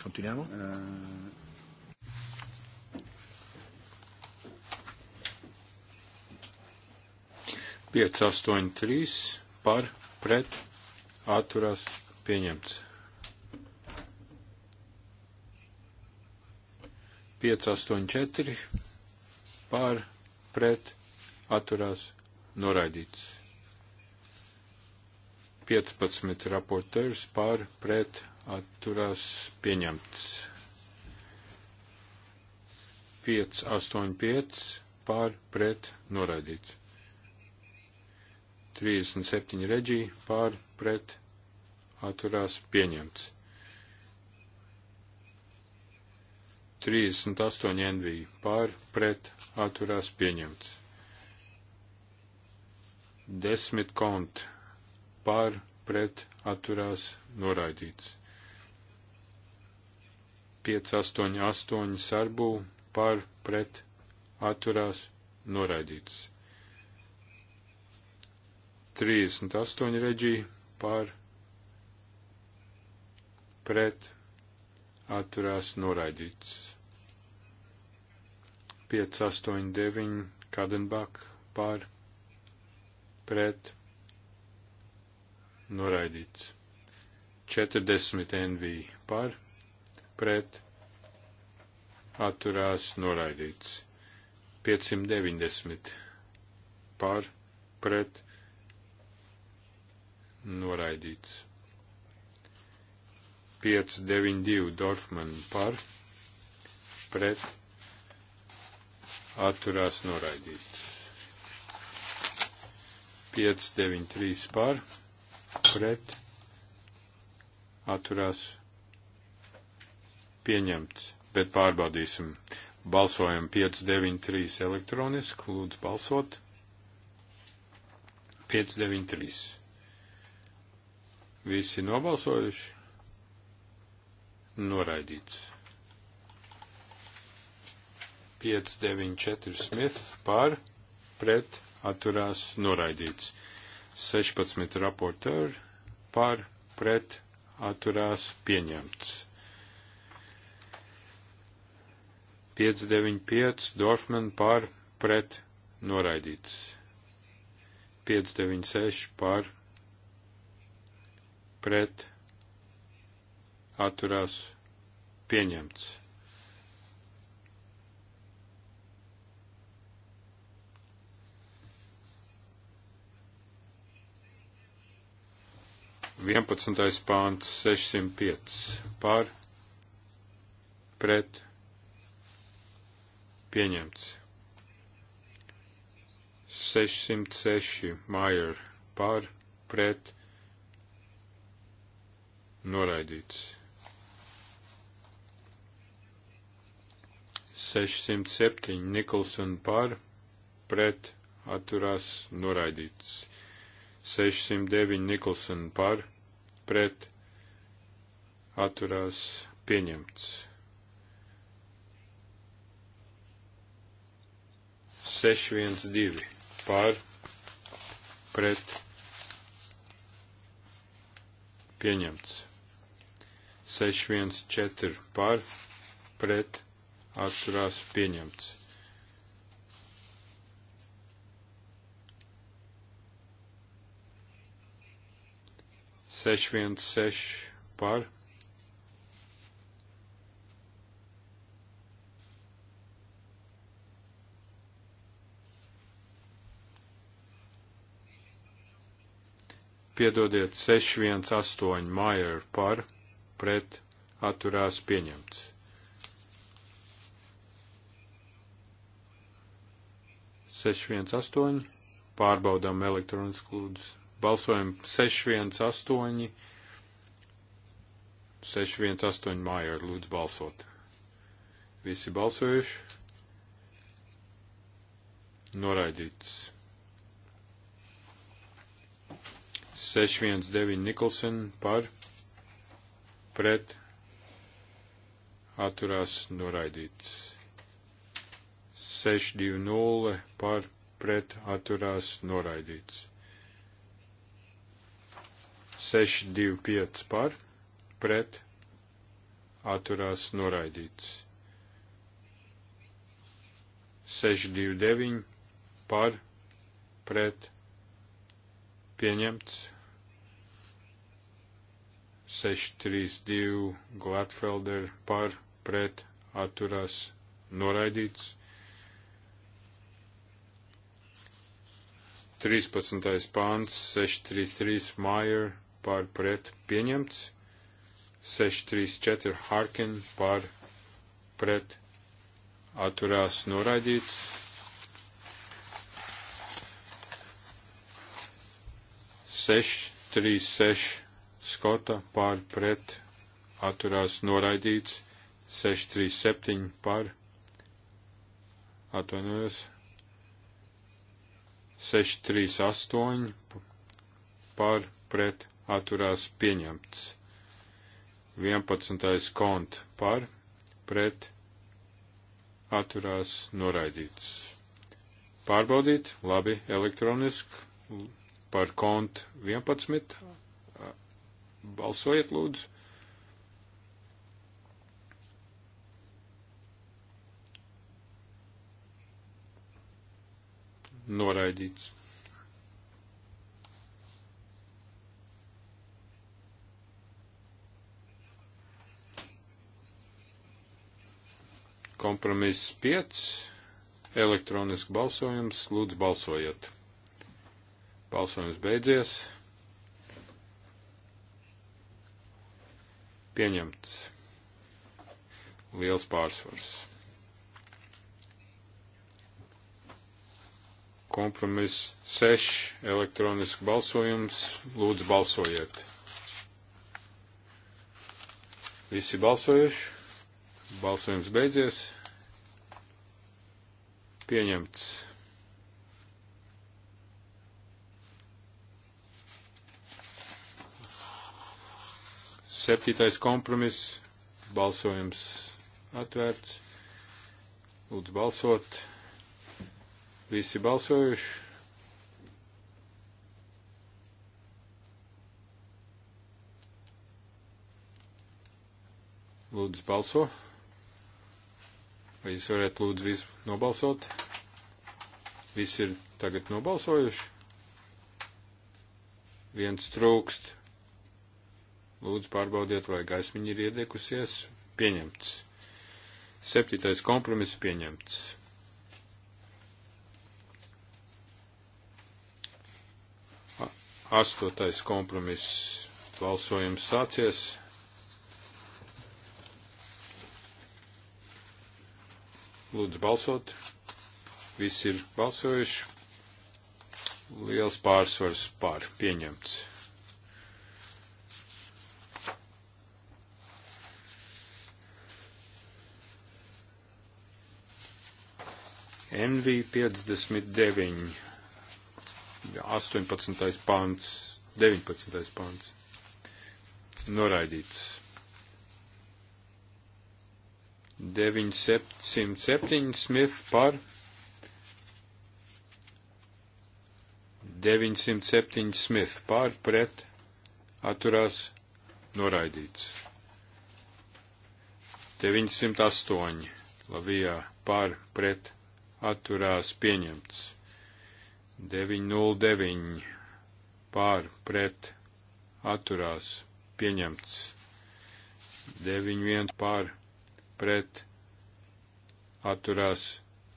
Continuiamo. Eh, Pieci, astoņi, trīs par, pret, atturās, pieņemts. 584 pār pret atturās noraidīts. 15 raportērs pār pret atturās pieņemts. 5, 8, 5 pār pret noraidīts. 37 reģī pār pret atturās pieņemts. 38 NV pār pret atturās pieņemts. 10 kont pār pret atturās noraidīts. 588 sarbū par pret atturās noraidīts. 38 reģija par pret atturās noraidīts. 589 Kadenbach par pret noraidīts. 40 NV par pret pret atturās noraidīts. 590 par pret noraidīts. 592 Dorfman par pret atturās noraidīts. 593 par pret atturās noraidīts pieņemts, bet pārbaudīsim. Balsojam 593 elektroniski, lūdzu balsot. 593. Visi nobalsojuši? Noraidīts. 594 Smith par, pret, atturās, noraidīts. 16 raportēri par, pret, atturās, pieņemts. 595 Dorfman par pret noraidīts. 596 par pret atturās pieņemts. Vienpadsmitais pāns 605 par pret pieņemts. 606 Maier par pret noraidīts. 607 Nikolson par pret atturās noraidīts. 609 Nikolson par pret atturās pieņemts. 612 par pret pieņemts. 614 par pret atturās pieņemts. Seši viens seši par piedodiet 618 Maier par pret atturās pieņemts. Seši viens astoņi, pārbaudām elektronisku lūdzu, balsojam seši viens astoņi, seši viens astoņi māja ar lūdzu balsot. Visi balsojuši, noraidīts. 619 Nikolsen par pret atturās noraidīts. 620 par pret atturās noraidīts. 625 par pret atturās noraidīts. 629 par pret pieņemts 632 Glatfelder par pret atturās noraidīts. 13. pāns 633 Maier par pret pieņemts. 634 Harkin par pret atturās noraidīts. Seši, trīs, seši Skota pār pret atturās noraidīts 637 pār atvainojos 638 pār pret atturās pieņemts 11. kont pār pret atturās noraidīts. Pārbaudīt, labi, elektroniski par kontu 11 Balsojiet, lūdzu. Noraidīts. kompromiss 5, elektroniski balsojums, lūdzu balsojiet. Balsojums beidzies. Pieņemts. Liels pārsvars. Kompromiss 6. Elektronisks balsojums. Lūdzu, balsojiet. Visi balsojuši. Balsojums beidzies. Pieņemts. Septītais kompromiss. Balsojums atvērts. Lūdzu balsot. Visi balsojuši. Lūdzu balso. Vai jūs varat lūdzu visu nobalsot? Visi ir tagad nobalsojuši. Viens trūkst. Lūdzu, pārbaudiet, vai gaismiņa ir iedekusies. Pieņemts. Septītais kompromiss pieņemts. Astotais kompromiss balsojums sācies. Lūdzu, balsot. Visi ir balsojuši. Liels pārsvars pār pieņemts. NV 59, 18. pāns, 19. pāns. Noraidīts. 907 Smith par 907 Smith pār pret atturās noraidīts. 908 Lavijā pār pret atturās pieņemts. 909 pār pret atturās pieņemts. 91 pār pret atturās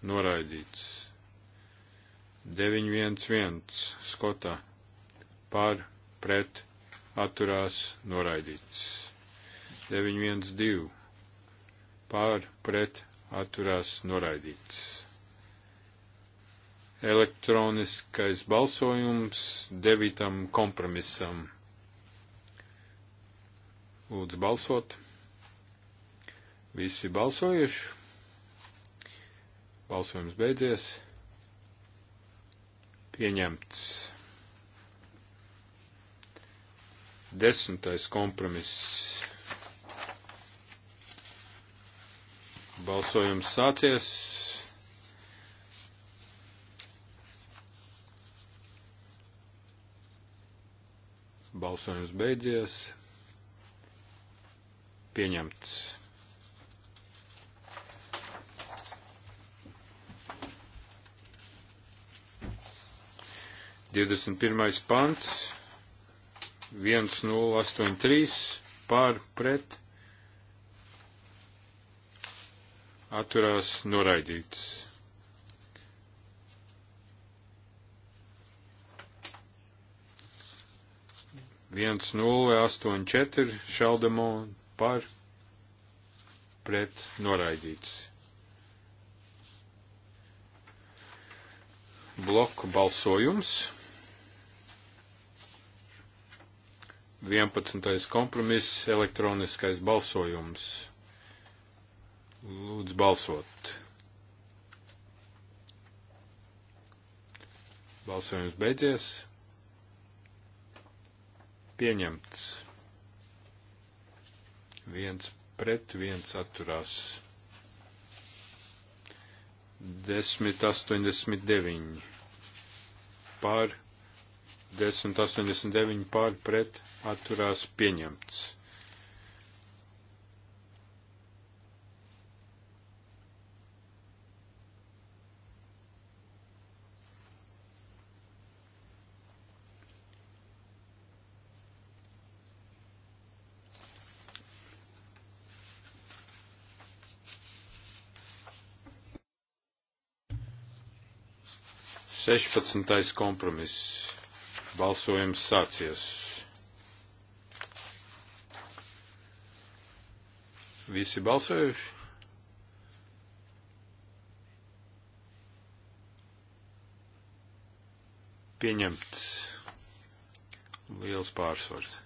noraidīts. 911 skota pār pret atturās noraidīts. 912 pār pret atturās noraidīts elektroniskais balsojums devītam kompromisam. Lūdzu balsot. Visi balsojuši. Balsojums beidzies. Pieņemts. Desmitais kompromiss. Balsojums sācies. Balsojums beidzies. Pieņemts. Divdesmit pirmais pants, viens nulle astoņi trīs, pār pret, atturās noraidīts. 1084 šaldamo par pret noraidīts. Bloku balsojums. 11. kompromiss elektroniskais balsojums. Lūdzu balsot. Balsojums beidzies pieņemts. Viens pret, viens atturās. 10,89 pār, 10,89 pār pret atturās pieņemts. 16. kompromiss. Balsojums sācies. Visi balsojuši? Pieņemts liels pārsvars.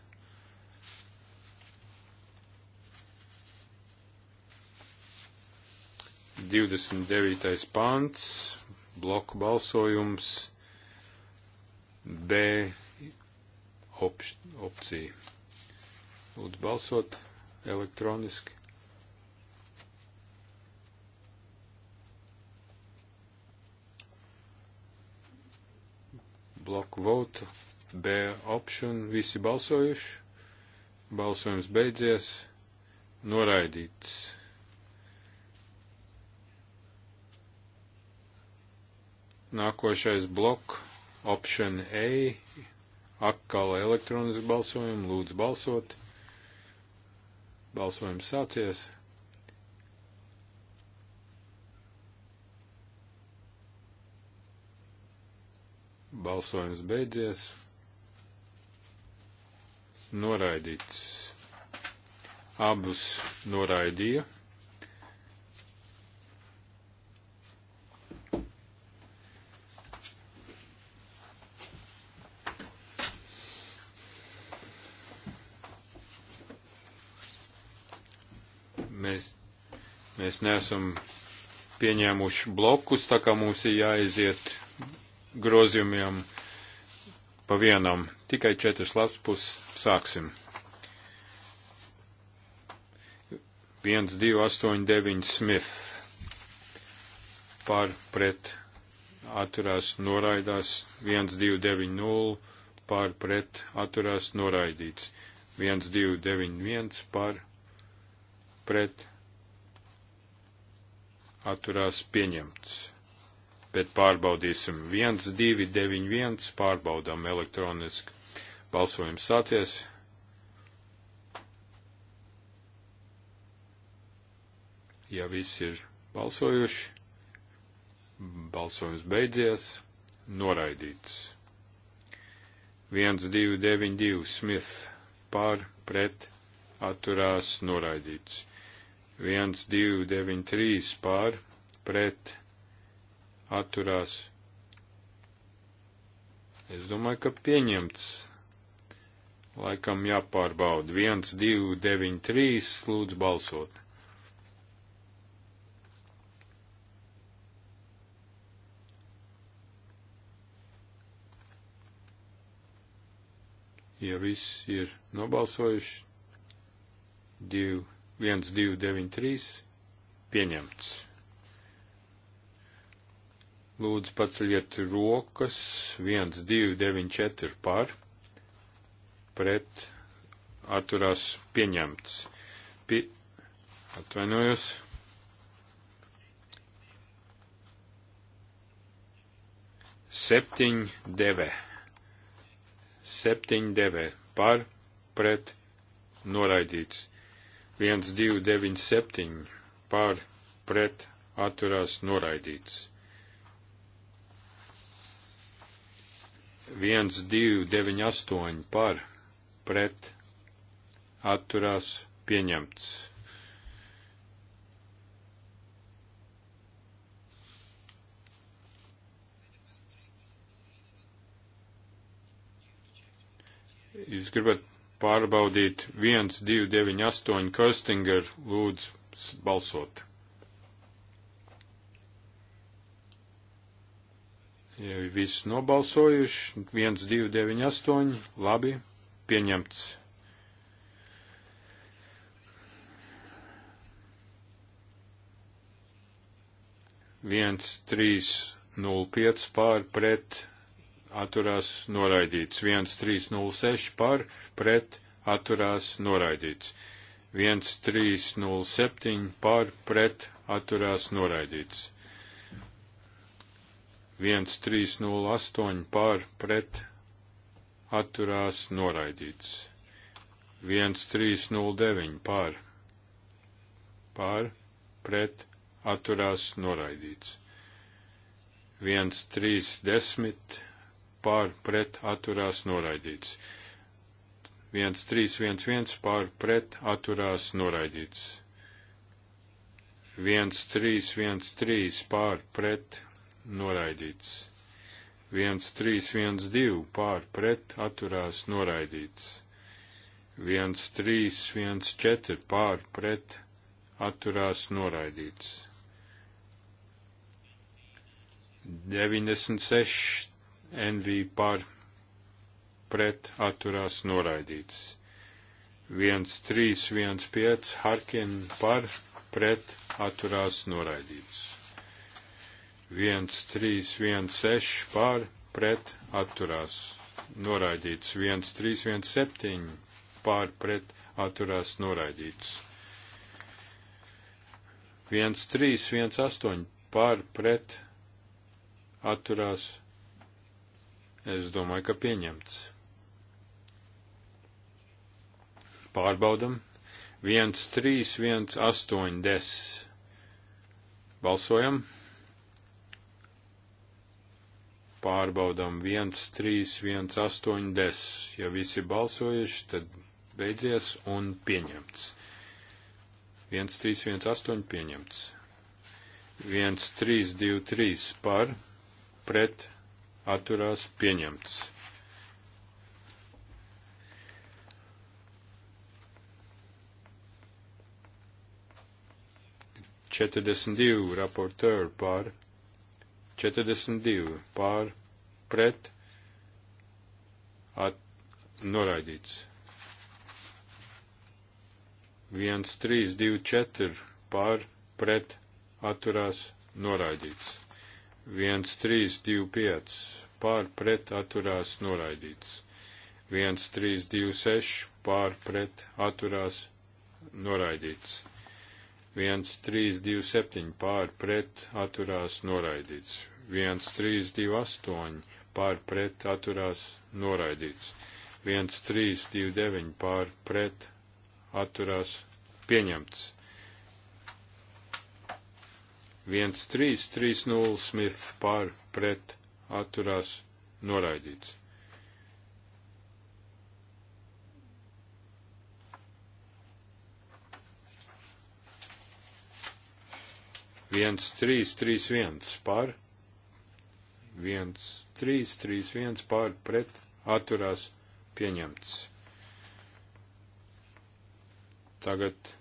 Divdesmit devītais pants bloku balsojums B op opcija. Lūdzu balsot elektroniski. Bloku vote, B option, visi balsojuši. Balsojums beidzies, noraidīts. Nākošais blok Option A, atkal elektronisku balsojumu, lūdzu balsot. Balsojums sācies. Balsojums beidzies. Noraidīts. Abus noraidīja. Mēs neesam pieņēmuši blokus, tā kā mums ir jāiziet grozījumiem pa vienam. Tikai četras labs puses sāksim. 1, 2, 8, 9 Smith par pret atturās noraidās 1, 2, 9, 0 par pret atturās noraidīts 1, 2, 9, 1 par pret atturās pieņemts. Bet pārbaudīsim 1, 2, 9, 1, pārbaudām elektroniski. Balsojums sācies. Ja viss ir balsojuši, balsojums beidzies, noraidīts. 1, 2, 9, 2, Smith pār, pret, atturās, noraidīts. 1, 2, 9, 3 pār pret atturās. Es domāju, ka pieņemts. Laikam jāpārbauda. 1, 2, 9, 3 lūdzu balsot. ja viss ir nobalsojuši, divi 1293 pieņemts. Lūdzu, paceļiet rokas 1294 par, pret atturās pieņemts. Pi, atvainojos. Septiņi deve. Septiņi deve par, pret, noraidīts. 1297 pār pret atturās noraidīts. 1298 par pret atturās pieņemts. Jūs gribat pārbaudīt 1298 Köstinger lūdzu balsot. Ja viss nobalsojuši, 1298, labi, pieņemts. viens, trīs, nulle pieci pār pret atturās noraidīts, 1306 par pret atturās noraidīts, 1307 par pret atturās noraidīts, 1308 par pret atturās noraidīts, 1309 par par pret atturās noraidīts. 1, 3, 10 pār pret atturās noraidīts. 1, 3, 1, 1 pār pret atturās noraidīts. 1, 3, 1, 3 pār pret noraidīts. 1, 3, 1, 2 pār pret atturās noraidīts. 1, 3, 1, 4 pār pret atturās noraidīts. 96 NV par pret atturās noraidīts. 1315 Harkin par pret atturās noraidīts. 1316 par pret atturās noraidīts. 1317 par pret atturās noraidīts. 1318 par pret atturās noraidīts Es domāju, ka pieņemts. Pārbaudam. 1, 3, 1, 8, 10. Balsojam. Pārbaudam 1, 3, 1, 8, 10. Ja visi balsojuši, tad beidzies un pieņemts. 1, 3, 1, 8 pieņemts. 1, 3, 2, 3 par, pret, atturās pieņemts. Četrdesmit divi raportēri pār, četrdesmit divi pār, pret, at, noraidīts. Viens, trīs, divi, četri pār, pret, atturās, noraidīts. 1325 pār pret atturās noraidīts. 1326 pār pret atturās noraidīts. 1327 pār pret atturās noraidīts. 1328 pār pret atturās noraidīts. 1329 pār pret atturās pieņemts. 1330 Smith pār pret atturās noraidīts. viens, trīs, trīs, viens pār, viens, trīs, trīs, viens pār, pret, atturās, pieņemts. Tagad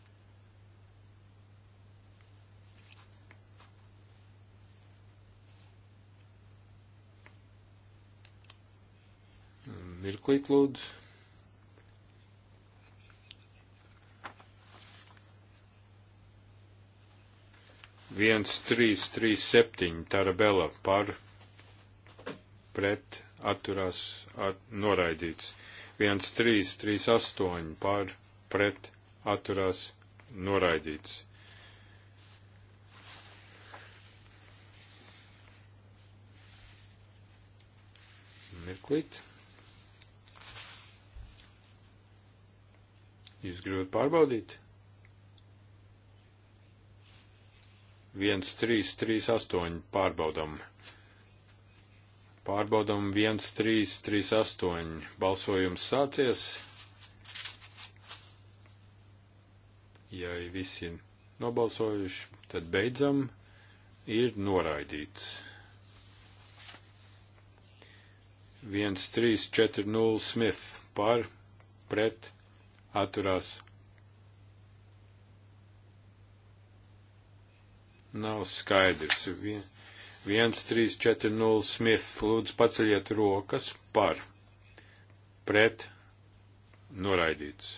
mirklīt lūdzu. viens, trīs, trīs, septiņi, tarabela par, pret, atturās, at, noraidīts. viens, trīs, trīs, astoņi, par, pret, atturās, noraidīts. Mirklīt. Jūs gribat pārbaudīt? 1, 3, 3, 8 pārbaudam. Pārbaudam 1, 3, 3, 8. Balsojums sācies. Ja visi nobalsojuši, tad beidzam. Ir noraidīts. 1, 3, 4, 0 Smith par pret atturās. Nav skaidrs. 1, 3, 4, 0, Smith, lūdzu paceļiet rokas par, pret, noraidīts.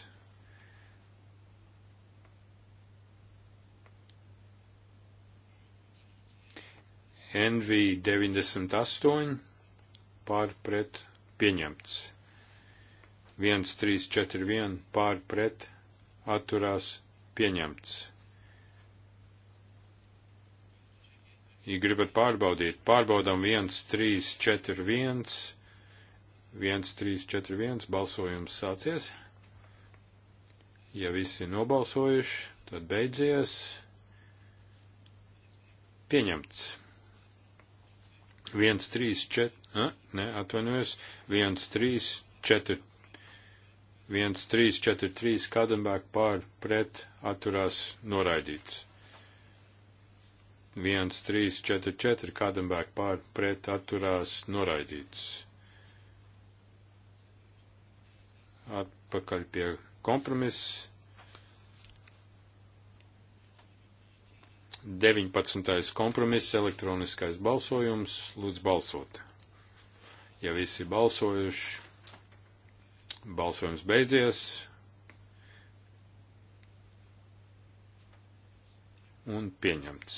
NV 98 pār pret pieņemts. 1, 3, 4, 1 pār pret atturās pieņemts. Ja gribat pārbaudīt, pārbaudam 1, 3, 4, 1, 1, 3, 4, 1, balsojums sācies. Ja visi nobalsojuši, tad beidzies. Pieņemts. 1, 3, 4, ne, atvainojos, 1, 3, 4, 1343 Kadenbēk pār pret atturās noraidīts. 1344 Kadenbēk pār pret atturās noraidīts. Atpakaļ pie kompromiss. 19. kompromiss, elektroniskais balsojums, lūdzu balsot. Ja visi balsojuši, Balsojums beidzies. Un pieņemts.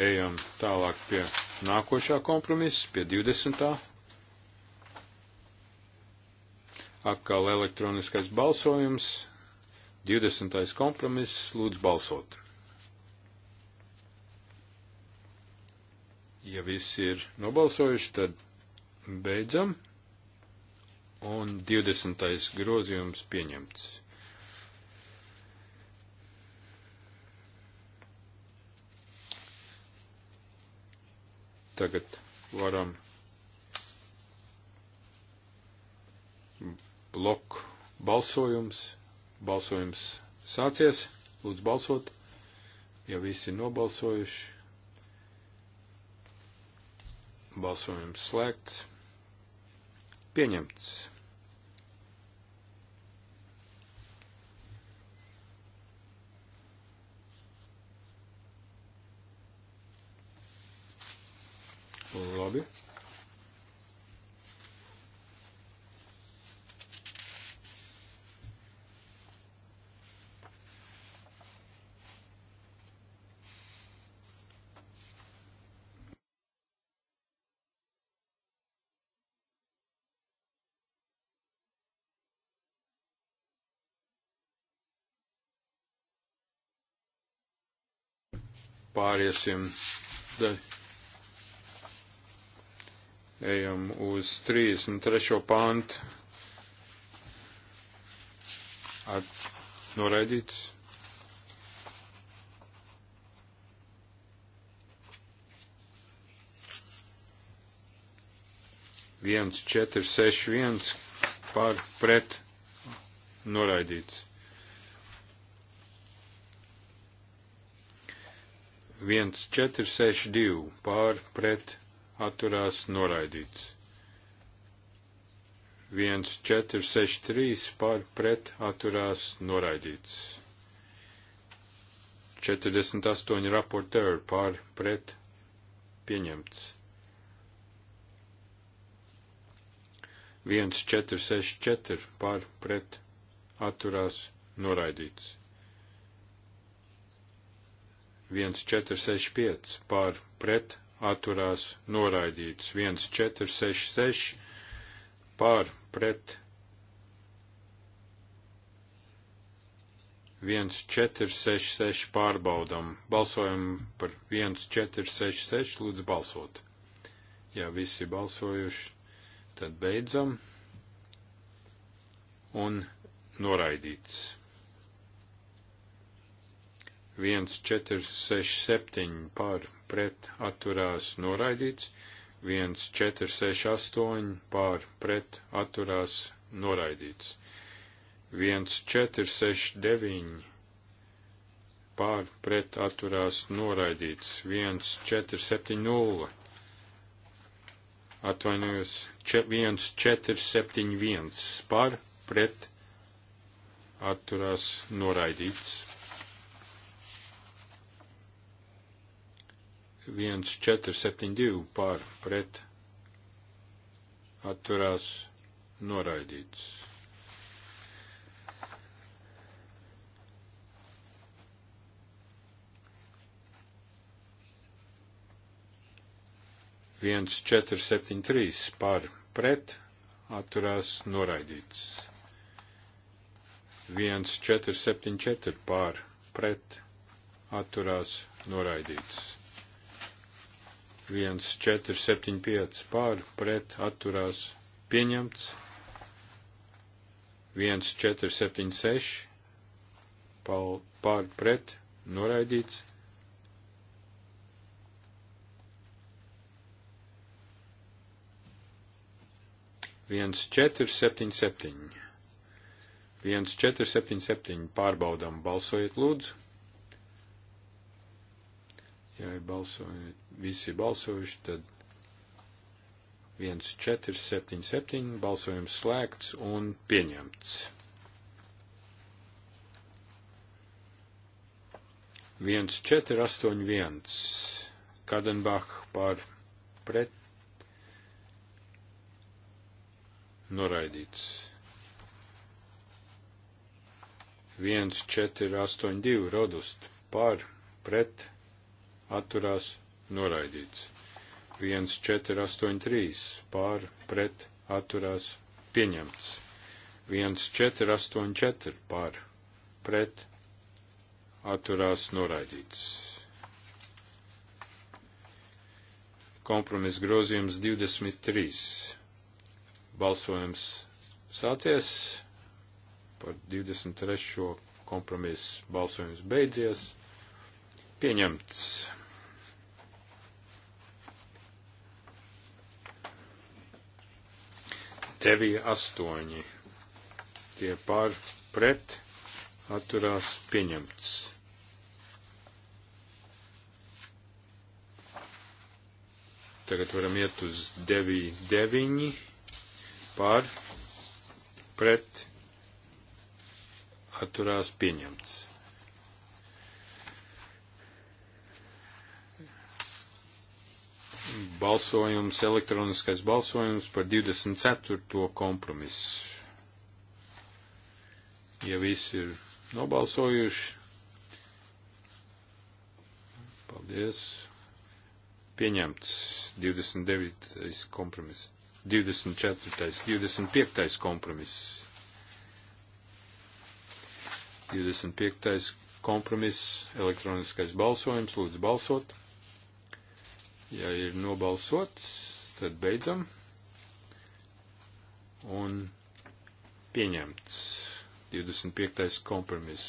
Ejam tālāk pie nākošā kompromisa, pie 20. Atkal elektroniskais balsojums, 20. kompromiss, lūdzu balsot. Ja visi ir nobalsojuši, tad Beidzam. Un 20. grozījums pieņemts. Tagad varam bloku balsojums. Balsojums sācies. Lūdzu balsot, ja visi nobalsojuši balsojums slēgts. Pieņemts. Labi. pāriesim. Daļ. Ejam uz 33. pantu. At, noraidīts. viens, četri, seši, viens pār pret noraidīts. 1462 pār pret atturās noraidīts. 1463 pār pret atturās noraidīts. 48 raportēri pār pret pieņemts. 1464 pār pret atturās noraidīts. 1465 par pret atturās noraidīts, 1466 par pret 1466 pārbaudam. Balsojam par 1466, lūdzu balsot. Ja visi balsojuši, tad beidzam. Un noraidīts. 1467 par pret atturās noraidīts, 1468 par pret atturās noraidīts, 1469 par pret atturās noraidīts, 1470 atvainojos 1471 par pret atturās noraidīts. 1472 pār pret atturās noraidīts. viens, četri, septiņi, trīs par pret atturās noraidīts. viens, četri, septiņi, četri par pret atturās noraidīts. 1, 4, 7, 5 pār, pret, atturās, pieņemts. 1, 4, 7, 6 pār, pret, noraidīts. viens četri septiņi septiņi. viens četri septiņi septiņi pārbaudām balsojiet lūdzu ja balsoju, visi balsojuši, tad 1, 4, 7, 7, balsojums slēgts un pieņemts. 1, 4, 8, 1, Kadenbach par pret noraidīts. 1, 4, 8, 2, rodust par pret atturās noraidīts. 1483 pār pret atturās pieņemts. 1484 pār pret atturās noraidīts. Kompromis grozījums 23. Balsojums sācies par 23. kompromisu balsojums beidzies. Pieņemts. 9, 8. Tie pār pret atturās pieņemts. Tagad varam iet uz 9, 9 pār pret atturās pieņemts. balsojums, elektroniskais balsojums par 24. kompromisu. Ja visi ir nobalsojuši, paldies. Pieņemts 29. kompromiss, 24. 25. kompromiss. 25. kompromiss, elektroniskais balsojums, lūdzu balsot. Ja ir nobalsots, tad beidzam. Un pieņemts 25. kompromiss.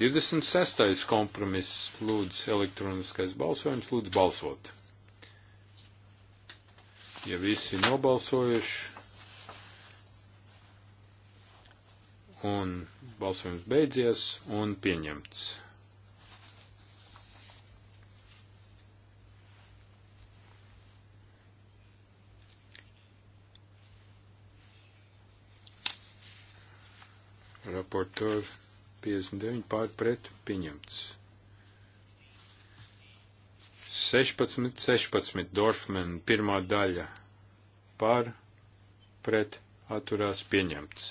26. kompromiss lūdz elektroniskais balsojums, lūdz balsot. Ja visi nobalsojuši un balsojums beidzies un pieņemts. raportor 59 pār pret pieņemts. 16, 16 Dorfman pirmā daļa pār pret atturās pieņemts.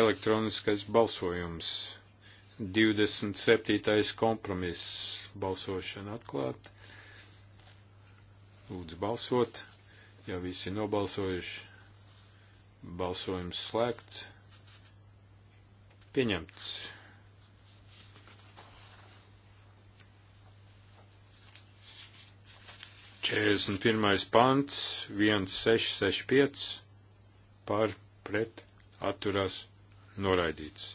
Elektroniskais balsojums 27. kompromiss balsošana atklāta. Lūdzu balsot, ja visi nobalsojuši. Balsojums slēgts. Pieņemts. Četrdesmit pirmais pants, viens seši seši piec, par pret atturās noraidīts.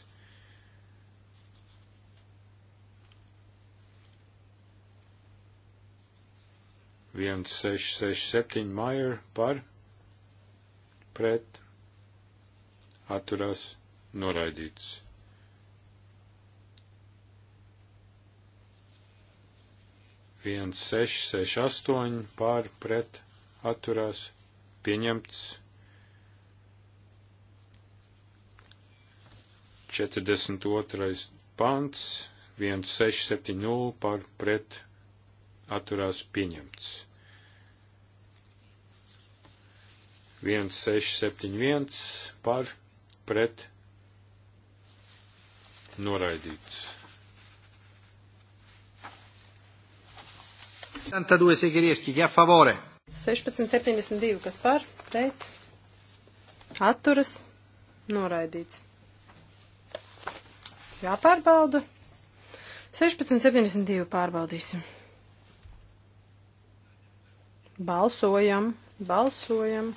viens seši seši septiņi Maier par pret atturās noraidīts. viens, seši, seši, astoņi, pār, pret, atturās, pieņemts, 42. pants, viens, seši, septiņi, nulle, pār, pret, atturās, pieņemts. 1, 6, 7, 1 par pret noraidīts. 62 Sigerieski, ja favore. 1672, kas par, pret, atturas, noraidīts. Jāpārbauda. 1672 pārbaudīsim. Balsojam, balsojam.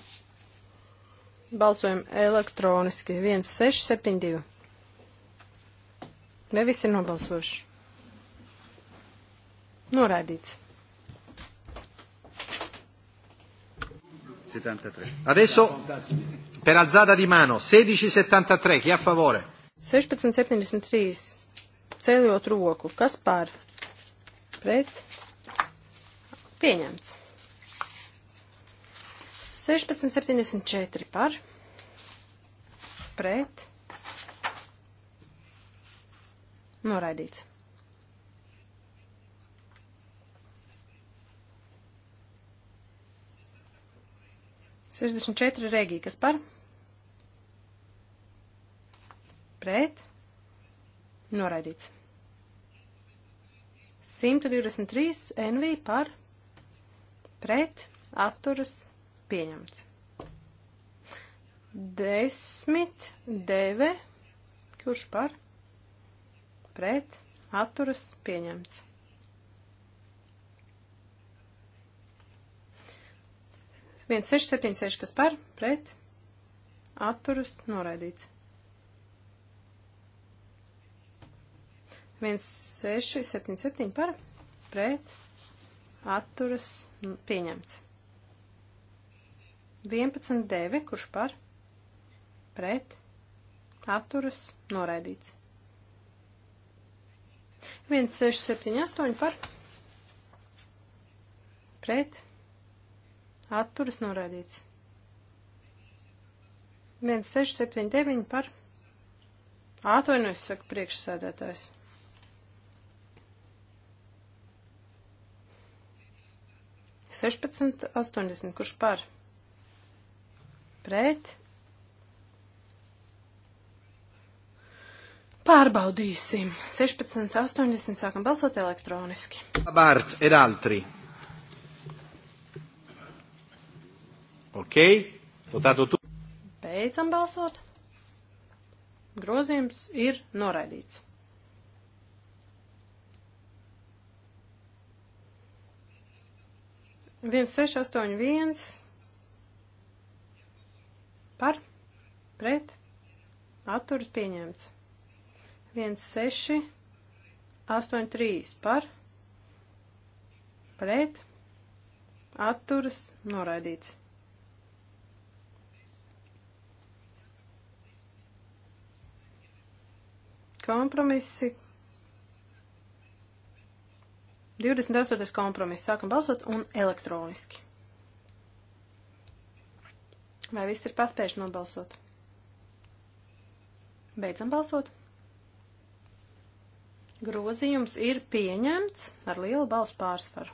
Balsojam elektroniski. 1672. Vai visi ir nobalsojuši? Noraidīts. 73. Adesso per alzata di mano 1673, chi è a favore? 1673. Ceļot roku. Kas par? Pret? Pieņemts. 16,74 par pret noraidīts. Sešdesmit četri regī, kas par? Pret. Noraidīts. 123 NV par. Pret. Atturas pieņemts. Desmit, deve, kurš par, pret, atturas, pieņemts. Viens, seši, septiņi, seši, kas par, pret, atturas, noraidīts. Viens, seši, septiņi, septiņi par, pret, atturas, pieņemts. 11.9. Kurš par? Pret. Atturas. Noraidīts. 1.6.7.8. Par. Pret. Atturas. Noraidīts. 1.6.7.9. Par. Atvainojos, saka priekšsēdētājs. Sešpadsmit astoņdesmit, kurš par? pret. Pārbaudīsim. 16.80 sākam balsot elektroniski. Bārt ir altri. Ok. Votato tu. Beidzam balsot. Grozījums ir noraidīts. viens seši astoņi viens pret, atturas pieņemts. 1, 6, 8, 3 par, pret, atturas noraidīts. Kompromisi. 28. kompromiss. Sākam balsot un elektroniski. Vai viss ir paspējuši nobalsot? Beidzam balsot. Grozījums ir pieņemts ar lielu balsu pārsvaru.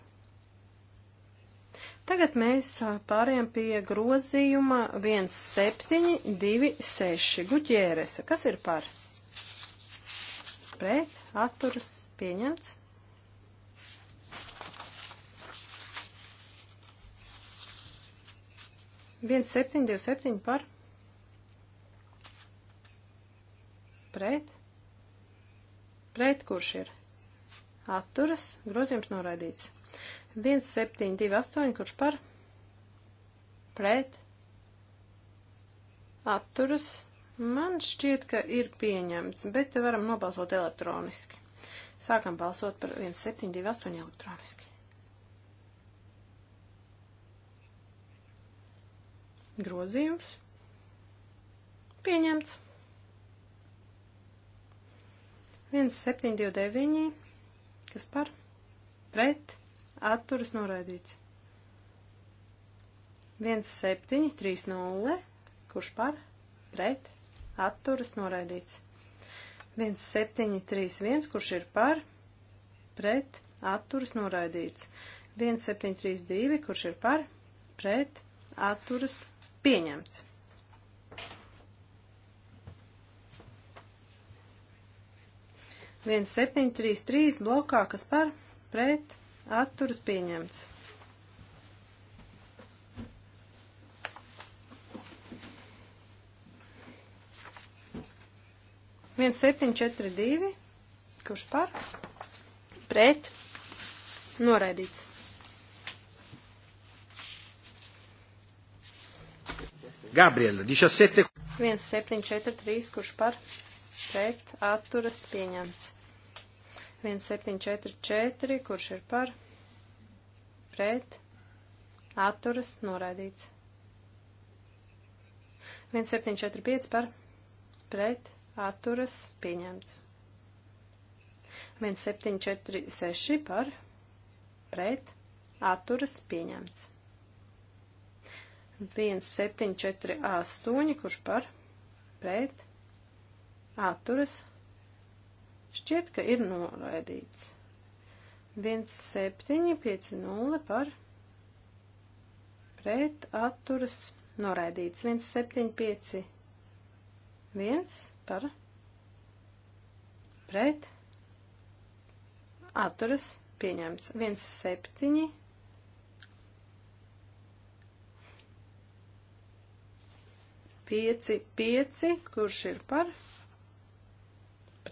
Tagad mēs pāriem pie grozījuma 1726 guģēresa. Kas ir par? Pret, atturas, pieņemts. Viens septiņi, divi septiņi par. pret, pret kurš ir atturas, grozījums noraidīts. 1, 7, 2, 8, kurš par, pret, atturas, man šķiet, ka ir pieņemts, bet varam nobalsot elektroniski. Sākam balsot par 1, 7, 2, 8 elektroniski. Grozījums pieņemts. 1729, kas par pret atturas noraidīts. 1730, kurš par pret atturas noraidīts. 1731, kurš ir par pret atturas noraidīts. 1732, kurš ir par pret atturas pieņemts. 1733 blokā, kas par pret atturas pieņemts. viens septiņi četri divi, kurš par, pret, noraidīts. Gabriela, 17. 1, 7, 4, 3, kurš par pret atturas pieņemts. 1744, kurš ir par pret atturas noraidīts. 1745 par pret atturas pieņemts. 1746 par pret atturas pieņemts. 1748, kurš par pret atturas. Šķiet, ka ir noraidīts. 1750 par pret atturas noraidīts. 1751 par pret atturas pieņemts. 17 5, 5, kurš ir par pret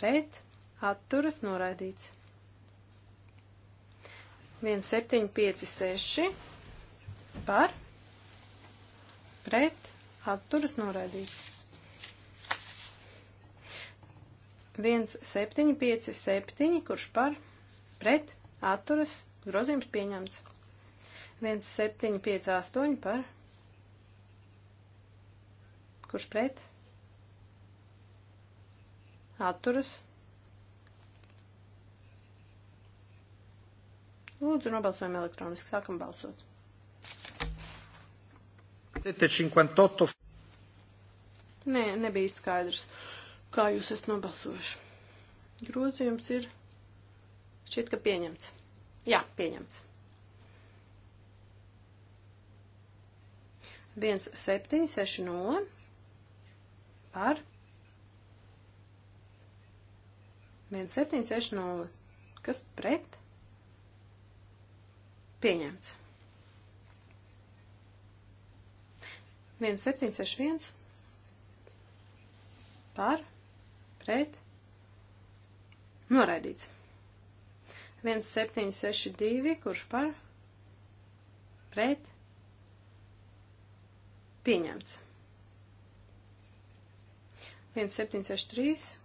pret, atturas noraidīts. 1756 par, pret, atturas noraidīts. 1757, kurš par, pret, atturas, grozījums pieņemts. 1758 par, kurš pret, atturas. Lūdzu, nobalsojam elektroniski. Sākam balsot. 58. Nē, nebija īsti skaidrs, kā jūs esat nobalsojuši. Grozījums ir šķiet, ka pieņemts. Jā, pieņemts. 1, 7, 6, 0 par 1760. Kas pret? Pieņemts. 1761. Par. Pret. Noraidīts. 1762. Kurš par? Pret. Pieņemts. 1763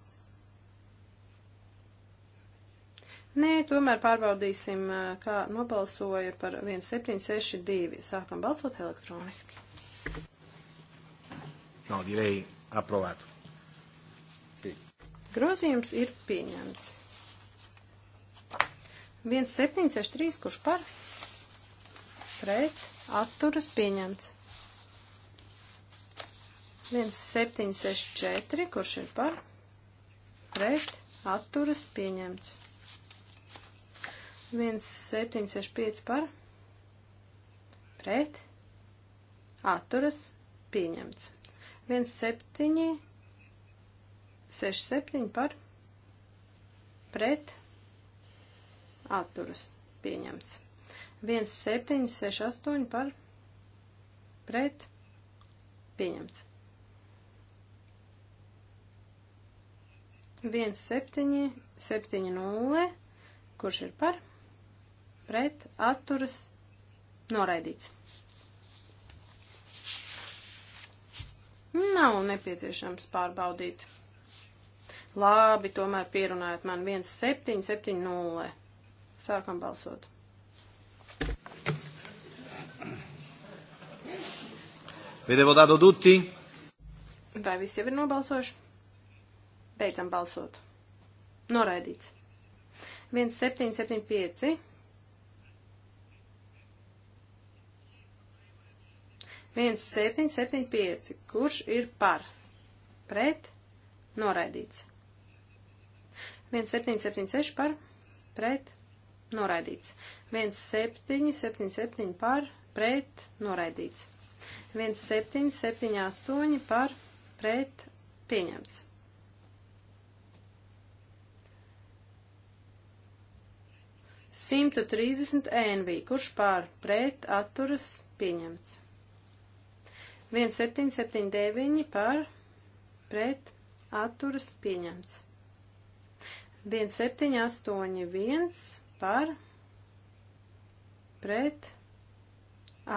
Nē, tomēr pārbaudīsim, kā nobalsoja par 1762. Sākam balsot elektroniski. No, direi aprovētu. Sī. Grozījums ir pieņemts. 1763, kurš par? Pret, atturas pieņemts. 1764, kurš ir par? Pret, atturas pieņemts. 1765 par pret atturas pieņemts. 1767 par pret atturas pieņemts. 1768 par pret pieņemts. 1770, kurš ir par pret pret atturas noraidīts. Nav nepieciešams pārbaudīt. Labi, tomēr pierunājot man 1770. Sākam balsot. Vedevo dato tutti? Vai visi jau ir nobalsojuši? Beidzam balsot. Noraidīts. 1775. 1775. Kurš ir par? Pret? Noraidīts. 1776 par? Pret? Noraidīts. 1777 par? Pret? Noraidīts. 1778 par? Pret? Pieņemts. 130 NV, kurš pār pret atturas pieņemts. 1779 par pret atturas pieņemts. 1781 par pret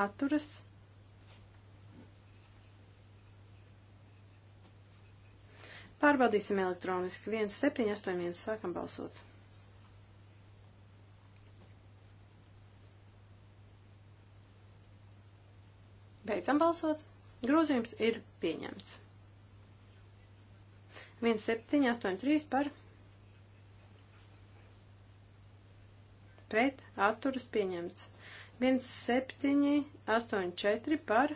atturas pieņemts. Pārbaudīsim elektroniski. 1, 7, 8, 1. Sākam balsot. Beidzam balsot. Grozījums ir pieņemts. 1783 par pret atturas pieņemts. 1784 par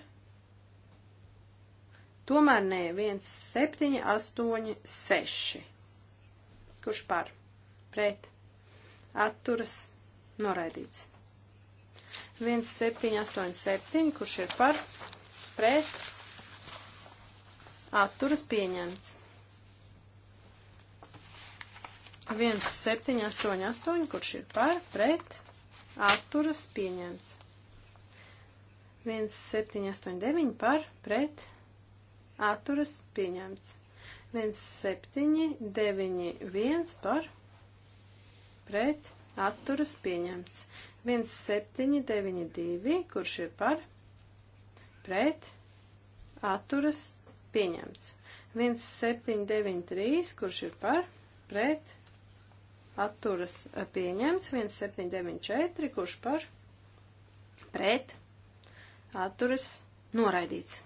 tomēr nē, 1786. Kurš par pret atturas noraidīts. 1787, kurš ir par pret pret, atturas pieņemts. 1, 7, 8, 8, kurš ir par, pret, atturas pieņemts. 1, 7, 8, 9 par, pret, atturas pieņemts. 1, 7, 9, 1 par, pret, atturas pieņemts. 1, 7, 9, 2, kurš ir par, pret, atturas, pieņemts. 1793, kurš ir par, pret, atturas, eh, pieņemts. 1794, kurš par, pret, atturas, noraidīts.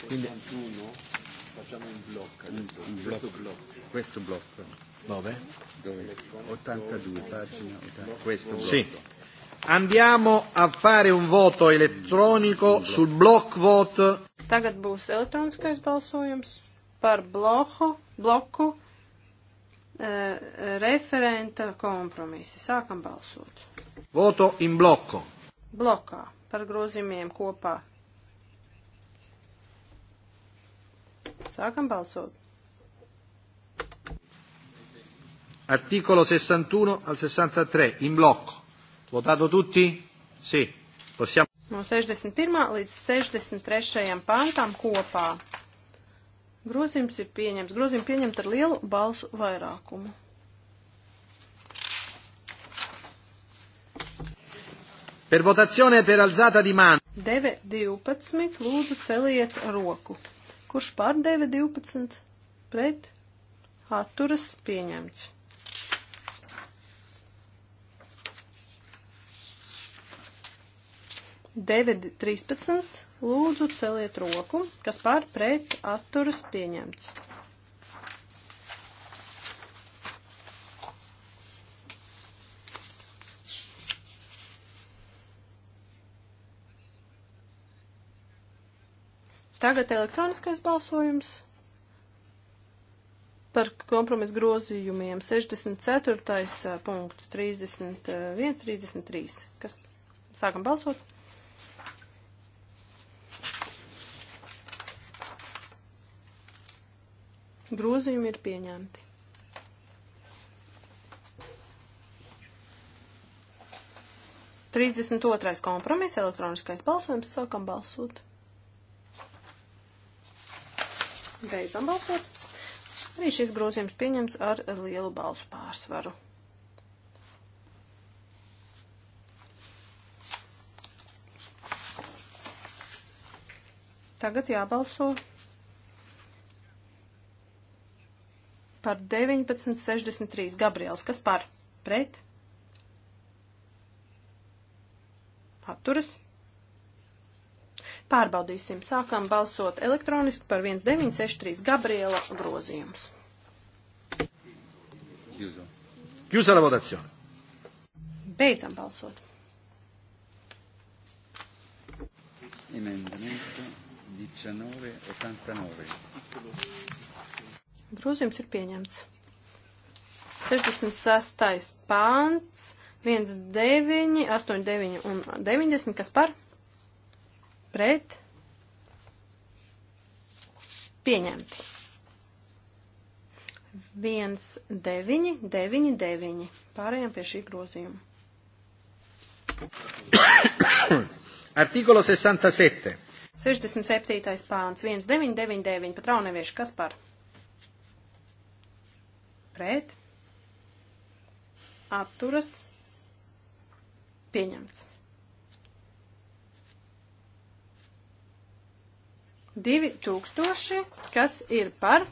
Quindi Facciamo un blocco adesso, un blocco. questo blocco. Questo blocco. Dove? Dove? 82, pagina 82. Questo blocco. Sì. Andiamo a fare un voto elettronico un sul block vote. Tagad būs elektroniskais balsojums par bloku, bloku eh, referenta kompromisi. Sākam balsot. Voto in blocco. Blokā par grozījumiem kopā Sākam balsot. Articolo 61 al 63 in blocco. Votato tutti? Sì. Possiamo... No 61. līdz 63. pantam kopā. Grozījums ir pieņemts. Grozījums pieņemt ar lielu balsu vairākumu. Per votazione per alzata di mano. Deve 12. Lūdzu celiet roku. Kurš pārdeva 12 pret atturas pieņemts. Devedi 13. Lūdzu, celiet roku, kas pār pret atturas pieņemts. Tagad elektroniskais balsojums par kompromisu grozījumiem 64. punkts 31, 33. Kas sākam balsot? Grozījumi ir pieņemti. Trīsdesmit otrais kompromiss, elektroniskais balsojums, sākam balsot. Beidzam balsot. Arī šis grozījums pieņemts ar lielu balsu pārsvaru. Tagad jābalso par 19.63. Gabriels, kas par? Pret? Atturas? Pārbaudīsim. Sākam balsot elektroniski par 1963 Gabriela grozījums. Chiusa la votazione. Beidzam balsot. Emendamento 1989. Grozījums ir pieņemts. 66. pāns, 1, 9, 8, 9 un 90, kas par? pret pieņemti. 1, 9, 9, 9. Pārējām pie šī grozījuma. Artikolo 67. 67. pāns 1999 pat rauneviešu kas par? Pret. Atturas. Pieņemts. 2000, kas ir par,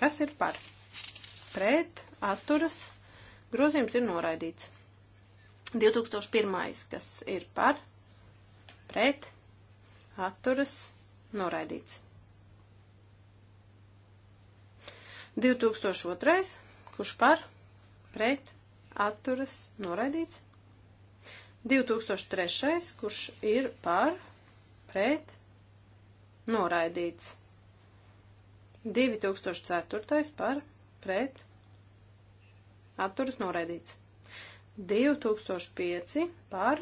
kas ir par, pret, atturas, grozījums ir noraidīts. 2001, kas ir par, pret, atturas, noraidīts. 2002, kurš par, pret, atturas, noraidīts. 2003, kurš ir par, pret, noraidīts. 2004. par pret, atturas noraidīts. 2005 par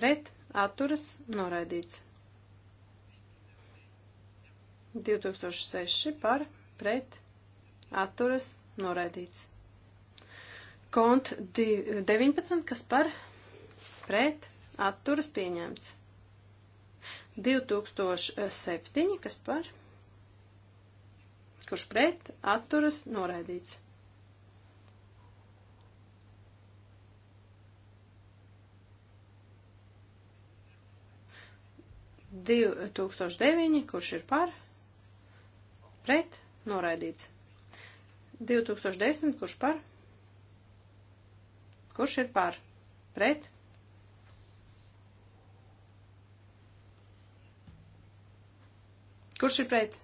pret, atturas noraidīts. 2006 par pret, atturas noraidīts. Kont 19, kas par pret, atturas pieņemts. 2007, kas par, kurš pret, atturas noraidīts. Div, 2009, kurš ir par, pret, noraidīts. 2010, kurš par, kurš ir par, pret, Kurš ir pret?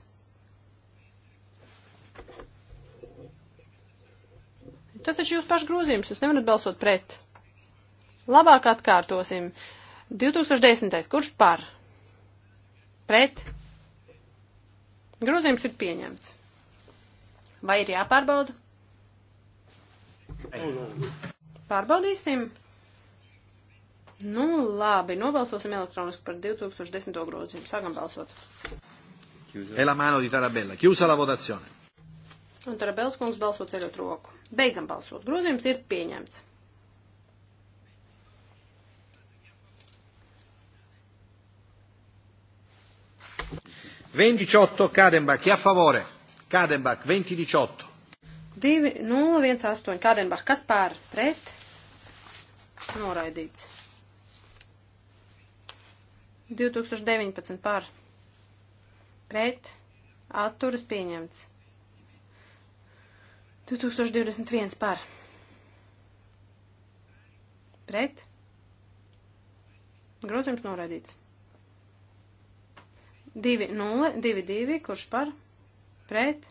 Tas taču jūs pašu grūzījums, jūs nevarat balsot pret. Labāk atkārtosim. 2010. Kurš par? Pret? Grūzījums ir pieņemts. Vai ir jāpārbauda? Pārbaudīsim. Nu, labi, nobalsosim elektroniski par 2010. grozījumu. Sākam balsot. Chiuso. È la mano di Tarabella. Chiusa la votazione. Un Tarabells kungs balso ceļot roku. Beidzam balsot. Grozījums ir pieņemts. Ventiotto Kadenbach, chi a favore? Kadenbach, 2018. 2018 Kadenbach, kas pār? Pret? Noraidīts. 2019 pār pret atturas pieņemts. 2021 par pret grozījums noraidīts. 2-0-2-2, kurš par pret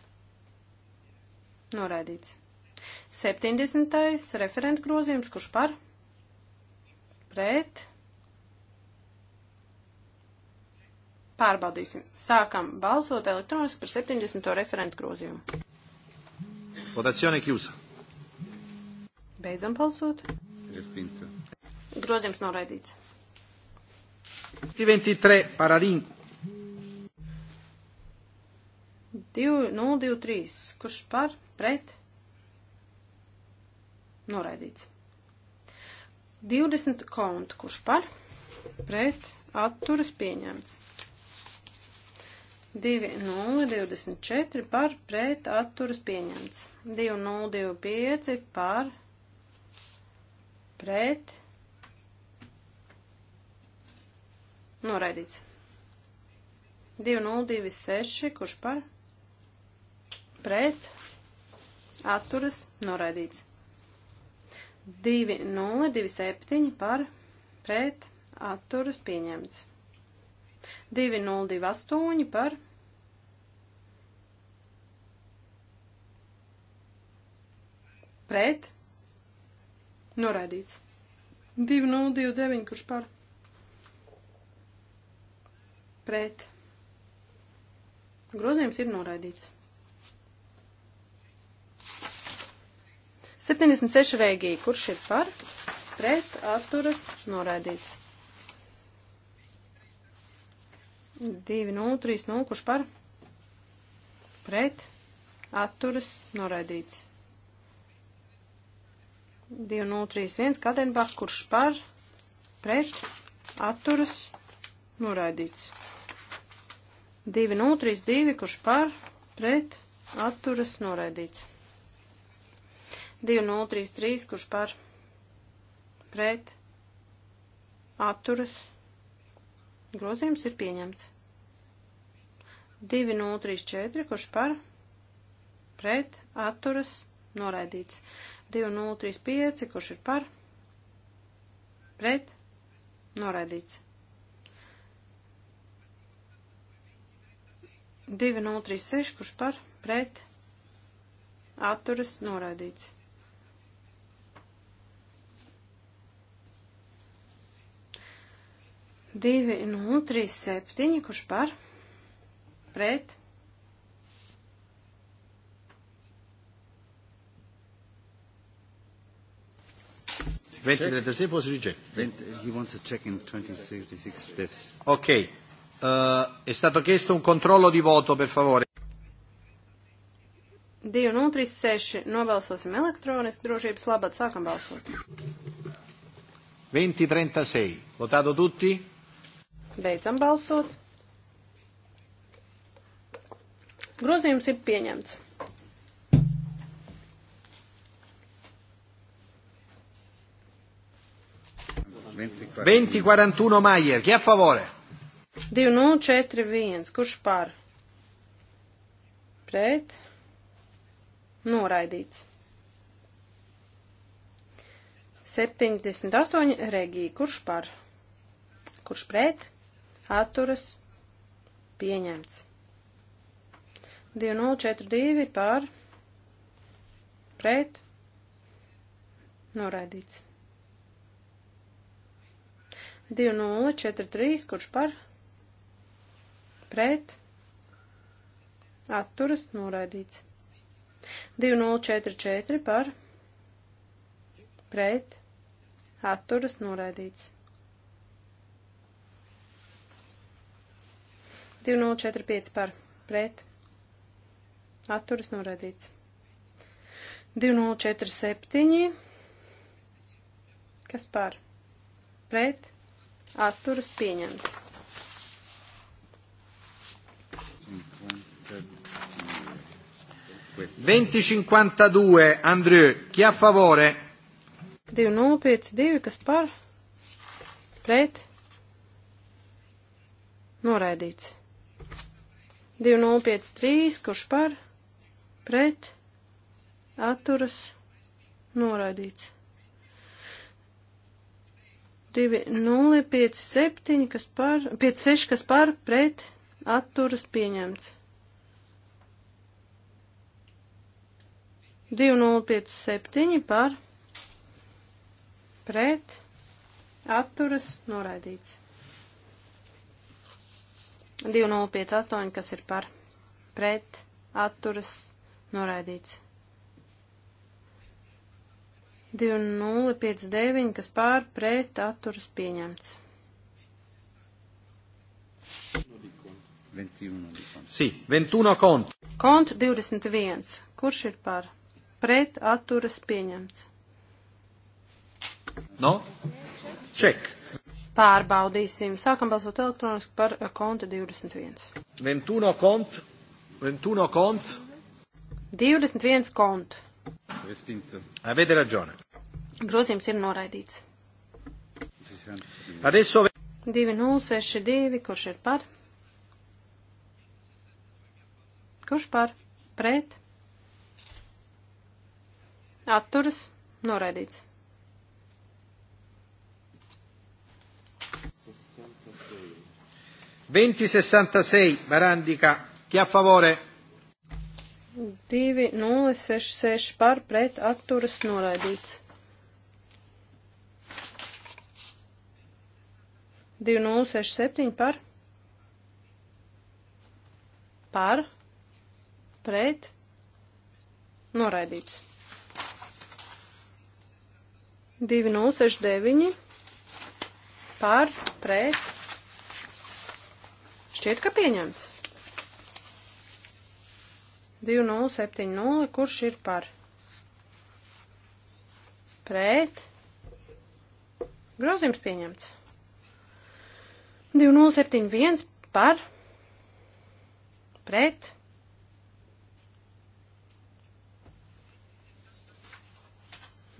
noraidīts. 70. referenta grozījums, kurš par pret Pārbaudīsim. Sākam balsot elektroniski par 70. referentu grozījumu. Votazione chiusa. Beidzam balsot. Respinta. Grozījums noraidīts. 23 paradīn. 023. Kurš par? Pret? Noraidīts. 20 kontu. Kurš par? Pret? Atturas pieņemts. 2024 par pret atturas pieņemts. 2025 par pret noraidīts. 2026, kurš par pret atturas noraidīts. 2027 par pret atturas pieņemts. 2028 par pret noraidīts. 2029, kurš par pret. Grozījums ir noraidīts. 76 rēgī, kurš ir par pret atturas noraidīts. 2030, kurš par pret atturas noraidīts. 2031, Kadenbach, kurš par pret atturas noraidīts. 2032, kurš par pret atturas noraidīts. 2033, kurš par pret atturas noraidīts. Grozījums ir pieņemts. 2034, kurš par, pret, atturas, noraidīts. 2035, kurš ir par, pret, noraidīts. 2036, kurš par, pret, atturas, noraidīts. 2037, nu, kurš par? Pret? Ventitrentesei was rejected. He wants a check in 2036. Yes. Ok. Uh, è stato chiesto un controllo di voto, per favore. 2036 nu, nobalsosim elektroniski drošības labad, sākam balsot. 2036. Votato tutti? Beidzam balsot. Grozījums ir pieņemts. Venti quarantuno Maier, chi è a favore? 2041, nu, kurš par? Pret? Noraidīts. 78 Regija, kurš par? Kurš pret? atturas pieņemts. 2042 pār pret noraidīts. 2043, kurš par pret atturas noraidīts. 2044 par pret atturas noraidīts. 2045 par pret atturas noraidīts. 2047 kas par pret atturas pieņemts. questo. 2052 Andrew, chi a favore? 2052 kas par? Pret? Noraidīts. 2053, kurš par, pret, atturas, noraidīts. 2057, kas par, 56, kas par, pret, atturas, pieņemts. 2057 par, pret, atturas, noraidīts. 2058, kas ir par pret atturas noraidīts. 2059, kas pār pret atturas pieņemts. Sī, 21 kont. Kont 21. Kurš ir par? Pret atturas pieņemts. No? Ček. Pārbaudīsim. Sākam balsot elektroniski par kontu 21. 21 kont. 21 kont. 21 kont. Respinto. Avete ragione. Grozījums ir noraidīts. Adesso 2062, kurš ir par? Kurš par? Pret? Atturas? Noraidīts. 2066 Barandica, chi a favore? 2066 par pret atturas noraidīts. 2067 par par pret noraidīts. 2069 par pret Šķiet, ka pieņemts. 2070, kurš ir par? Pret. Grozījums pieņemts. 2071 par. Pret.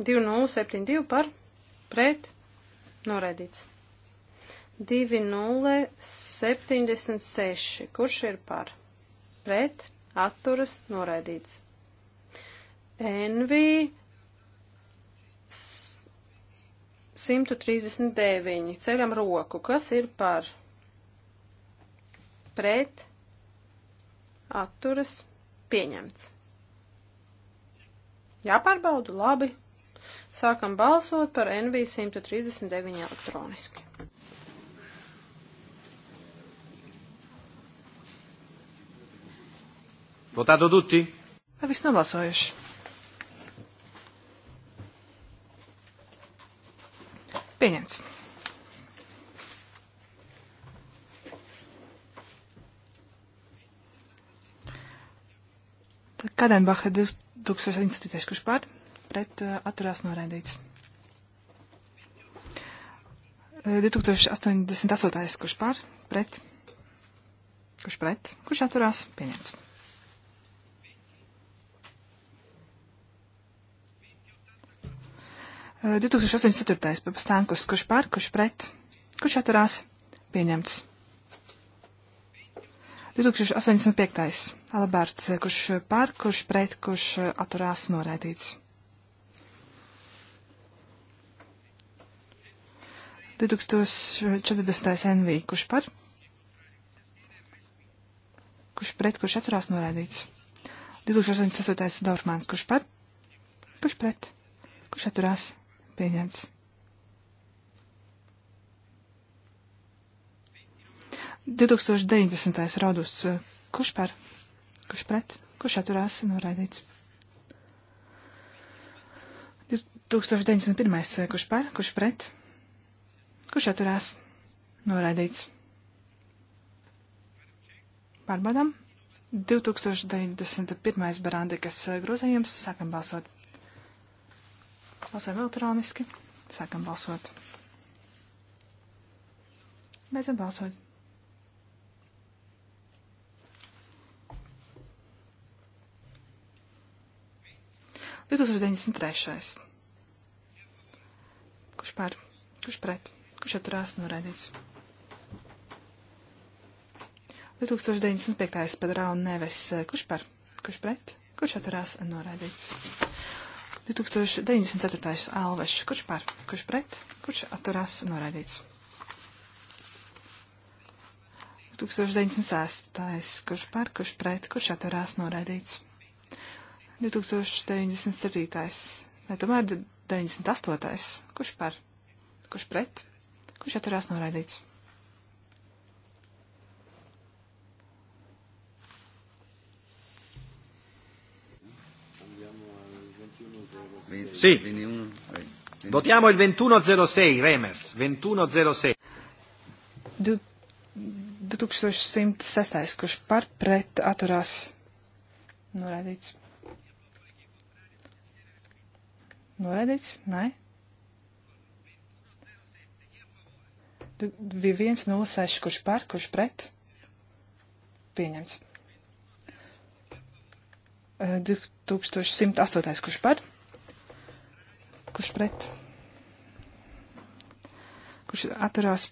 Divi nulle septiņi divi par pret noraidīts. 2076. Kurš ir par? Pret, atturas, noraidīts. NV 139. Ceļam roku. Kas ir par? Pret, atturas, pieņemts. Jāpārbaudu, labi. Sākam balsot par NV 139 elektroniski. Votato tutti? Vai viss nobalsojuši? Pieņemts. Tad Kadenbacha 2017. kurš pār pret atturās noraidīts. 2088. kurš pār pret, kurš pret, kurš atturās, pieņemts. 2084. Eh, papastānkurs, kurš par, kurš pret, kurš atturās, pieņemts. 2085. Alberts, eh, eh, kurš par, kurš pret, kurš atturās, noraidīts. 2040. NV, kurš par, kurš pret, kurš atturās, noraidīts. 2088. Dorfmans, kurš par, kurš pret, kurš atturās, pieņemts. 2019. radus. Kurš par? Kurš pret? Kurš atturās? Noraidīts. 2091. Kurš par? Kurš pret? Kurš atturās? Noraidīts. Pārbaudām. 2091. barandikas grozījums. Sākam balsot. Balsojam elektroniski. Sākam balsot. Beidzam balsot. Divdesmit deviņdesmit trešais. Kurš pār? Kurš pret? Kurš atturās norēdīts? 2095. padarā un nevis. Kurš par? Kurš pret? Kurš atturās norēdīts? 2094. Alvešs. Kurš par? Kurš pret? Kurš atturās noraidīts? 2096. Kurš par? Kurš pret? Kurš atturās noraidīts? 2097. Vai tomēr 98. Kurš par? Kurš pret? Kurš atturās noraidīts? 20, sì. 21, 20. Votiamo il 2106, Remers. 2106. Du, 2106, kurš par pret atturās norādīts. Norādīts? Nē. 2106, kurš par, kurš pret? Pieņemts. 2108, eh, kurš par? kurš pret, kurš atturās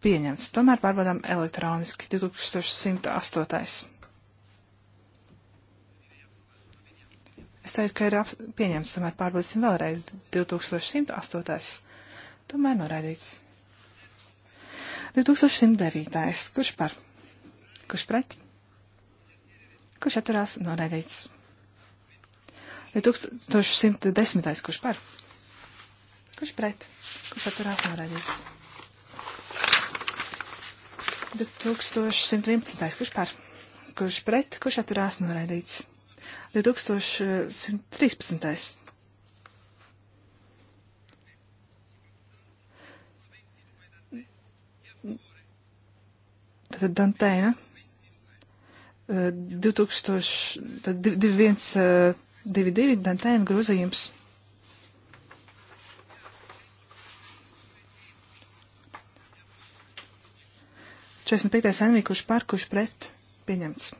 pieņemts. Tomēr pārbaudām elektroniski 2108. Es teicu, ka ir ap, pieņemts, tomēr pārbaudīsim vēlreiz 2108. Tomēr noraidīts. 2109. Kurš par? Kurš pret? Kurš atturās? Noraidīts. 2110. Kurš par? Kurš pret? Kurš atturās norādīts? 2111. Kurš par? Kurš pret? Kurš atturās norādīts? 2113. Tātad Dantēna. 2000, tad 2122 Dantēna grozījums. 45. envī, kurš par, kurš pret, pieņemts.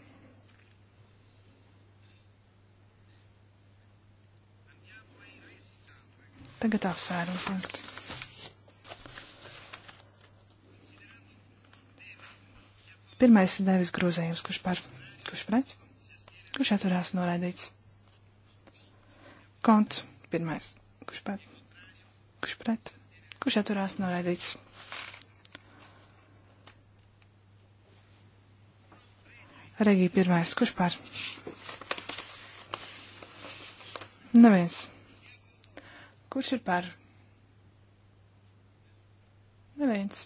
Tagad apsvērumu punktu. Pirmais ir devis grozējums, kurš par, kurš pret, kurš atturās noraidīts. Kont, pirmais, kurš par, kurš pret, kurš atturās noraidīts. Regija pirmais, kurš par? Neviens. Kurš ir par? Neviens.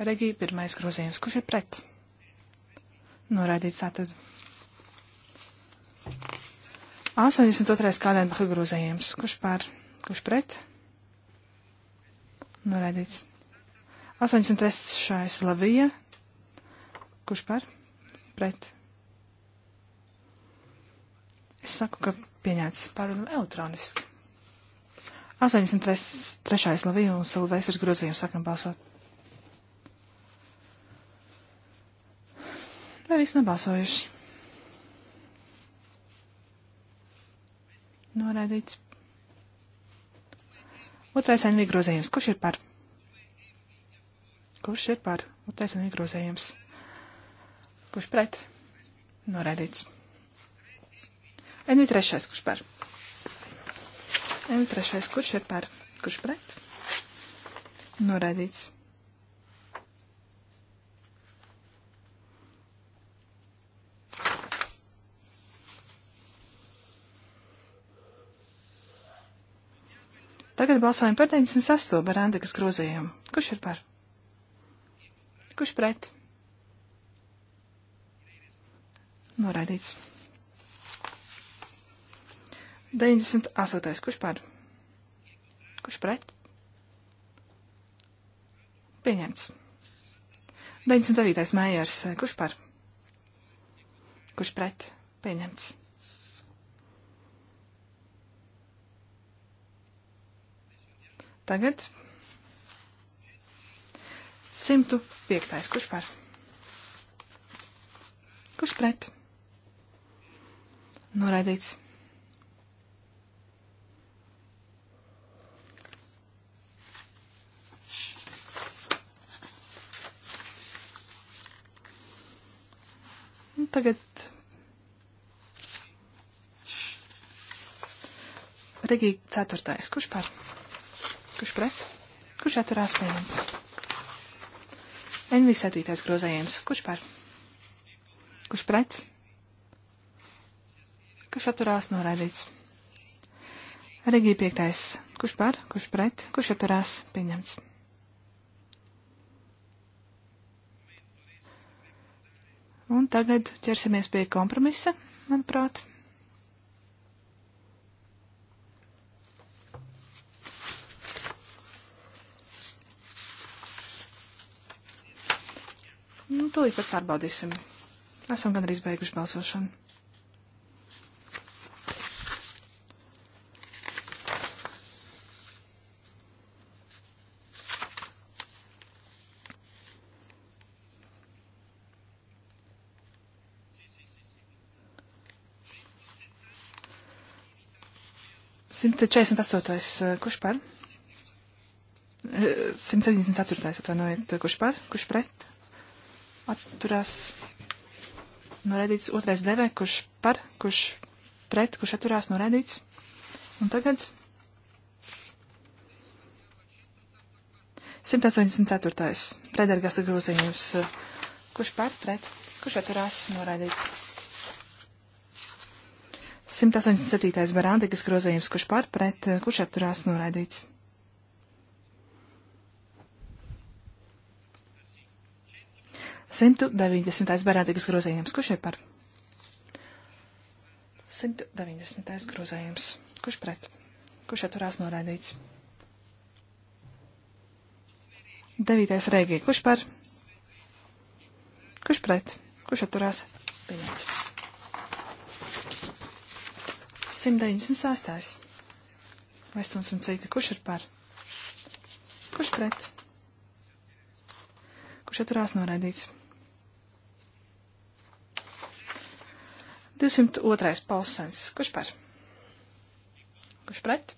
Regija pirmais grozījums, kurš ir pret? Noraidīts tātad. 82. kādēļ grozījums, kurš par? Kurš pret? Noraidīts. 83. šais Lavija, Kurš par? Pret. Es saku, ka pieņēts pārunam elektroniski. 83. Lavija un Silvestris grozījums sākam balsot. Vai viss nebalsojuši? Noraidīts. Otrais NV grozījums. Kurš ir par? Kurš ir par? Otrais NV grozījums. Kurš pret? Norēdīts. NV3, kurš par? NV3, kurš ir par? Kurš pret? Norēdīts. Tagad balsojam par 96. barandekas grozījumu. Kurš ir par? Kurš pret? Noraidīts. 98. Kurš par? Kurš pret? Pieņemts. 99. mājās. Kurš par? Kurš pret? Pieņemts. Tagad 105. Kurš par? Kurš pret? Noraidīts. Tagad Regīgi ceturtais. Kurš par? Kurš pret? Kurš atturās pieņems? NV septītais grozējums. Kurš par? Kurš pret? Kurš atturās noraidīts? Regija piektais. Kurš par, kurš pret, kurš atturās pieņemts? Un tagad ķersimies pie kompromisa, manuprāt. Nu, tūlīt pat pārbaudīsim. Esam gandrīz beiguši balsošanu. 148. Eh, kurš par? 174. Eh, atvainojiet, kurš par, kurš pret? Atturās norēdīts otrais devē, kurš par, kurš pret, kurš atturās norēdīts. Un tagad 184. Predergas grūziņums. Kurš par, pret, kurš atturās norēdīts. 187. barantikas grozījums, kurš par pret, eh, kurš atturās noraidīts. 190. barātīgas grozījums. Kurš ir par? 190. grozījums. Kurš pret? Kurš atturās noraidīts? 9. rēgī. Kurš par? Kurš pret? Kurš atturās? Pieņemts. 196. Vestons un citi, kurš ir par? Kurš pret? Kurš atturās noraidīts? 202. Paulsens. Kurš par? Kurš pret?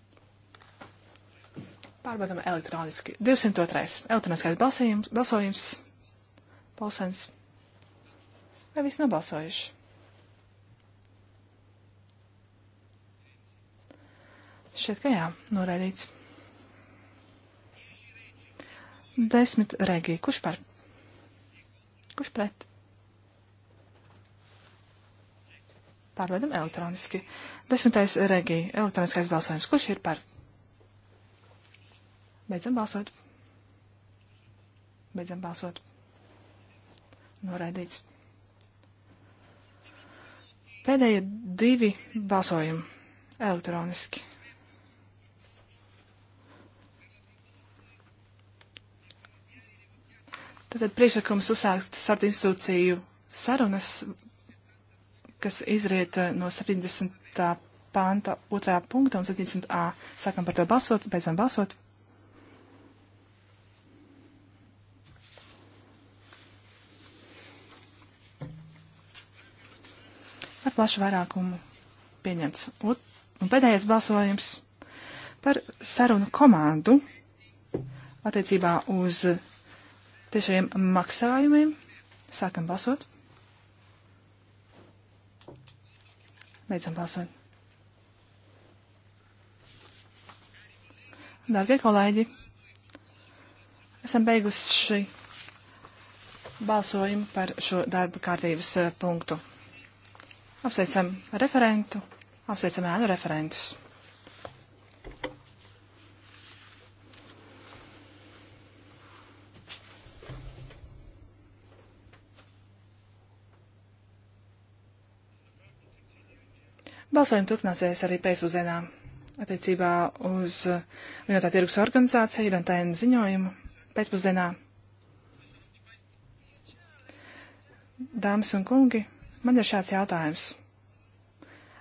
Pārbaudam elektroniski. 202. Elektroniskais balsojums. balsojums. Paulsens. Vai viss nobalsojuši? Šķiet, ka jā, noraidīts. Desmit regī. Kurš par? Kurš pret? Pārvedam elektroniski. Desmitais regī. Elektroniskais balsojums. Kurš ir par? Beidzam balsot. Beidzam balsot. Noraidīts. Pēdējie divi balsojumi. Elektroniski. Tātad priekšlikums uzsākt starp institūciju sarunas, kas izriet eh, no 70. panta 2. punkta un 70a. Sākam par to balsot, beidzam balsot. Ar plašu vairākumu pieņemts. Un pēdējais balsojums par sarunu komandu attiecībā uz tiešiem maksājumiem. Sākam balsot. Beidzam balsot. Dārgie kolēģi, esam beiguši balsojumu par šo darba kārtības eh, punktu. Apsveicam referentu, apsveicam ēnu referentus. Balsojumi turpināsies arī pēcpusdienā attiecībā uz vienotā tirgus organizāciju un tēnu ziņojumu pēcpusdienā. Dāmas un kungi, man ir šāds jautājums.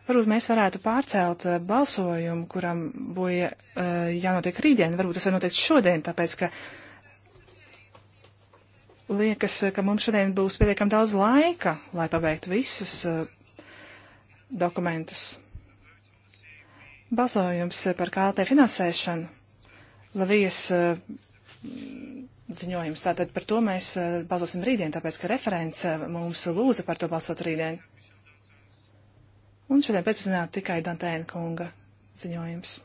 Varbūt mēs varētu pārcelt eh, balsojumu, kuram bija uh, eh, jānotiek rītdien, varbūt tas var notikt šodien, tāpēc ka liekas, eh, ka mums šodien būs pietiekami daudz laika, lai pabeigtu visus uh, dokumentus. Balsojums par KLP finansēšanu. Lavijas eh, ziņojums. Tātad par to mēs eh, balsosim rītdien, tāpēc, ka referents eh, mums lūza par to balsot rītdien. Un šodien pēcpazinā tikai Dantēna kunga ziņojums.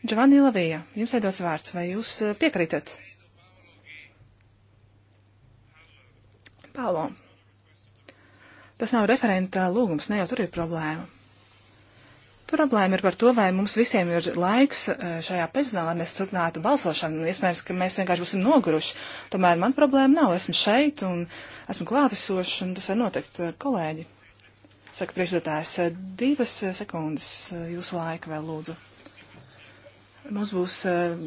Giovanni Lavija, jums ir dots vārds, vai jūs piekrītat? Paulo. Tas nav referenta lūgums, ne jau tur ir problēma. Problēma ir par to, vai mums visiem ir laiks e, šajā pēcdienā, lai mēs turpinātu balsošanu. Nu, iespējams, ka mēs vienkārši būsim noguruši. Tomēr man problēma nav. Esmu šeit un esmu klātesošs, un tas var notikt e, kolēģi. Saka priekšdotājs, e, divas sekundes jūsu laika vēl lūdzu. Mums būs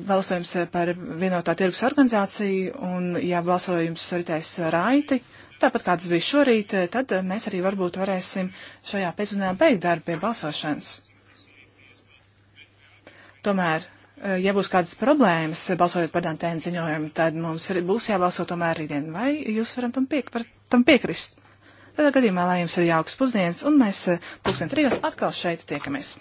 balsojums par vienotā tirgus organizāciju, un ja balsojums ritēs raiti, tāpat kādas bija šorīt, eh, tad eh, mēs arī varbūt varēsim šajā pēcpusdienā beigt darbu pie balsošanas. Tomēr, eh, ja būs kādas problēmas balsojot par Dantēnu ziņojumu, tad mums būs jābalso tomēr rītdien, vai jūs varam tam, piek, par, tam piekrist? Tādā gadījumā, lai jums ir jauks pusdienas, un mēs pulksten trijos atkal šeit tiekamies.